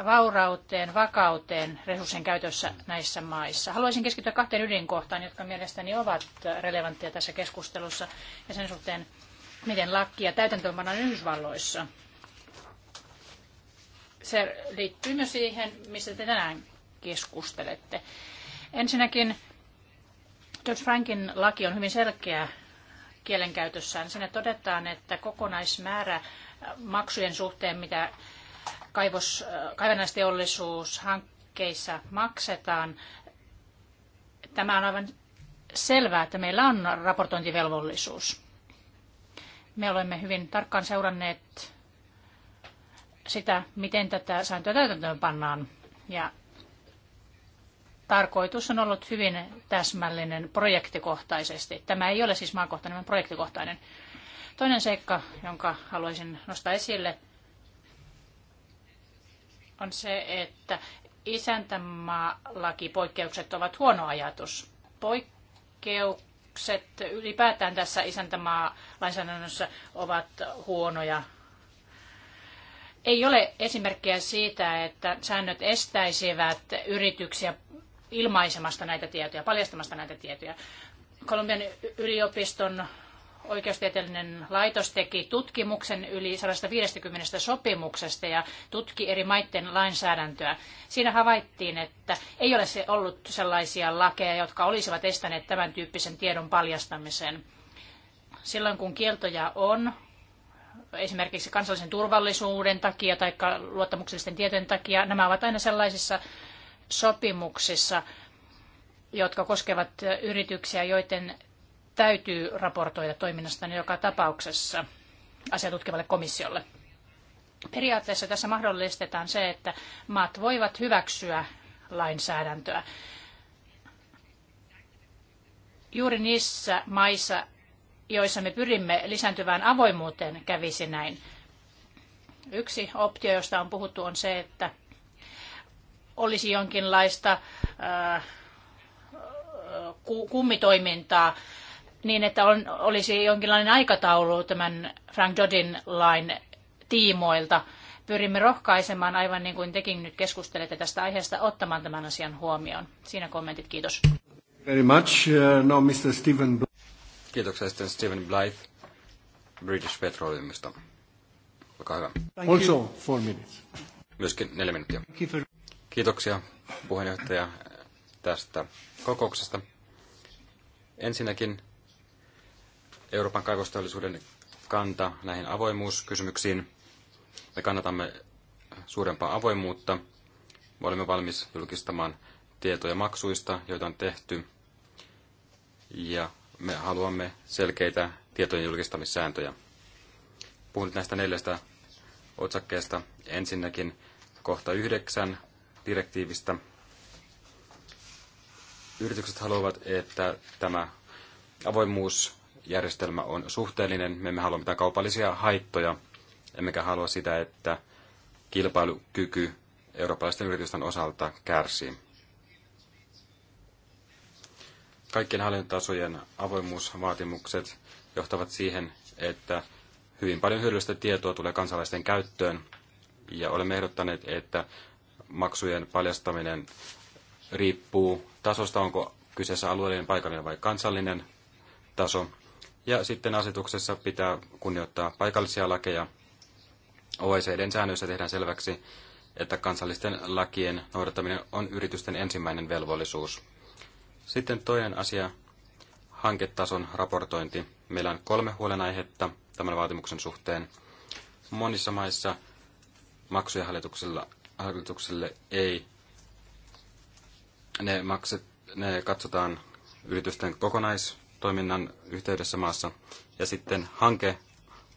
vaurauteen, vakauteen resurssien käytössä näissä maissa. Haluaisin keskittyä kahteen ydinkohtaan, jotka mielestäni ovat relevantteja tässä keskustelussa ja sen suhteen, miten lakia täytäntöönpannaan Yhdysvalloissa. Se liittyy myös siihen, mistä te tänään keskustelette. Ensinnäkin Dodd Frankin laki on hyvin selkeä kielenkäytössään. Siinä todetaan, että kokonaismäärä maksujen suhteen, mitä kaivos, äh, kaivannaisteollisuushankkeissa maksetaan. Tämä on aivan selvää, että meillä on raportointivelvollisuus. Me olemme hyvin tarkkaan seuranneet sitä, miten tätä sääntöä täytäntöön pannaan. Ja tarkoitus on ollut hyvin täsmällinen projektikohtaisesti. Tämä ei ole siis maakohtainen, vaan projektikohtainen. Toinen seikka, jonka haluaisin nostaa esille, on se, että isäntämaalaki-poikkeukset ovat huono ajatus. Poikkeukset ylipäätään tässä isäntämaalainsäädännössä ovat huonoja. Ei ole esimerkkiä siitä, että säännöt estäisivät yrityksiä ilmaisemasta näitä tietoja, paljastamasta näitä tietoja. Kolumbian yliopiston oikeustieteellinen laitos teki tutkimuksen yli 150 sopimuksesta ja tutki eri maiden lainsäädäntöä. Siinä havaittiin, että ei ole se ollut sellaisia lakeja, jotka olisivat estäneet tämän tyyppisen tiedon paljastamisen. Silloin kun kieltoja on, esimerkiksi kansallisen turvallisuuden takia tai luottamuksellisten tietojen takia, nämä ovat aina sellaisissa sopimuksissa, jotka koskevat yrityksiä, joiden täytyy raportoida toiminnastaan joka tapauksessa asiatutkivalle komissiolle. Periaatteessa tässä mahdollistetaan se, että maat voivat hyväksyä lainsäädäntöä. Juuri niissä maissa, joissa me pyrimme lisääntyvään avoimuuteen, kävisi näin. Yksi optio, josta on puhuttu, on se, että olisi jonkinlaista äh, kummitoimintaa niin, että on, olisi jonkinlainen aikataulu tämän Frank Dodin lain tiimoilta. Pyrimme rohkaisemaan, aivan niin kuin tekin nyt keskustelette tästä aiheesta, ottamaan tämän asian huomioon. Siinä kommentit, kiitos. Very much. Uh, no, Mr. Stephen Kiitoksia sitten Stephen Blythe British Petroleumista. Olkaa hyvä. also four minutes. Myöskin neljä minuuttia. Kiitoksia puheenjohtaja tästä kokouksesta. Ensinnäkin Euroopan kaivosteollisuuden kanta näihin avoimuuskysymyksiin. Me kannatamme suurempaa avoimuutta. Me olemme valmis julkistamaan tietoja maksuista, joita on tehty. Ja me haluamme selkeitä tietojen julkistamissääntöjä. Puhun nyt näistä neljästä otsakkeesta. Ensinnäkin kohta yhdeksän direktiivistä. Yritykset haluavat, että tämä avoimuus järjestelmä on suhteellinen. Me emme halua mitään kaupallisia haittoja, emmekä halua sitä, että kilpailukyky eurooppalaisten yritysten osalta kärsii. Kaikkien hallintotasojen avoimuusvaatimukset johtavat siihen, että hyvin paljon hyödyllistä tietoa tulee kansalaisten käyttöön, ja olemme ehdottaneet, että maksujen paljastaminen riippuu tasosta, onko kyseessä alueellinen, paikallinen vai kansallinen taso. Ja sitten asetuksessa pitää kunnioittaa paikallisia lakeja. OECDn säännöissä tehdään selväksi, että kansallisten lakien noudattaminen on yritysten ensimmäinen velvollisuus. Sitten toinen asia, hanketason raportointi. Meillä on kolme huolenaihetta tämän vaatimuksen suhteen. Monissa maissa maksuja hallitukselle ei. Ne, makset, ne katsotaan yritysten kokonais toiminnan yhteydessä maassa. Ja sitten hanke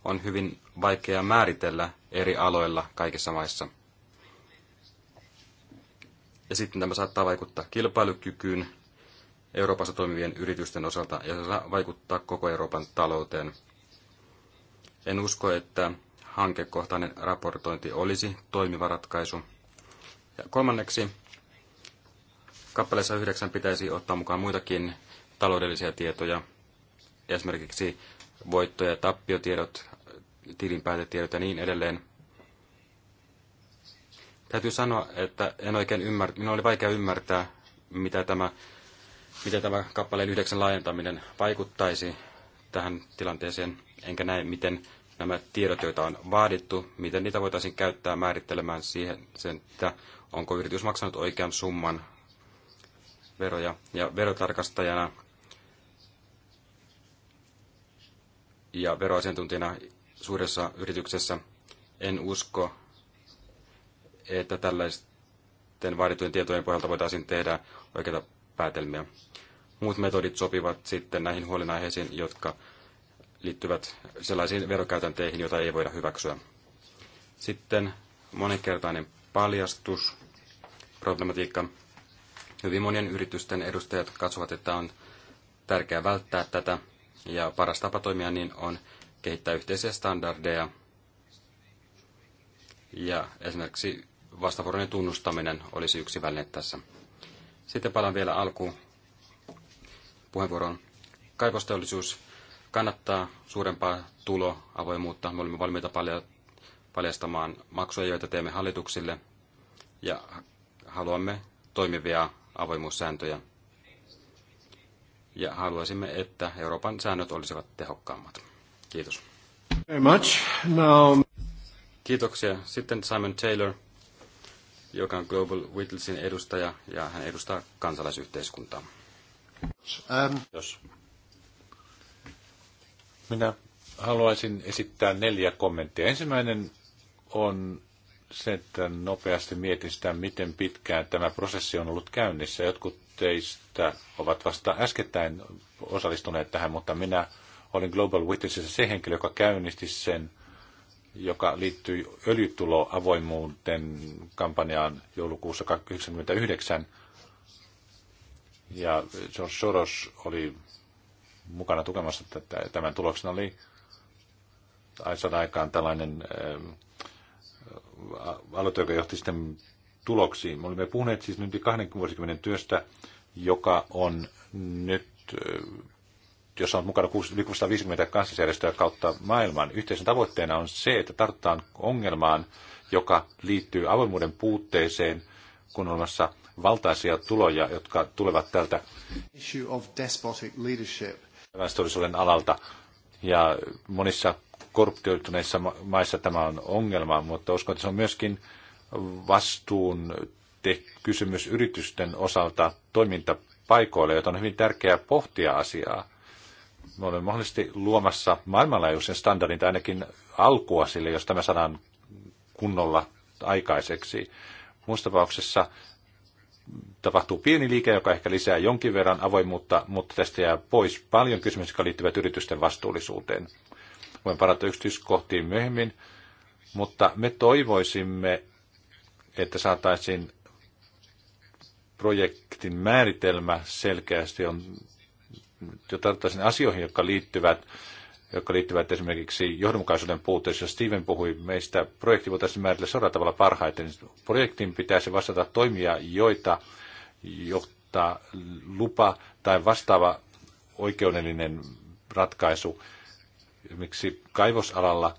on hyvin vaikea määritellä eri aloilla kaikissa maissa. Ja sitten tämä saattaa vaikuttaa kilpailukykyyn Euroopassa toimivien yritysten osalta ja se saa vaikuttaa koko Euroopan talouteen. En usko, että hankekohtainen raportointi olisi toimiva ratkaisu. Ja kolmanneksi, kappaleessa yhdeksän pitäisi ottaa mukaan muitakin taloudellisia tietoja, esimerkiksi voitto- ja tappiotiedot, tilinpäätetiedot ja niin edelleen. Täytyy sanoa, että en oikein ymmär... minun oli vaikea ymmärtää, mitä tämä, mitä tämä kappaleen yhdeksän laajentaminen vaikuttaisi tähän tilanteeseen, enkä näe, miten nämä tiedot, joita on vaadittu, miten niitä voitaisiin käyttää määrittelemään siihen, sen, että onko yritys maksanut oikean summan veroja. Ja verotarkastajana ja veroasiantuntijana suuressa yrityksessä en usko, että tällaisten vaadittujen tietojen pohjalta voitaisiin tehdä oikeita päätelmiä. Muut metodit sopivat sitten näihin huolenaiheisiin, jotka liittyvät sellaisiin verokäytänteihin, joita ei voida hyväksyä. Sitten monikertainen paljastus, problematiikka. Hyvin monien yritysten edustajat katsovat, että on tärkeää välttää tätä ja paras tapa toimia niin on kehittää yhteisiä standardeja. Ja esimerkiksi vastavuoroinen tunnustaminen olisi yksi väline tässä. Sitten palaan vielä alkuun puheenvuoroon. Kaivosteollisuus kannattaa suurempaa tuloavoimuutta. Me olemme valmiita paljastamaan maksuja, joita teemme hallituksille, ja haluamme toimivia avoimuussääntöjä ja haluaisimme, että Euroopan säännöt olisivat tehokkaammat. Kiitos. Very much. Now... Kiitoksia. Sitten Simon Taylor, joka on Global Witnessin edustaja ja hän edustaa kansalaisyhteiskuntaa. Um... Jos. Minä haluaisin esittää neljä kommenttia. Ensimmäinen on se, että nopeasti mietin sitä, miten pitkään tämä prosessi on ollut käynnissä. Jotkut teistä ovat vasta äskettäin osallistuneet tähän, mutta minä olin Global Witnessissa se henkilö, joka käynnisti sen, joka liittyi öljytuloavoimuuden kampanjaan joulukuussa 1999. Ja George Soros oli mukana tukemassa tätä. Tämän tuloksena oli aikaan tällainen aloite, joka johti sitten tuloksiin. Me olemme puhuneet siis nyt 20 vuosikymmenen työstä, joka on nyt, jossa on mukana 650 kansallisjärjestöä kautta maailman. Yhteisen tavoitteena on se, että tartutaan ongelmaan, joka liittyy avoimuuden puutteeseen, kun on olemassa valtaisia tuloja, jotka tulevat tältä väestöllisyyden alalta. Ja monissa korruptioituneissa maissa tämä on ongelma, mutta uskon, että se on myöskin vastuun te- kysymys yritysten osalta toimintapaikoille, joten on hyvin tärkeää pohtia asiaa. Me olemme mahdollisesti luomassa maailmanlaajuisen standardin tai ainakin alkua sille, jos tämä saadaan kunnolla aikaiseksi. Muussa tapauksessa tapahtuu pieni liike, joka ehkä lisää jonkin verran avoimuutta, mutta tästä jää pois paljon kysymyksiä, jotka liittyvät yritysten vastuullisuuteen. Voin parata yksityiskohtiin myöhemmin, mutta me toivoisimme, että saataisiin projektin määritelmä selkeästi on, jo tarvittaisiin asioihin, jotka liittyvät, jotka liittyvät esimerkiksi johdonmukaisuuden puutteeseen. Jos Steven puhui meistä, projekti voitaisiin määritellä seuraavalla tavalla parhaiten. Projektin pitäisi vastata toimia, joita jotta lupa tai vastaava oikeudellinen ratkaisu. Miksi kaivosalalla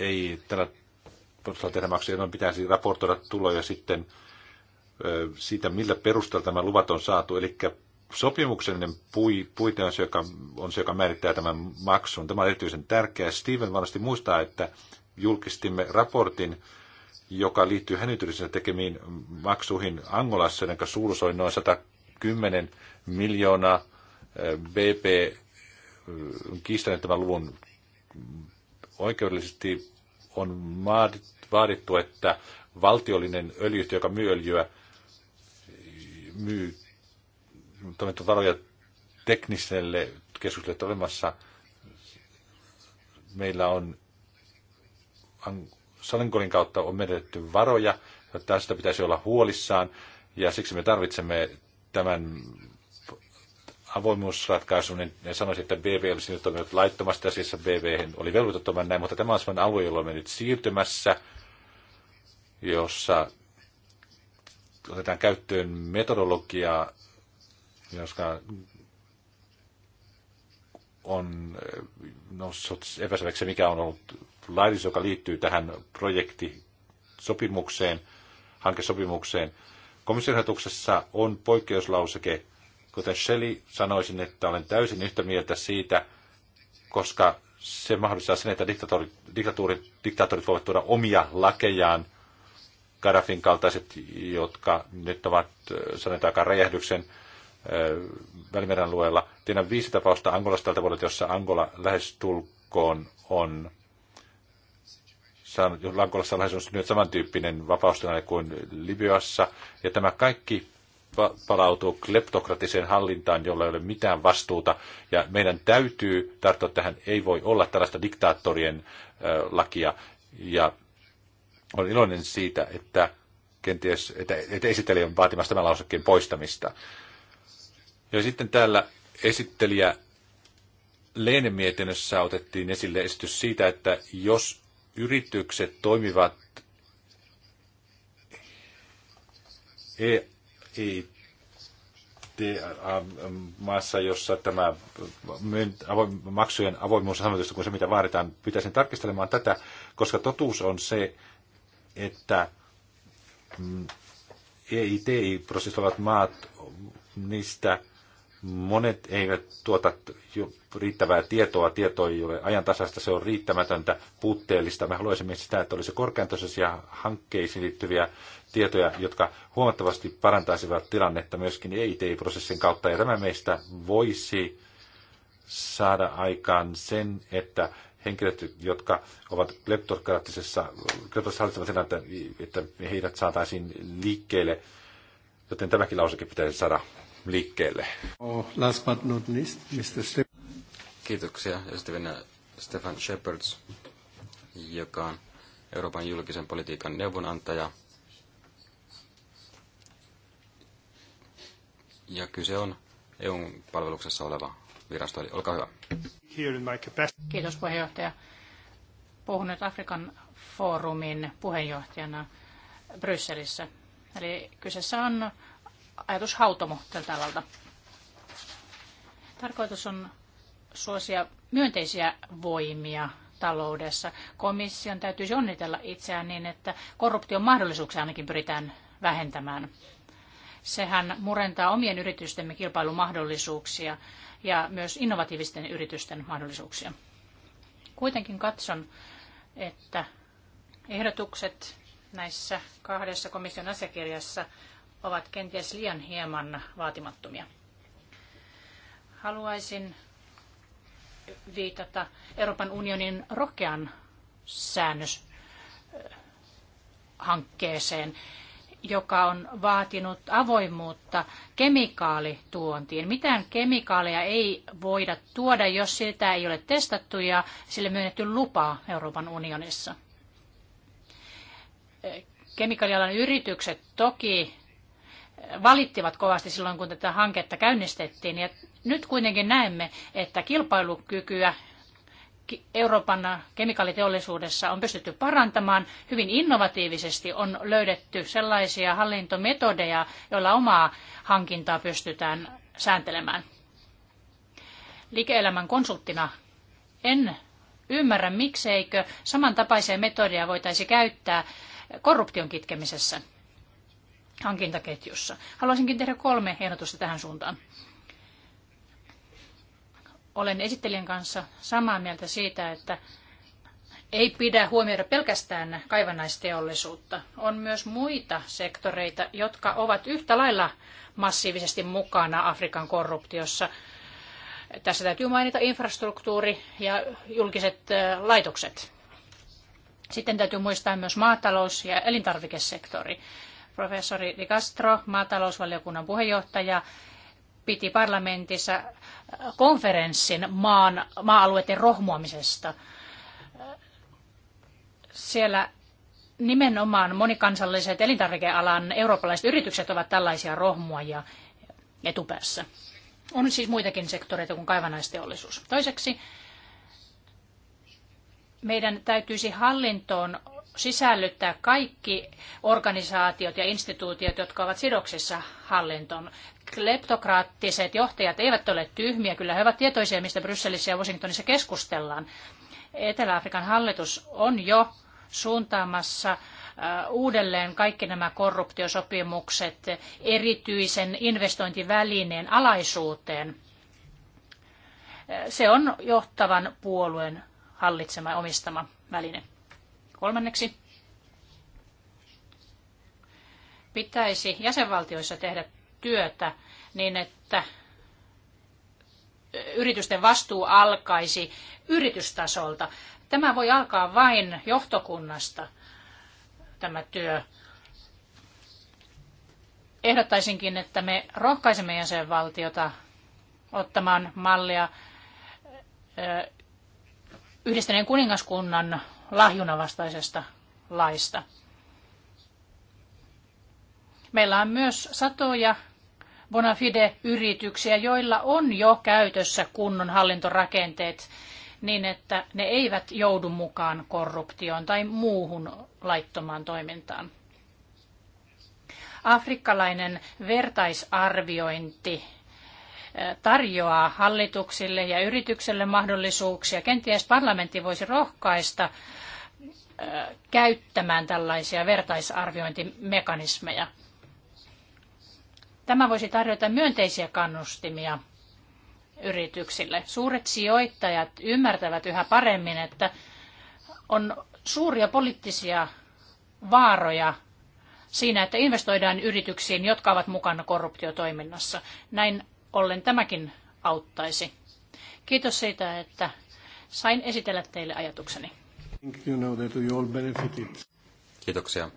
ei tällä perusteella tehdä maksuja, jolloin pitäisi raportoida tuloja sitten siitä, millä perusteella tämä luvat on saatu. Eli sopimuksellinen pui, puite on se, joka, on se, joka määrittää tämän maksun. Tämä on erityisen tärkeää. Steven varmasti muistaa, että julkistimme raportin, joka liittyy hänen tekemiin maksuihin Angolassa, jonka suuruus oli noin 110 miljoonaa. BP kiistänyt tämän luvun oikeudellisesti on vaadittu, että valtiollinen öljyhtiö, joka myy öljyä, myy varoja tekniselle keskukselle olemassa. Meillä on Salenkolin kautta on menetetty varoja, ja tästä pitäisi olla huolissaan, ja siksi me tarvitsemme tämän avoimuusratkaisu, niin sanoisin, että BV olisi nyt toiminut laittomasti asiassa, BV oli velvoitettoman näin, mutta tämä on sellainen alue, jolla olemme nyt siirtymässä, jossa otetaan käyttöön metodologiaa, joka on eh, noussut epäselväksi, mikä on ollut laillisuus, joka liittyy tähän projektisopimukseen, hankesopimukseen. Komission on poikkeuslauseke Kuten Shelley sanoisin, että olen täysin yhtä mieltä siitä, koska se mahdollistaa sen, että diktatuurit, diktatuurit, voivat tuoda omia lakejaan, Gaddafin kaltaiset, jotka nyt ovat sanotaan räjähdyksen Välimeren alueella. Tiedän viisi tapausta Angolasta tältä vuodelta, jossa Angola lähestulkoon on Angolassa lähes on nyt samantyyppinen vapaustilanne kuin Libyassa. Ja tämä kaikki palautuu kleptokratiseen hallintaan, jolla ei ole mitään vastuuta. Ja meidän täytyy tarttua tähän, ei voi olla tällaista diktaattorien lakia. Ja olen iloinen siitä, että kenties, että, että esittelijä on vaatimassa tämän lausekkeen poistamista. Ja sitten täällä esittelijä Leenen mietinnössä otettiin esille esitys siitä, että jos yritykset toimivat e- maassa, jossa tämä maksujen avoimuus on kuin se, mitä vaaditaan, pitäisin tarkistelemaan tätä, koska totuus on se, että mm, eit prosessoivat maat, niistä monet eivät tuota riittävää tietoa, tieto ei ole ajantasaista, se on riittämätöntä, puutteellista. Me haluaisimme sitä, että olisi korkeantasoisia hankkeisiin liittyviä tietoja, jotka huomattavasti parantaisivat tilannetta myöskin EIT-prosessin kautta. Ja tämä meistä voisi saada aikaan sen, että henkilöt, jotka ovat kleptokraattisessa, kleptokraattisessa hallitsemassa että heidät saataisiin liikkeelle, joten tämäkin lauseke pitäisi saada liikkeelle. Oh, last but not least, Mr. Ste- Kiitoksia. Ja sitten mennään Stefan Shepherds, joka on Euroopan julkisen politiikan neuvonantaja – ja kyse on EUn palveluksessa oleva virasto, eli olkaa hyvä. Kiitos puheenjohtaja. Puhun nyt Afrikan foorumin puheenjohtajana Brysselissä. Eli kyseessä on hautomo tältä alalta. Tarkoitus on suosia myönteisiä voimia taloudessa. Komission täytyisi onnitella itseään niin, että korruption mahdollisuuksia ainakin pyritään vähentämään. Sehän murentaa omien yritystemme kilpailumahdollisuuksia ja myös innovatiivisten yritysten mahdollisuuksia. Kuitenkin katson, että ehdotukset näissä kahdessa komission asiakirjassa ovat kenties liian hieman vaatimattomia. Haluaisin viitata Euroopan unionin rohkean säännöshankkeeseen joka on vaatinut avoimuutta kemikaalituontiin. Mitään kemikaaleja ei voida tuoda, jos sitä ei ole testattu ja sille myönnetty lupa Euroopan unionissa. Kemikaalialan yritykset toki valittivat kovasti silloin, kun tätä hanketta käynnistettiin. Ja nyt kuitenkin näemme, että kilpailukykyä Euroopan kemikaaliteollisuudessa on pystytty parantamaan. Hyvin innovatiivisesti on löydetty sellaisia hallintometodeja, joilla omaa hankintaa pystytään sääntelemään. Liike-elämän konsulttina en ymmärrä, mikseikö samantapaisia metodeja voitaisi käyttää korruption kitkemisessä hankintaketjussa. Haluaisinkin tehdä kolme ehdotusta tähän suuntaan olen esittelijän kanssa samaa mieltä siitä, että ei pidä huomioida pelkästään kaivannaisteollisuutta. On myös muita sektoreita, jotka ovat yhtä lailla massiivisesti mukana Afrikan korruptiossa. Tässä täytyy mainita infrastruktuuri ja julkiset laitokset. Sitten täytyy muistaa myös maatalous- ja elintarvikesektori. Professori Di Castro, maatalousvaliokunnan puheenjohtaja, piti parlamentissa konferenssin maan, maa-alueiden rohmuamisesta. Siellä nimenomaan monikansalliset elintarvikealan eurooppalaiset yritykset ovat tällaisia rohmuajia etupäässä. On siis muitakin sektoreita kuin kaivannaisteollisuus. Toiseksi meidän täytyisi hallintoon sisällyttää kaikki organisaatiot ja instituutiot, jotka ovat sidoksissa hallintoon. Kleptokraattiset johtajat eivät ole tyhmiä, kyllä he ovat tietoisia, mistä Brysselissä ja Washingtonissa keskustellaan. Etelä-Afrikan hallitus on jo suuntaamassa äh, uudelleen kaikki nämä korruptiosopimukset erityisen investointivälineen alaisuuteen. Äh, se on johtavan puolueen hallitsema ja omistama väline. Kolmanneksi, pitäisi jäsenvaltioissa tehdä työtä niin, että yritysten vastuu alkaisi yritystasolta. Tämä voi alkaa vain johtokunnasta, tämä työ. Ehdottaisinkin, että me rohkaisemme jäsenvaltiota ottamaan mallia yhdistyneen kuningaskunnan lahjunavastaisesta laista. Meillä on myös satoja bona fide-yrityksiä, joilla on jo käytössä kunnon hallintorakenteet niin, että ne eivät joudu mukaan korruptioon tai muuhun laittomaan toimintaan. Afrikkalainen vertaisarviointi tarjoaa hallituksille ja yritykselle mahdollisuuksia. Kenties parlamentti voisi rohkaista käyttämään tällaisia vertaisarviointimekanismeja. Tämä voisi tarjota myönteisiä kannustimia yrityksille. Suuret sijoittajat ymmärtävät yhä paremmin, että on suuria poliittisia vaaroja siinä, että investoidaan yrityksiin, jotka ovat mukana korruptiotoiminnassa. Näin ollen tämäkin auttaisi. Kiitos siitä, että sain esitellä teille ajatukseni. Kiitoksia.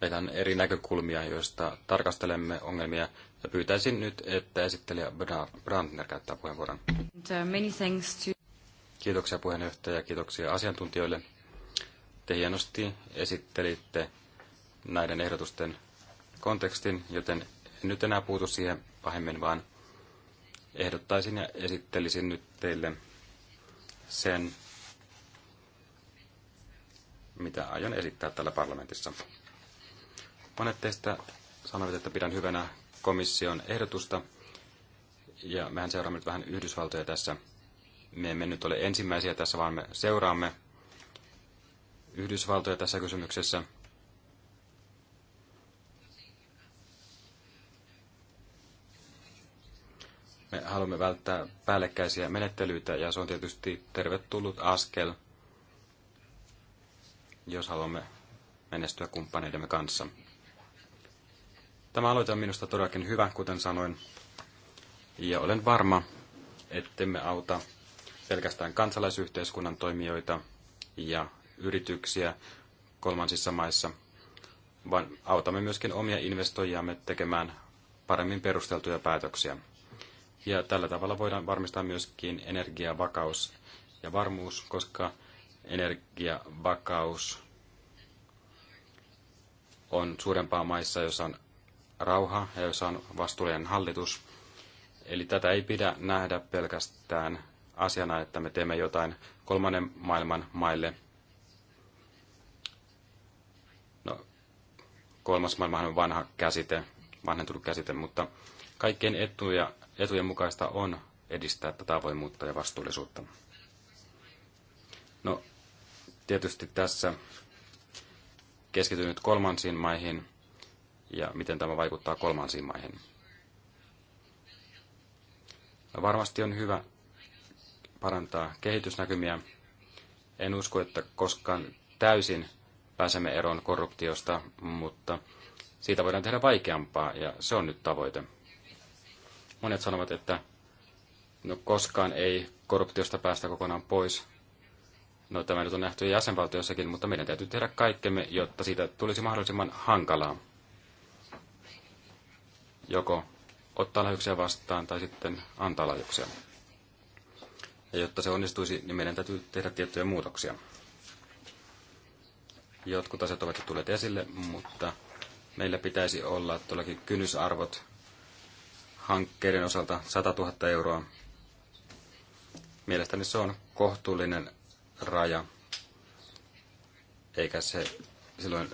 Meillä on eri näkökulmia, joista tarkastelemme ongelmia. Ja pyytäisin nyt, että esittelijä Brandner käyttää puheenvuoron. Uh, kiitoksia puheenjohtaja ja kiitoksia asiantuntijoille. Te hienosti esittelitte näiden ehdotusten kontekstin, joten en nyt enää puutu siihen pahemmin, vaan ehdottaisin ja esittelisin nyt teille sen, mitä aion esittää tällä parlamentissa. Monet teistä sanoivat, että pidän hyvänä komission ehdotusta, ja mehän seuraamme nyt vähän Yhdysvaltoja tässä. Me emme nyt ole ensimmäisiä tässä, vaan me seuraamme Yhdysvaltoja tässä kysymyksessä – Me haluamme välttää päällekkäisiä menettelyitä ja se on tietysti tervetullut askel, jos haluamme menestyä kumppaneidemme kanssa. Tämä aloite on minusta todellakin hyvä, kuten sanoin, ja olen varma, ettemme auta pelkästään kansalaisyhteiskunnan toimijoita ja yrityksiä kolmansissa maissa, vaan autamme myöskin omia investoijiamme tekemään paremmin perusteltuja päätöksiä. Ja tällä tavalla voidaan varmistaa myöskin energiavakaus ja varmuus, koska energiavakaus on suurempaa maissa, joissa on rauha ja joissa on vastuullinen hallitus. Eli tätä ei pidä nähdä pelkästään asiana, että me teemme jotain kolmannen maailman maille. No, kolmas maailmahan on vanha käsite, vanhentunut käsite, mutta kaikkien etuja etujen mukaista on edistää tätä avoimuutta ja vastuullisuutta. No, tietysti tässä keskityn nyt kolmansiin maihin ja miten tämä vaikuttaa kolmansiin maihin. No, varmasti on hyvä parantaa kehitysnäkymiä. En usko, että koskaan täysin pääsemme eroon korruptiosta, mutta siitä voidaan tehdä vaikeampaa ja se on nyt tavoite. Monet sanovat, että no, koskaan ei korruptiosta päästä kokonaan pois. No tämä nyt on nähty jäsenvaltioissakin, mutta meidän täytyy tehdä kaikkemme, jotta siitä tulisi mahdollisimman hankalaa. Joko ottaa lahjuksia vastaan tai sitten antaa lahjuksia. Ja jotta se onnistuisi, niin meidän täytyy tehdä tiettyjä muutoksia. Jotkut asiat ovat jo tulleet esille, mutta meillä pitäisi olla todellakin kynnysarvot hankkeiden osalta 100 000 euroa. Mielestäni se on kohtuullinen raja, eikä se silloin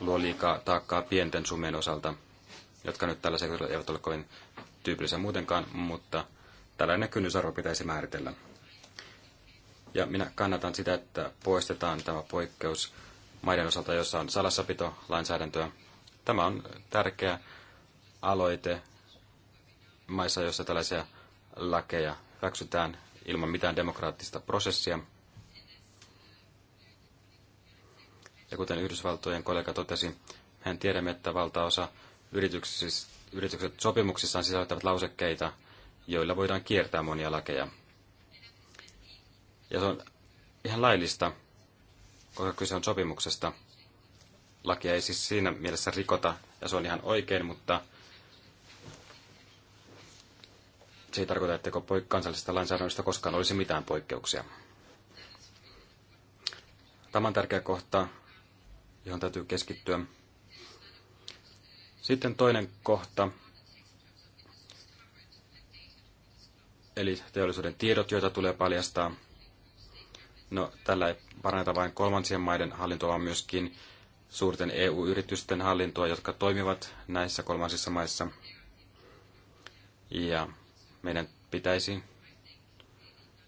luo liikaa taakkaa pienten summien osalta, jotka nyt tällä sektorilla eivät ole kovin tyypillisiä muutenkaan, mutta tällainen kynnysarvo pitäisi määritellä. Ja minä kannatan sitä, että poistetaan tämä poikkeus maiden osalta, jossa on salassapito lainsäädäntöä. Tämä on tärkeää aloite maissa, joissa tällaisia lakeja hyväksytään ilman mitään demokraattista prosessia. Ja kuten Yhdysvaltojen kollega totesi, hän tiedämme, että valtaosa yritykset sopimuksissaan sisältävät lausekkeita, joilla voidaan kiertää monia lakeja. Ja se on ihan laillista, koska kyse on sopimuksesta. Lakia ei siis siinä mielessä rikota, ja se on ihan oikein, mutta Se ei tarkoita, että kansallisesta lainsäädännöstä koskaan olisi mitään poikkeuksia. Tämä on tärkeä kohta, johon täytyy keskittyä. Sitten toinen kohta, eli teollisuuden tiedot, joita tulee paljastaa. No, tällä ei paranneta vain kolmansien maiden hallintoa, vaan myöskin suurten EU-yritysten hallintoa, jotka toimivat näissä kolmansissa maissa. Ja meidän pitäisi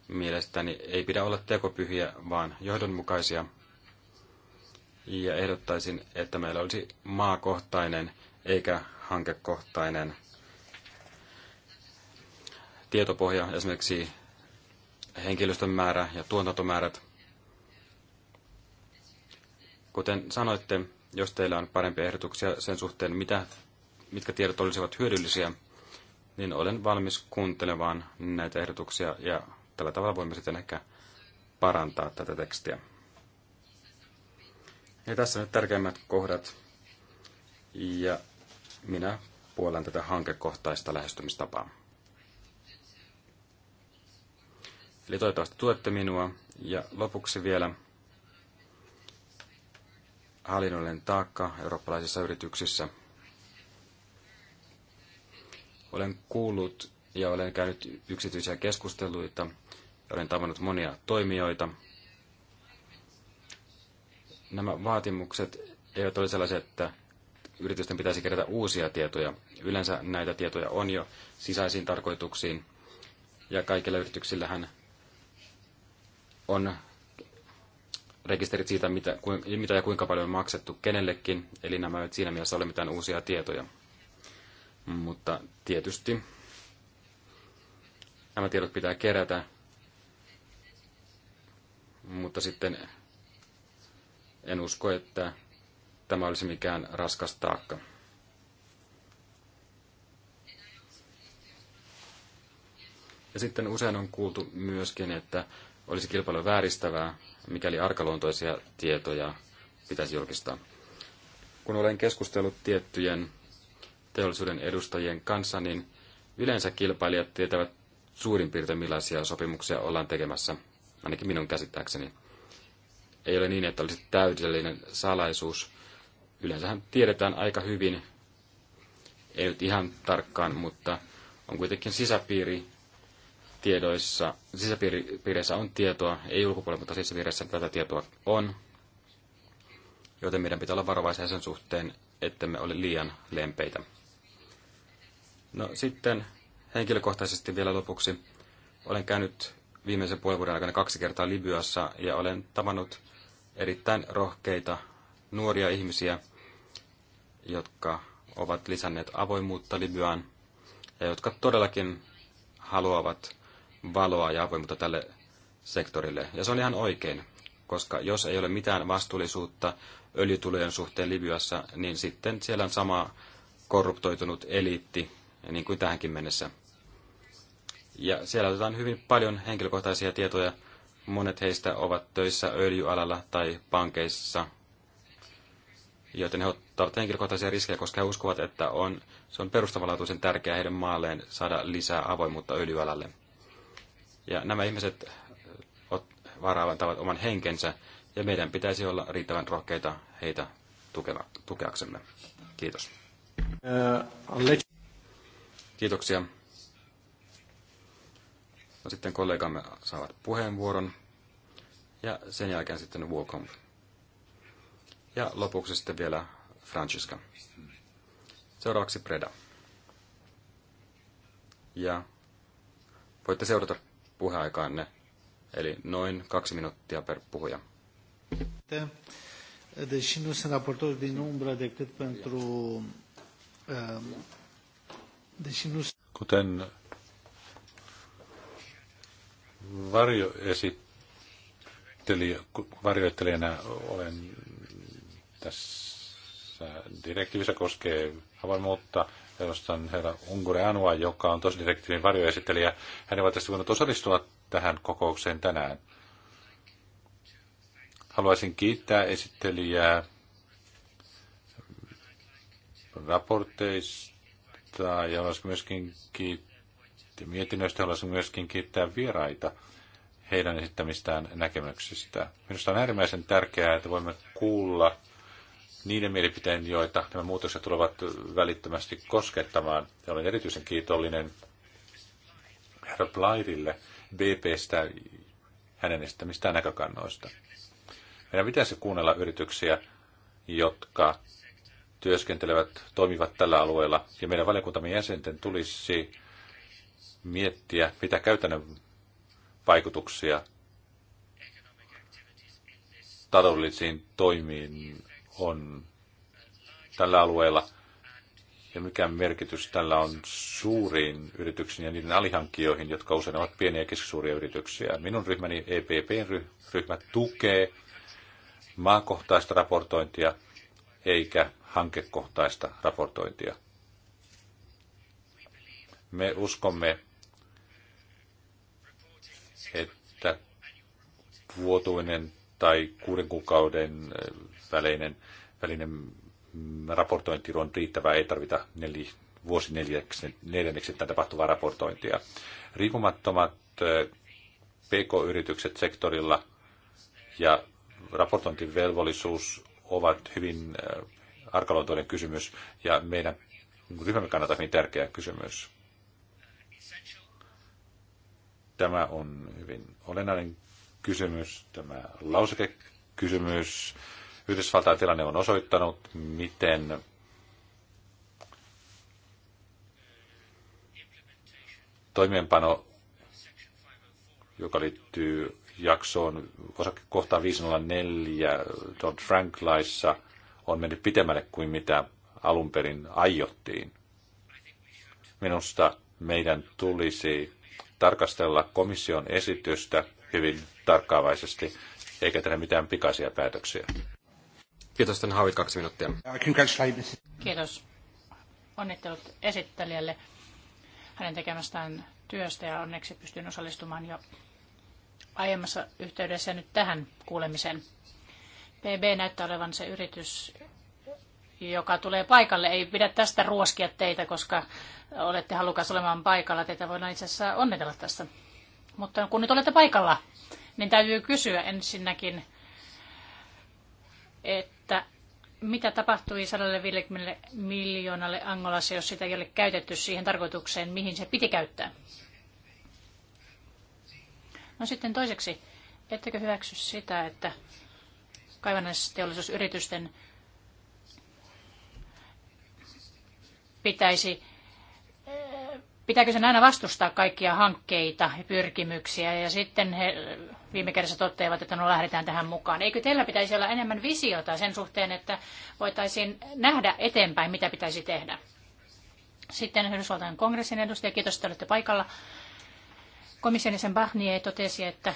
mielestäni ei pidä olla tekopyhiä, vaan johdonmukaisia. Ja ehdottaisin, että meillä olisi maakohtainen eikä hankekohtainen tietopohja, esimerkiksi henkilöstön määrä ja tuotantomäärät. Kuten sanoitte, jos teillä on parempia ehdotuksia sen suhteen, mitä, mitkä tiedot olisivat hyödyllisiä, niin olen valmis kuuntelemaan näitä ehdotuksia ja tällä tavalla voimme sitten ehkä parantaa tätä tekstiä. Ja tässä nyt tärkeimmät kohdat. Ja minä puolen tätä hankekohtaista lähestymistapaa. Eli toivottavasti tuette minua. Ja lopuksi vielä hallinnollinen taakka eurooppalaisissa yrityksissä – olen kuullut ja olen käynyt yksityisiä keskusteluita ja olen tavannut monia toimijoita. Nämä vaatimukset eivät ole sellaisia, että yritysten pitäisi kerätä uusia tietoja. Yleensä näitä tietoja on jo sisäisiin tarkoituksiin ja kaikilla yrityksillähän on rekisterit siitä, mitä, mitä ja kuinka paljon on maksettu kenellekin, eli nämä eivät siinä mielessä ole mitään uusia tietoja. Mutta tietysti nämä tiedot pitää kerätä, mutta sitten en usko, että tämä olisi mikään raskas taakka. Ja sitten usein on kuultu myöskin, että olisi kilpailu vääristävää, mikäli arkaluontoisia tietoja pitäisi julkistaa. Kun olen keskustellut tiettyjen teollisuuden edustajien kanssa, niin yleensä kilpailijat tietävät suurin piirtein millaisia sopimuksia ollaan tekemässä, ainakin minun käsittääkseni. Ei ole niin, että olisi täydellinen salaisuus. Yleensähän tiedetään aika hyvin, ei nyt ihan tarkkaan, mutta on kuitenkin sisäpiiri tiedoissa, sisäpiirissä on tietoa, ei ulkopuolella, mutta sisäpiirissä tätä tietoa on, joten meidän pitää olla varovaisia sen suhteen, että me ole liian lempeitä. No sitten henkilökohtaisesti vielä lopuksi. Olen käynyt viimeisen puolen vuoden aikana kaksi kertaa Libyassa ja olen tavannut erittäin rohkeita nuoria ihmisiä, jotka ovat lisänneet avoimuutta Libyaan ja jotka todellakin haluavat valoa ja avoimuutta tälle sektorille. Ja se on ihan oikein, koska jos ei ole mitään vastuullisuutta öljytulojen suhteen Libyassa, niin sitten siellä on sama korruptoitunut eliitti, niin kuin tähänkin mennessä. Ja siellä otetaan hyvin paljon henkilökohtaisia tietoja. Monet heistä ovat töissä öljyalalla tai pankeissa, joten he ottavat henkilökohtaisia riskejä, koska he uskovat, että on, se on perustavanlaatuisen tärkeää heidän maalleen saada lisää avoimuutta öljyalalle. Ja nämä ihmiset varaavantavat oman henkensä, ja meidän pitäisi olla riittävän rohkeita heitä tukeaksemme. Kiitos. Äh, Kiitoksia. No sitten kollegamme saavat puheenvuoron ja sen jälkeen sitten Welcome. Ja lopuksi sitten vielä Francisca. Seuraavaksi Preda. Ja voitte seurata puheaikaanne, eli noin kaksi minuuttia per puhuja. Deși nu sunt raportor din umbră decât pentru ehm, Kuten varjoittelijana olen tässä direktiivissä koskee avoimuutta. Edustan herra Ungure Anua, joka on tosi direktiivin varjoesittelijä. Hän ei tästä voinut osallistua tähän kokoukseen tänään. Haluaisin kiittää esittelijää raporteista kiittää ja haluaisin myöskin kiittää, mietinnöistä haluaisin myöskin kiittää vieraita heidän esittämistään näkemyksistä. Minusta on äärimmäisen tärkeää, että voimme kuulla niiden mielipiteen, joita nämä muutokset tulevat välittömästi koskettamaan. Ja olen erityisen kiitollinen herra Blairille BPstä hänen esittämistään näkökannoista. Meidän pitäisi kuunnella yrityksiä, jotka työskentelevät, toimivat tällä alueella. Ja meidän valiokuntamme jäsenten tulisi miettiä, mitä käytännön vaikutuksia taloudellisiin toimiin on tällä alueella ja mikä merkitys tällä on suuriin yrityksiin ja niiden alihankkijoihin, jotka usein ovat pieniä ja keskisuuria yrityksiä. Minun ryhmäni EPP-ryhmä tukee maakohtaista raportointia eikä hankekohtaista raportointia. Me uskomme, että vuotuinen tai kuuden kuukauden äh, väleinen, välinen raportointi on riittävää, ei tarvita neli, vuosi neljänneksi tapahtuvaa raportointia. Riippumattomat äh, PK-yritykset sektorilla ja raportointivelvollisuus ovat hyvin äh, arkaluontoinen kysymys ja meidän ryhmämme kannalta hyvin tärkeä kysymys. Tämä on hyvin olennainen kysymys, tämä lausekekysymys. Yhdysvaltain tilanne on osoittanut, miten toimeenpano, joka liittyy jaksoon osakekohtaan 504 Don Frank laissa – on mennyt pitemmälle kuin mitä alun perin aiottiin. Minusta meidän tulisi tarkastella komission esitystä hyvin tarkkaavaisesti, eikä tehdä mitään pikaisia päätöksiä. Kiitos, Tän havit kaksi minuuttia. Kiitos. Onnittelut esittelijälle hänen tekemästään työstä ja onneksi pystyn osallistumaan jo aiemmassa yhteydessä nyt tähän kuulemiseen. BB näyttää olevan se yritys, joka tulee paikalle. Ei pidä tästä ruoskia teitä, koska olette halukas olemaan paikalla. Teitä voidaan itse asiassa onnitella tästä. Mutta kun nyt olette paikalla, niin täytyy kysyä ensinnäkin, että mitä tapahtui 150 miljoonalle Angolassa, jos sitä ei ole käytetty siihen tarkoitukseen, mihin se piti käyttää? No sitten toiseksi, ettekö hyväksy sitä, että kaivannaisteollisuusyritysten pitäisi, pitääkö sen aina vastustaa kaikkia hankkeita ja pyrkimyksiä ja sitten he viime kädessä toteavat, että no lähdetään tähän mukaan. Eikö teillä pitäisi olla enemmän visiota sen suhteen, että voitaisiin nähdä eteenpäin, mitä pitäisi tehdä? Sitten Yhdysvaltain kongressin edustaja, kiitos, että olette paikalla. komissionisen jäsen totesi, että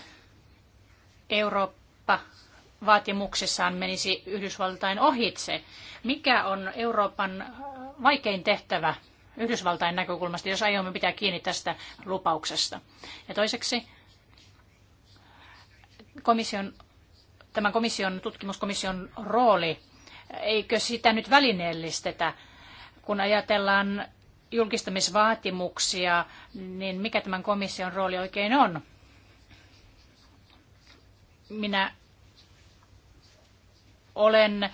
Eurooppa vaatimuksissaan menisi Yhdysvaltain ohitse. Mikä on Euroopan äh, vaikein tehtävä Yhdysvaltain näkökulmasta, jos aiomme pitää kiinni tästä lupauksesta? Ja toiseksi komission, tämän komission, tutkimuskomission rooli, eikö sitä nyt välineellistetä, kun ajatellaan julkistamisvaatimuksia, niin mikä tämän komission rooli oikein on? Minä olen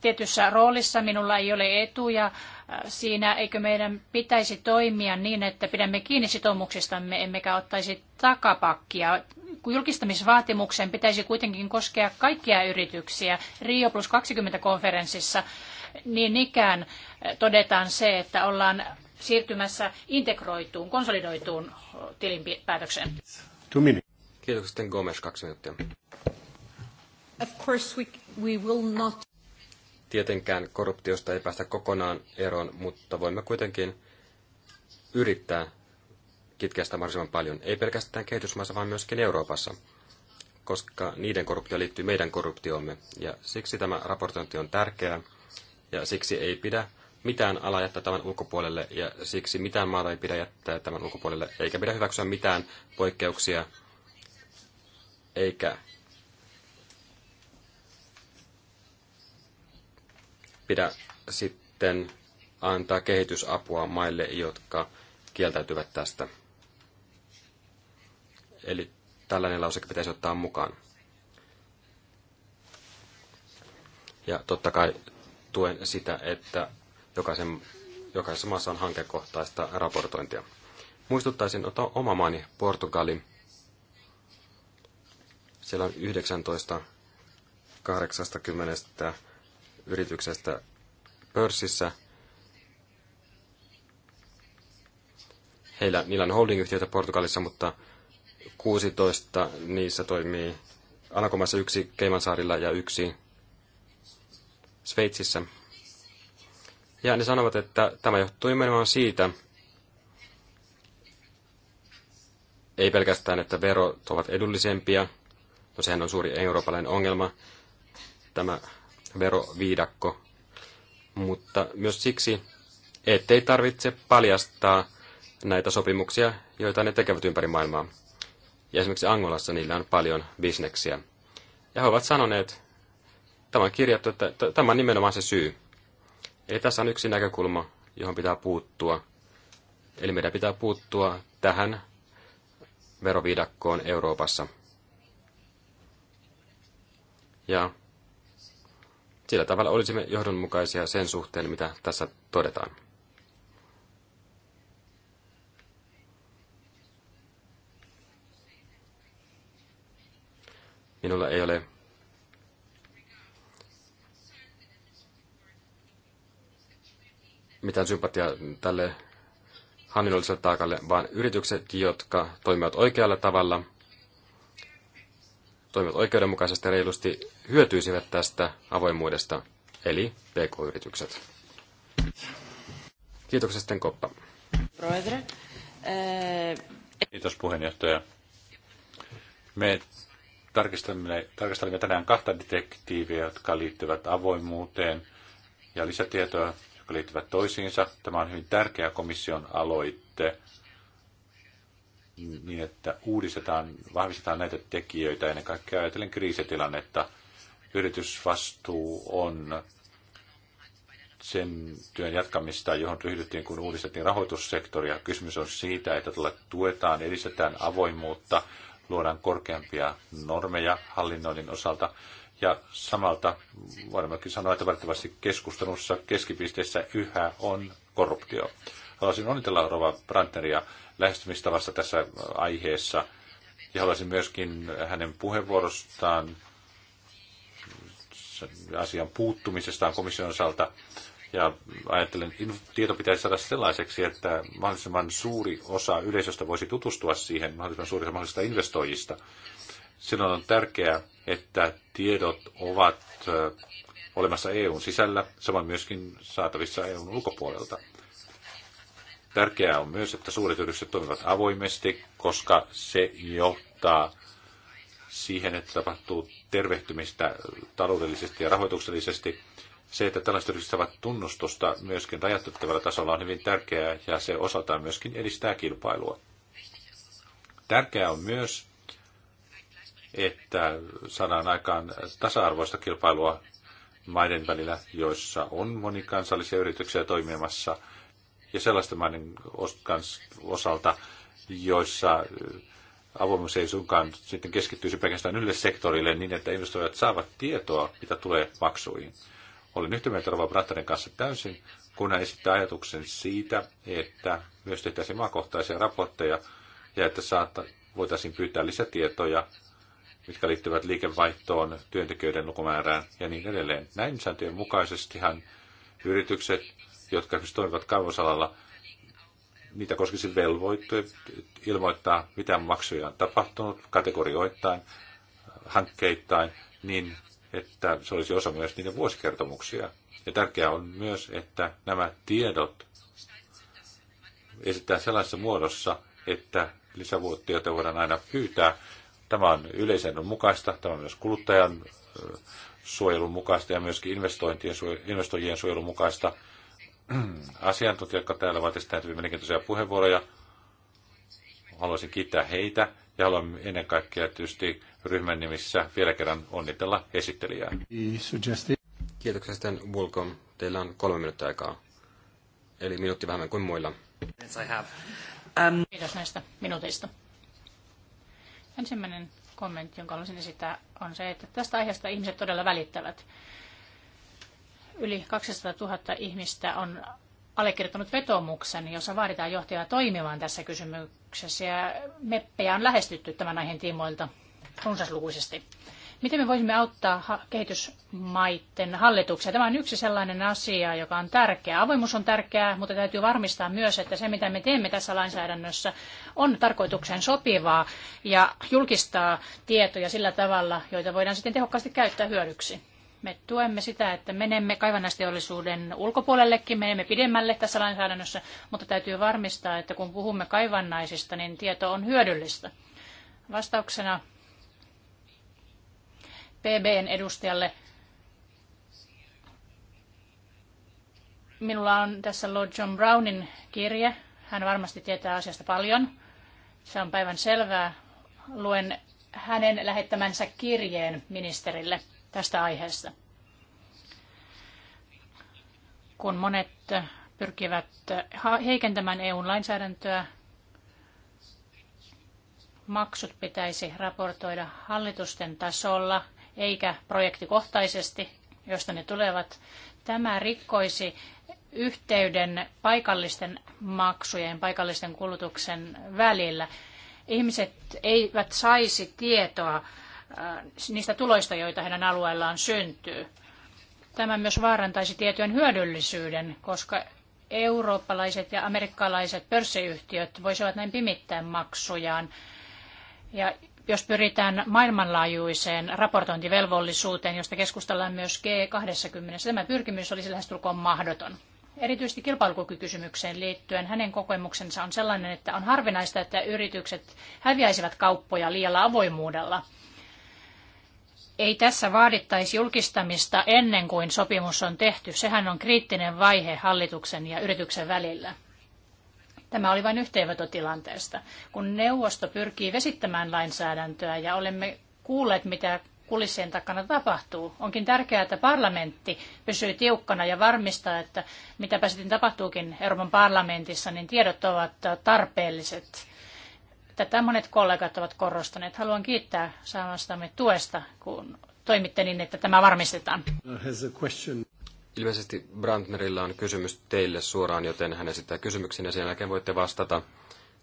tietyssä roolissa, minulla ei ole etuja siinä, eikö meidän pitäisi toimia niin, että pidämme kiinni sitoumuksistamme, emmekä ottaisi takapakkia. Julkistamisvaatimuksen pitäisi kuitenkin koskea kaikkia yrityksiä. Rio plus 20 konferenssissa niin ikään todetaan se, että ollaan siirtymässä integroituun, konsolidoituun tilinpäätökseen. Kiitoksia. Gomes, kaksi minuuttia. Of course we, we will not. Tietenkään korruptiosta ei päästä kokonaan eroon, mutta voimme kuitenkin yrittää kitkeä sitä mahdollisimman paljon, ei pelkästään kehitysmaissa, vaan myöskin Euroopassa, koska niiden korruptio liittyy meidän korruptiomme, ja siksi tämä raportointi on tärkeää, ja siksi ei pidä mitään ala jättää tämän ulkopuolelle, ja siksi mitään maata ei pidä jättää tämän ulkopuolelle, eikä pidä hyväksyä mitään poikkeuksia, eikä pidä sitten antaa kehitysapua maille, jotka kieltäytyvät tästä. Eli tällainen lauseke pitäisi ottaa mukaan. Ja totta kai tuen sitä, että jokaisen, jokaisessa maassa on hankekohtaista raportointia. Muistuttaisin ottaa oma maani, Portugali. Siellä on 19 80 yrityksestä pörssissä, heillä, niillä on holdingyhtiöitä Portugalissa, mutta 16 niissä toimii Alankomaissa yksi Keimansaarilla ja yksi Sveitsissä. Ja ne sanovat, että tämä johtuu nimenomaan siitä, ei pelkästään, että verot ovat edullisempia, no sehän on suuri eurooppalainen ongelma, tämä veroviidakko, mutta myös siksi, ettei tarvitse paljastaa näitä sopimuksia, joita ne tekevät ympäri maailmaa. Ja esimerkiksi Angolassa niillä on paljon bisneksiä. Ja he ovat sanoneet, tämä on kirjattu, että tämä on nimenomaan se syy. Eli tässä on yksi näkökulma, johon pitää puuttua. Eli meidän pitää puuttua tähän veroviidakkoon Euroopassa. Ja sillä tavalla olisimme johdonmukaisia sen suhteen, mitä tässä todetaan. Minulla ei ole mitään sympatiaa tälle hallinnolliselle taakalle, vaan yritykset, jotka toimivat oikealla tavalla – toimivat oikeudenmukaisesti ja reilusti, hyötyisivät tästä avoimuudesta, eli pk-yritykset. Kiitoksia sitten Koppa. Eh, Kiitos puheenjohtaja. Me tarkistamme tarkistamme tänään kahta detektiiviä, jotka liittyvät avoimuuteen ja lisätietoa, jotka liittyvät toisiinsa. Tämä on hyvin tärkeä komission aloitte niin, että uudistetaan, vahvistetaan näitä tekijöitä ennen kaikkea ajatellen kriisitilannetta. Yritysvastuu on sen työn jatkamista, johon ryhdyttiin, kun uudistettiin rahoitussektoria. Kysymys on siitä, että tuetaan, edistetään avoimuutta, luodaan korkeampia normeja hallinnoinnin osalta. Ja samalta varmaankin sanoa, että välttämättä keskustelussa keskipisteessä yhä on korruptio. Haluaisin onnitella Rova Brantneria Lähestymistavassa tässä aiheessa. Ja haluaisin myöskin hänen puheenvuorostaan asian puuttumisestaan komission osalta. Ja ajattelen, että tieto pitäisi saada sellaiseksi, että mahdollisimman suuri osa yleisöstä voisi tutustua siihen, mahdollisimman suuri osa mahdollisista investoijista. Silloin on tärkeää, että tiedot ovat olemassa EUn sisällä, samoin myöskin saatavissa EUn ulkopuolelta. Tärkeää on myös, että suuret yritykset toimivat avoimesti, koska se johtaa siihen, että tapahtuu tervehtymistä taloudellisesti ja rahoituksellisesti. Se, että tällaiset yritykset saavat tunnustusta myöskin rajattavalla tasolla on hyvin tärkeää ja se osaltaan myöskin edistää kilpailua. Tärkeää on myös, että saadaan aikaan tasa-arvoista kilpailua maiden välillä, joissa on monikansallisia yrityksiä toimimassa – ja sellaisten maiden osalta, joissa äh, avoimuus ei suinkaan sitten keskittyisi pelkästään yhdelle sektorille niin, että investoijat saavat tietoa, mitä tulee maksuihin. Olen yhtä mieltä Rova Brattanen kanssa täysin, kun hän esittää ajatuksen siitä, että myös tehtäisiin maakohtaisia raportteja ja että saatta, voitaisiin pyytää lisätietoja, mitkä liittyvät liikevaihtoon, työntekijöiden lukumäärään ja niin edelleen. Näin sääntöjen mukaisestihan yritykset jotka toimivat kaivosalalla, niitä koskisi velvoitte ilmoittaa, mitä maksuja on tapahtunut kategorioittain, hankkeittain, niin että se olisi osa myös niiden vuosikertomuksia. Ja tärkeää on myös, että nämä tiedot esitetään sellaisessa muodossa, että lisävuotiota voidaan aina pyytää. Tämä on yleisen mukaista, tämä on myös kuluttajan suojelun mukaista ja myöskin investointien, investoijien suojelun mukaista. asiantuntijat, jotka täällä ovat esittäneet hyvin mielenkiintoisia puheenvuoroja. Haluaisin kiittää heitä ja haluan ennen kaikkea tietysti ryhmän nimissä vielä kerran onnitella esittelijää. Kiitoksia sitten Vulko. Teillä on kolme minuuttia aikaa, eli minuutti vähemmän kuin muilla. Ähm. Um, Kiitos näistä minuuteista. Ensimmäinen kommentti, jonka haluaisin esittää, on se, että tästä aiheesta ihmiset todella välittävät yli 200 000 ihmistä on allekirjoittanut vetomuksen, jossa vaaditaan johtajaa toimimaan tässä kysymyksessä. Ja meppejä on lähestytty tämän aiheen tiimoilta runsaslukuisesti. Miten me voisimme auttaa kehitysmaiden hallituksia? Tämä on yksi sellainen asia, joka on tärkeä. Avoimuus on tärkeää, mutta täytyy varmistaa myös, että se mitä me teemme tässä lainsäädännössä on tarkoitukseen sopivaa ja julkistaa tietoja sillä tavalla, joita voidaan sitten tehokkaasti käyttää hyödyksi. Me tuemme sitä, että menemme kaivannaisteollisuuden ulkopuolellekin, menemme pidemmälle tässä lainsäädännössä, mutta täytyy varmistaa, että kun puhumme kaivannaisista, niin tieto on hyödyllistä. Vastauksena PBn edustajalle Minulla on tässä Lord John Brownin kirje. Hän varmasti tietää asiasta paljon. Se on päivän selvää. Luen hänen lähettämänsä kirjeen ministerille tästä aiheesta. Kun monet pyrkivät heikentämään eu lainsäädäntöä, maksut pitäisi raportoida hallitusten tasolla eikä projektikohtaisesti, josta ne tulevat. Tämä rikkoisi yhteyden paikallisten maksujen, paikallisten kulutuksen välillä. Ihmiset eivät saisi tietoa Äh, niistä tuloista, joita heidän alueellaan syntyy. Tämä myös vaarantaisi tietyn hyödyllisyyden, koska eurooppalaiset ja amerikkalaiset pörssiyhtiöt voisivat näin pimittää maksujaan. Ja jos pyritään maailmanlaajuiseen raportointivelvollisuuteen, josta keskustellaan myös G20, tämä pyrkimys olisi lähestulkoon mahdoton. Erityisesti kilpailukykykysymykseen liittyen hänen kokemuksensa on sellainen, että on harvinaista, että yritykset häviäisivät kauppoja liialla avoimuudella – ei tässä vaadittaisi julkistamista ennen kuin sopimus on tehty. Sehän on kriittinen vaihe hallituksen ja yrityksen välillä. Tämä oli vain yhteenveto tilanteesta. Kun neuvosto pyrkii vesittämään lainsäädäntöä ja olemme kuulleet, mitä kulissien takana tapahtuu. Onkin tärkeää, että parlamentti pysyy tiukkana ja varmistaa, että mitäpä sitten tapahtuukin Euroopan parlamentissa, niin tiedot ovat tarpeelliset. Tätä monet kollegat ovat korostaneet. Haluan kiittää saamastamme tuesta, kun toimitte niin, että tämä varmistetaan. Ilmeisesti Brandnerilla on kysymys teille suoraan, joten hän esittää kysymyksen ja sen jälkeen voitte vastata.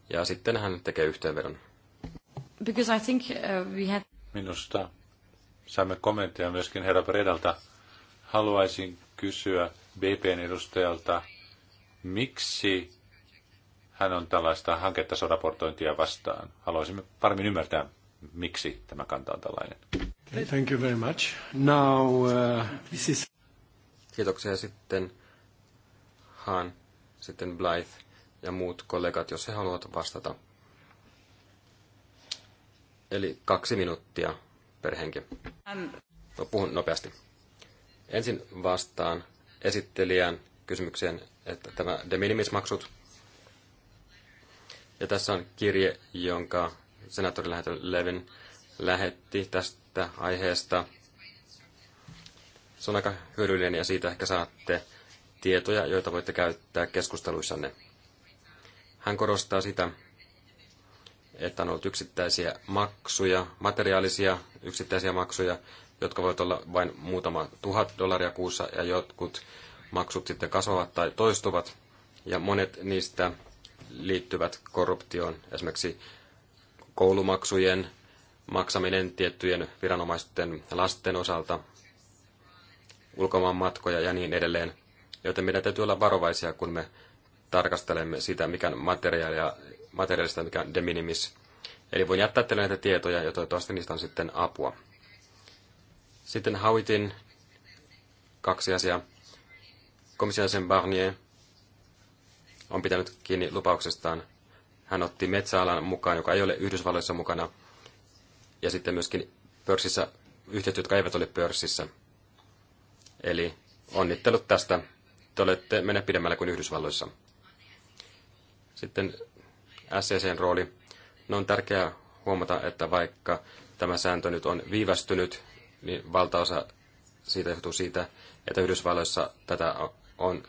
Ja sitten hän tekee yhteenvedon. Because I think uh, we had... Minusta saimme kommentteja myöskin herra Bredalta. Haluaisin kysyä BPn edustajalta, miksi hän on tällaista hanketta sodaportointia vastaan. Haluaisimme paremmin ymmärtää, miksi tämä kanta on tällainen. thank you very much. Now, uh, this is... Kiitoksia sitten Han, sitten Blythe ja muut kollegat, jos he haluavat vastata. Eli kaksi minuuttia per henki. No, puhun nopeasti. Ensin vastaan esittelijän kysymykseen, että tämä de minimis maksut ja tässä on kirje, jonka senaattori Levin lähetti tästä aiheesta. Se on aika hyödyllinen ja siitä ehkä saatte tietoja, joita voitte käyttää keskusteluissanne. Hän korostaa sitä, että on ollut yksittäisiä maksuja, materiaalisia yksittäisiä maksuja, jotka voivat olla vain muutama tuhat dollaria kuussa ja jotkut maksut sitten kasvavat tai toistuvat. Ja monet niistä liittyvät korruptioon, esimerkiksi koulumaksujen maksaminen tiettyjen viranomaisten lasten osalta, ulkomaanmatkoja ja niin edelleen. Joten meidän täytyy olla varovaisia, kun me tarkastelemme sitä, mikä on materiaalia, materiaalista, mikä on de minimis. Eli voin jättää teille näitä tietoja ja toivottavasti niistä on sitten apua. Sitten Hauitin kaksi asiaa. Komission Barnier on pitänyt kiinni lupauksestaan. Hän otti metsäalan mukaan, joka ei ole Yhdysvalloissa mukana, ja sitten myöskin pörssissä yhteyttä, jotka eivät ole pörssissä. Eli onnittelut tästä. Te olette mennä pidemmällä kuin Yhdysvalloissa. Sitten SCCn rooli. No on tärkeää huomata, että vaikka tämä sääntö nyt on viivästynyt, niin valtaosa siitä johtuu siitä, että Yhdysvalloissa tätä on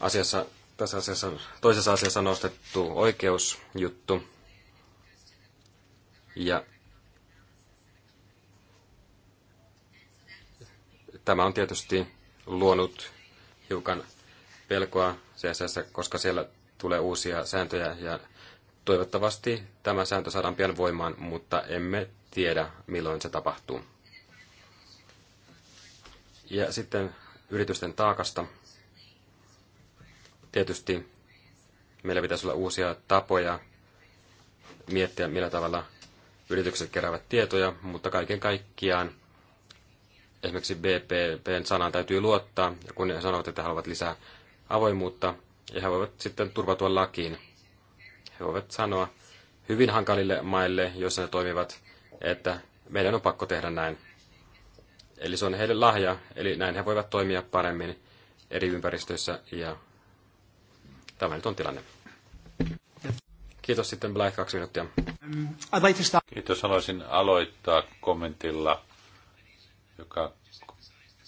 asiassa tässä asiassa, toisessa asiassa nostettu oikeusjuttu. Ja tämä on tietysti luonut hiukan pelkoa CSS, koska siellä tulee uusia sääntöjä ja toivottavasti tämä sääntö saadaan pian voimaan, mutta emme tiedä milloin se tapahtuu. Ja sitten yritysten taakasta. Tietysti meillä pitäisi olla uusia tapoja miettiä, millä tavalla yritykset keräävät tietoja, mutta kaiken kaikkiaan esimerkiksi BPPn sanaan täytyy luottaa, ja kun he sanovat, että he haluavat lisää avoimuutta, ja he voivat sitten turvautua lakiin. He voivat sanoa hyvin hankalille maille, joissa ne toimivat, että meidän on pakko tehdä näin. Eli se on heille lahja, eli näin he voivat toimia paremmin eri ympäristöissä ja Tämä nyt on tilanne. Kiitos sitten Black, kaksi minuuttia. Kiitos, haluaisin aloittaa kommentilla, joka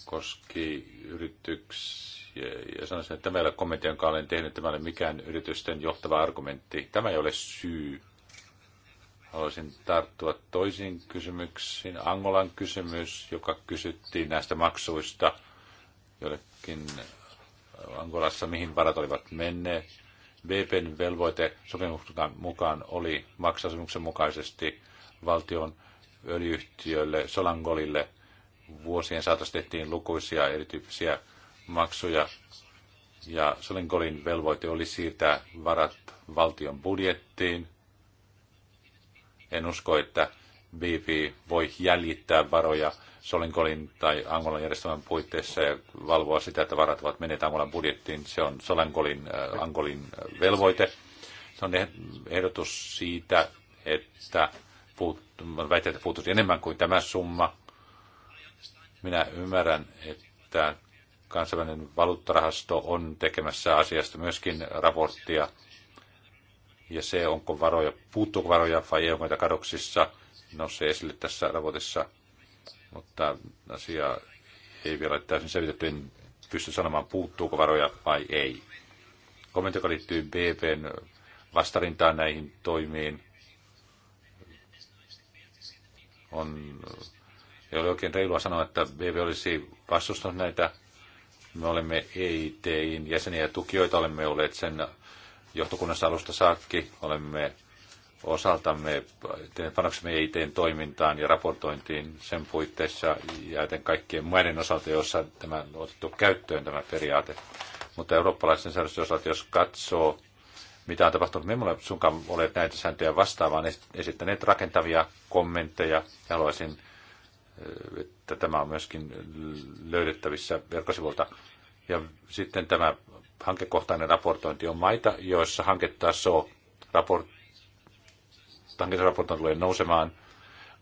koski yrityksiä. Ja sanoisin, että tämä ei ole kommentti, jonka olen tehnyt, tämä ei ole mikään yritysten johtava argumentti. Tämä ei ole syy. Haluaisin tarttua toisiin kysymyksiin. Angolan kysymys, joka kysyttiin näistä maksuista jollekin Angolassa, mihin varat olivat menneet. VPn velvoite sopimuksen mukaan oli maksaa mukaisesti valtion öljyhtiölle Solangolille. Vuosien saatossa tehtiin lukuisia erityyppisiä maksuja ja Solangolin velvoite oli siirtää varat valtion budjettiin. En usko, että BP voi jäljittää varoja Solinkolin tai Angolan järjestelmän puitteissa ja valvoa sitä, että varat ovat menneet Angolan budjettiin. Se on Solinkolin, äh, Angolin äh, velvoite. Se on eh-, ehdotus siitä, että puut, väitän, että puuttuisi enemmän kuin tämä summa. Minä ymmärrän, että kansainvälinen valuuttarahasto on tekemässä asiasta myöskin raporttia. Ja se, onko varoja, puuttuuko varoja vai onko niitä kadoksissa, nousee esille tässä raportissa mutta asia ei vielä täysin selvitetty. En pysty sanomaan, puuttuuko varoja vai ei. Kommentti, joka liittyy BPn vastarintaan näihin toimiin, on, ei ole oikein reilua sanoa, että BP olisi vastustanut näitä. Me olemme EITin jäseniä ja tukijoita, olemme olleet sen johtokunnassa alusta saakki, olemme osaltamme, panoksemme EITn toimintaan ja raportointiin sen puitteissa ja joten kaikkien maiden osalta, joissa tämä on otettu käyttöön tämä periaate. Mutta eurooppalaisen säädösten osalta, jos katsoo, mitä on tapahtunut, me emme ole sunkaan ole näitä sääntöjä vastaavaan esittäneet rakentavia kommentteja. Haluaisin, että tämä on myöskin löydettävissä verkkosivulta. Ja sitten tämä hankekohtainen raportointi on maita, joissa hanketaso raportti hankintaraportointi tulee nousemaan,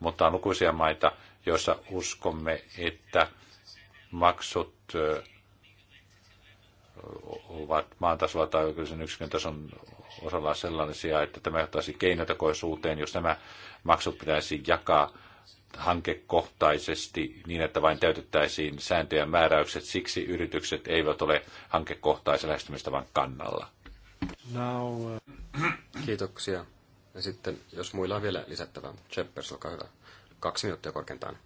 mutta on lukuisia maita, joissa uskomme, että maksut ovat maan tasolla tai oikeudellisen yksikön tason osalla sellaisia, että tämä johtaisi keinotekoisuuteen, jos nämä maksut pitäisi jakaa hankekohtaisesti niin, että vain täytettäisiin sääntöjen määräykset. Siksi yritykset eivät ole hankekohtaisen lähestymistavan kannalla. Now, uh... Kiitoksia. Ja sitten, jos muilla on vielä lisättävää, Cheppers, olkaa hyvä. Kaksi minuuttia korkeintaan.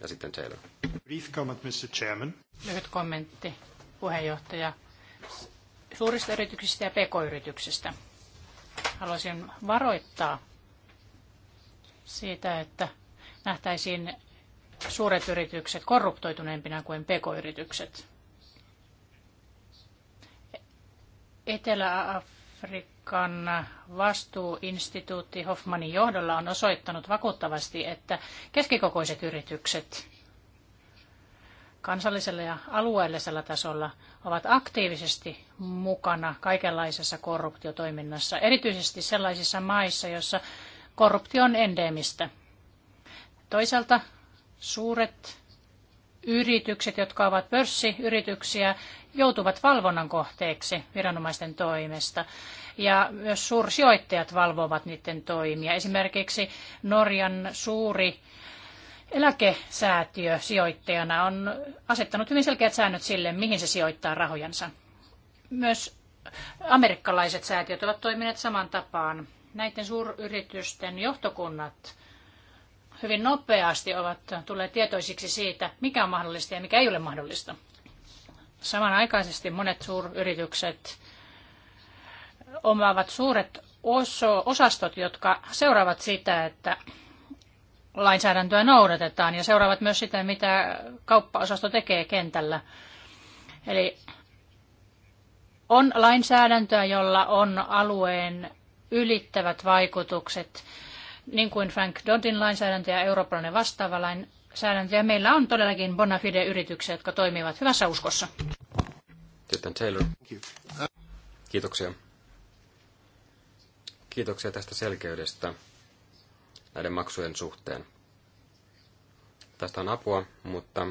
Ja sitten Taylor. Brief comment, Mr. Chairman. Lyhyt kommentti, puheenjohtaja. Suurista yrityksistä ja pk-yrityksistä. Haluaisin varoittaa siitä, että nähtäisiin suuret yritykset korruptoituneempina kuin pk-yritykset. Etelä-Afrikka Kreikan vastuuinstituutti Hoffmanin johdolla on osoittanut vakuuttavasti, että keskikokoiset yritykset kansallisella ja alueellisella tasolla ovat aktiivisesti mukana kaikenlaisessa korruptiotoiminnassa, erityisesti sellaisissa maissa, joissa korruptio on endemistä. Toisaalta suuret yritykset, jotka ovat pörssiyrityksiä, joutuvat valvonnan kohteeksi viranomaisten toimesta. Ja myös suursijoittajat valvovat niiden toimia. Esimerkiksi Norjan suuri eläkesäätiö sijoittajana on asettanut hyvin selkeät säännöt sille, mihin se sijoittaa rahojansa. Myös amerikkalaiset säätiöt ovat toimineet saman tapaan. Näiden suuryritysten johtokunnat hyvin nopeasti ovat tulleet tietoisiksi siitä, mikä on mahdollista ja mikä ei ole mahdollista. Samanaikaisesti monet suuryritykset omaavat suuret osastot, jotka seuraavat sitä, että lainsäädäntöä noudatetaan ja seuraavat myös sitä, mitä kauppaosasto tekee kentällä. Eli on lainsäädäntöä, jolla on alueen ylittävät vaikutukset, niin kuin Frank Doddin lainsäädäntö ja eurooppalainen vastaava lainsäädäntöä. Meillä on todellakin bona fide-yrityksiä, jotka toimivat hyvässä uskossa. Sitten Taylor. Kiitoksia. Kiitoksia tästä selkeydestä näiden maksujen suhteen. Tästä on apua, mutta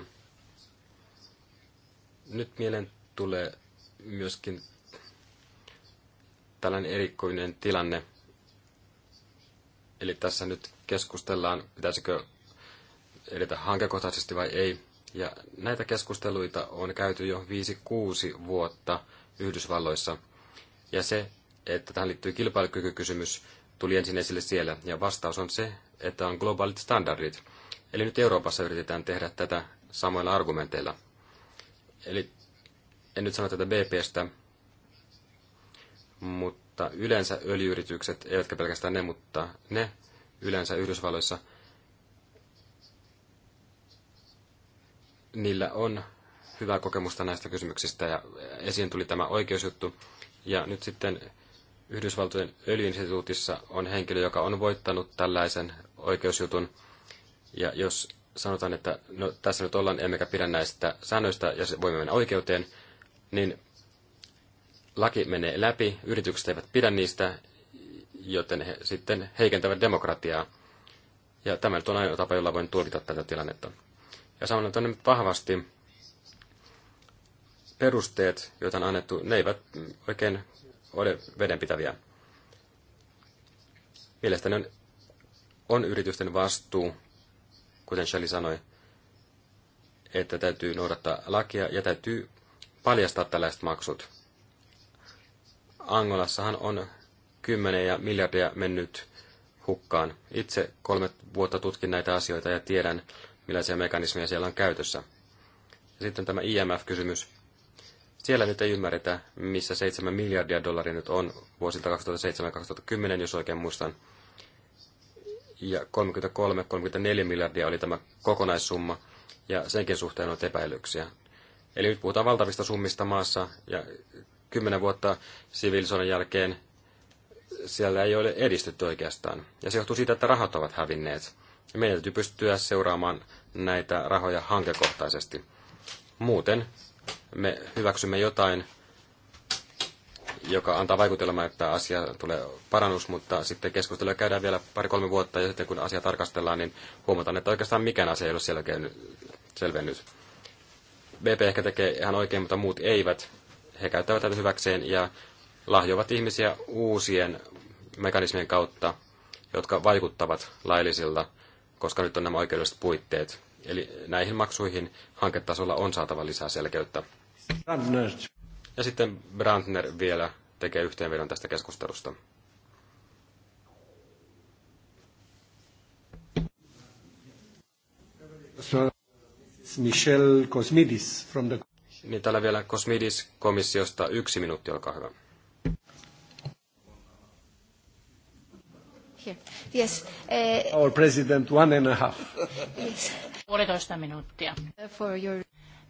nyt mielen tulee myöskin tällainen erikoinen tilanne. Eli tässä nyt keskustellaan, pitäisikö edetä hankekohtaisesti vai ei. Ja näitä keskusteluita on käyty jo 5-6 vuotta Yhdysvalloissa. Ja se, että tähän liittyy kilpailukykykysymys, tuli ensin esille siellä. Ja vastaus on se, että on globaalit standardit. Eli nyt Euroopassa yritetään tehdä tätä samoilla argumenteilla. Eli en nyt sano tätä BPstä, mutta yleensä öljyyritykset, eivätkä pelkästään ne, mutta ne yleensä Yhdysvalloissa – niillä on hyvää kokemusta näistä kysymyksistä ja esiin tuli tämä oikeusjuttu. Ja nyt sitten Yhdysvaltojen öljyinstituutissa on henkilö, joka on voittanut tällaisen oikeusjutun. Ja jos sanotaan, että no, tässä nyt ollaan, emmekä pidä näistä säännöistä ja voimme mennä oikeuteen, niin laki menee läpi, yritykset eivät pidä niistä, joten he sitten heikentävät demokratiaa. Ja tämä nyt on ainoa tapa, jolla voin tulkita tätä tilannetta. Ja samoin on vahvasti perusteet, joita on annettu, ne eivät oikein ole vedenpitäviä. Mielestäni on, on yritysten vastuu, kuten Shelley sanoi, että täytyy noudattaa lakia ja täytyy paljastaa tällaiset maksut. Angolassahan on ja miljardeja mennyt hukkaan. Itse kolme vuotta tutkin näitä asioita ja tiedän, millaisia mekanismeja siellä on käytössä. Ja sitten tämä IMF-kysymys. Siellä nyt ei ymmärretä, missä 7 miljardia dollaria nyt on vuosilta 2007-2010, jos oikein muistan. Ja 33-34 miljardia oli tämä kokonaissumma, ja senkin suhteen on epäilyksiä. Eli nyt puhutaan valtavista summista maassa, ja kymmenen vuotta sivilisoinnin jälkeen siellä ei ole edistytty oikeastaan. Ja se johtuu siitä, että rahat ovat hävinneet. Meidän täytyy pystyä seuraamaan näitä rahoja hankekohtaisesti. Muuten me hyväksymme jotain, joka antaa vaikutelma, että asia tulee parannus, mutta sitten keskustelua käydään vielä pari-kolme vuotta, ja sitten kun asia tarkastellaan, niin huomataan, että oikeastaan mikään asia ei ole selvennyt. BP ehkä tekee ihan oikein, mutta muut eivät. He käyttävät tätä hyväkseen ja lahjovat ihmisiä uusien mekanismien kautta, jotka vaikuttavat laillisilla koska nyt on nämä oikeudelliset puitteet. Eli näihin maksuihin hanketasolla on saatava lisää selkeyttä. Brandner. Ja sitten Brandner vielä tekee yhteenvedon tästä keskustelusta. Michel Cosmidis from the... Niin täällä vielä Cosmidis komissiosta yksi minuutti, olkaa hyvä. Here. Yes. Uh, Our president, one and a half. yes. Puolitoista minuuttia. For your...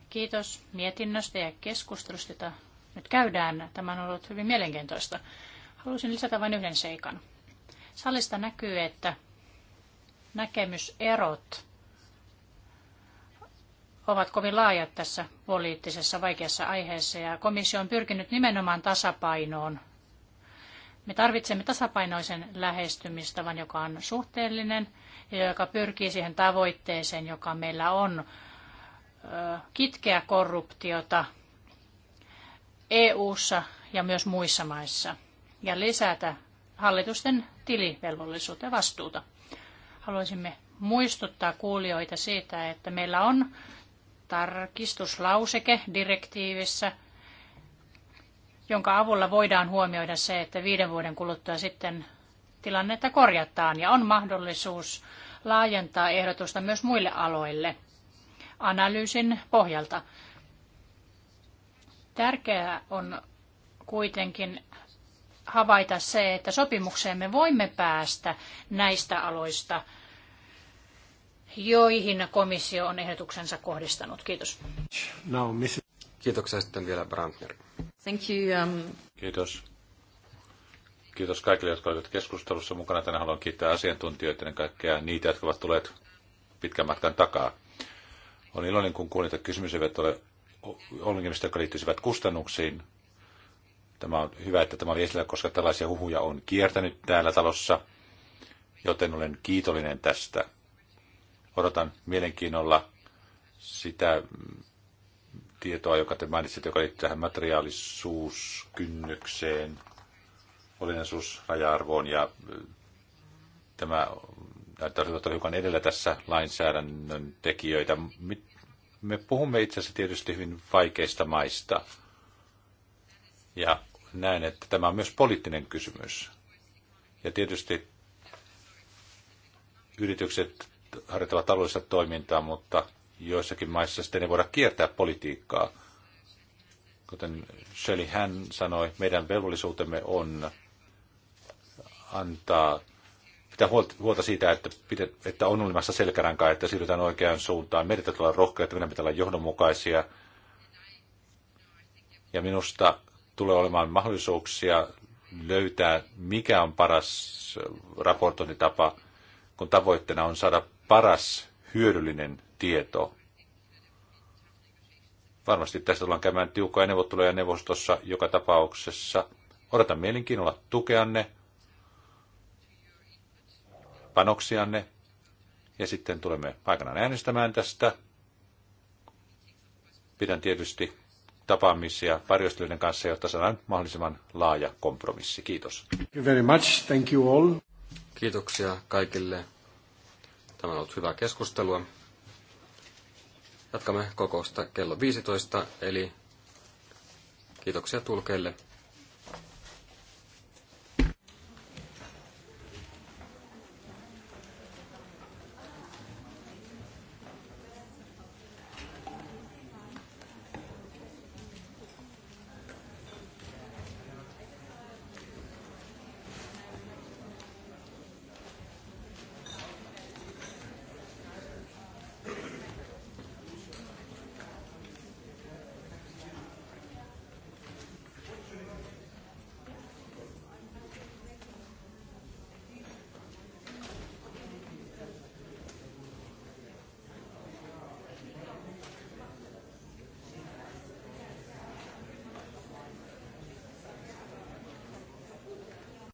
Kiitos mietinnöstä ja keskustelusta, jota nyt käydään. Tämä on ollut hyvin mielenkiintoista. Haluaisin lisätä vain yhden seikan. Salista näkyy, että näkemyserot ovat kovin laajat tässä poliittisessa vaikeassa aiheessa ja komissio on pyrkinyt nimenomaan tasapainoon me tarvitsemme tasapainoisen lähestymistavan, joka on suhteellinen ja joka pyrkii siihen tavoitteeseen, joka meillä on kitkeä korruptiota EU:ssa ja myös muissa maissa ja lisätä hallitusten tilivelvollisuutta ja vastuuta. Haluaisimme muistuttaa kuulijoita siitä, että meillä on tarkistuslauseke direktiivissä – jonka avulla voidaan huomioida se, että viiden vuoden kuluttua sitten tilannetta korjataan ja on mahdollisuus laajentaa ehdotusta myös muille aloille analyysin pohjalta. Tärkeää on kuitenkin havaita se, että sopimukseen me voimme päästä näistä aloista, joihin komissio on ehdotuksensa kohdistanut. Kiitos. No, Kiitoksia sitten vielä Brandner. Thank you. Um... Kiitos. Kiitos kaikille, jotka olivat keskustelussa mukana. Tänään haluan kiittää asiantuntijoita ja kaikkea niitä, jotka ovat tulleet pitkän matkan takaa. On iloinen, kun kuulin, että kysymys eivät ole ongelmista, jotka liittyisivät kustannuksiin. Tämä on hyvä, että tämä oli esillä, koska tällaisia huhuja on kiertänyt täällä talossa, joten olen kiitollinen tästä. Odotan mielenkiinnolla sitä, tietoa, joka te mainitsit, joka liittyy tähän materiaalisuuskynnykseen, olennaisuusraja-arvoon ja tämä näyttää olevan hiukan edellä tässä lainsäädännön tekijöitä. Me puhumme itse asiassa tietysti hyvin vaikeista maista ja näen, että tämä on myös poliittinen kysymys. Ja tietysti yritykset harjoittavat taloudellista toimintaa, mutta joissakin maissa sitten ei voida kiertää politiikkaa. Kuten Shelley hän sanoi, meidän velvollisuutemme on antaa, pitää huolta siitä, että, että on olemassa selkärankaa, että siirrytään oikeaan suuntaan. Meidän pitää olla rohkeita, meidän pitää olla johdonmukaisia. Ja minusta tulee olemaan mahdollisuuksia löytää, mikä on paras raportointitapa, kun tavoitteena on saada paras hyödyllinen tieto. Varmasti tästä tullaan käymään tiukkoja neuvotteluja neuvostossa joka tapauksessa. Odotan mielenkiinnolla tukeanne, panoksianne ja sitten tulemme aikanaan äänestämään tästä. Pidän tietysti tapaamisia varjostelijoiden kanssa, jotta saadaan mahdollisimman laaja kompromissi. Kiitos. Thank you very much. Thank you all. Kiitoksia kaikille. Tämä on ollut hyvää keskustelua. Jatkamme kokousta kello 15, eli kiitoksia tulkeille.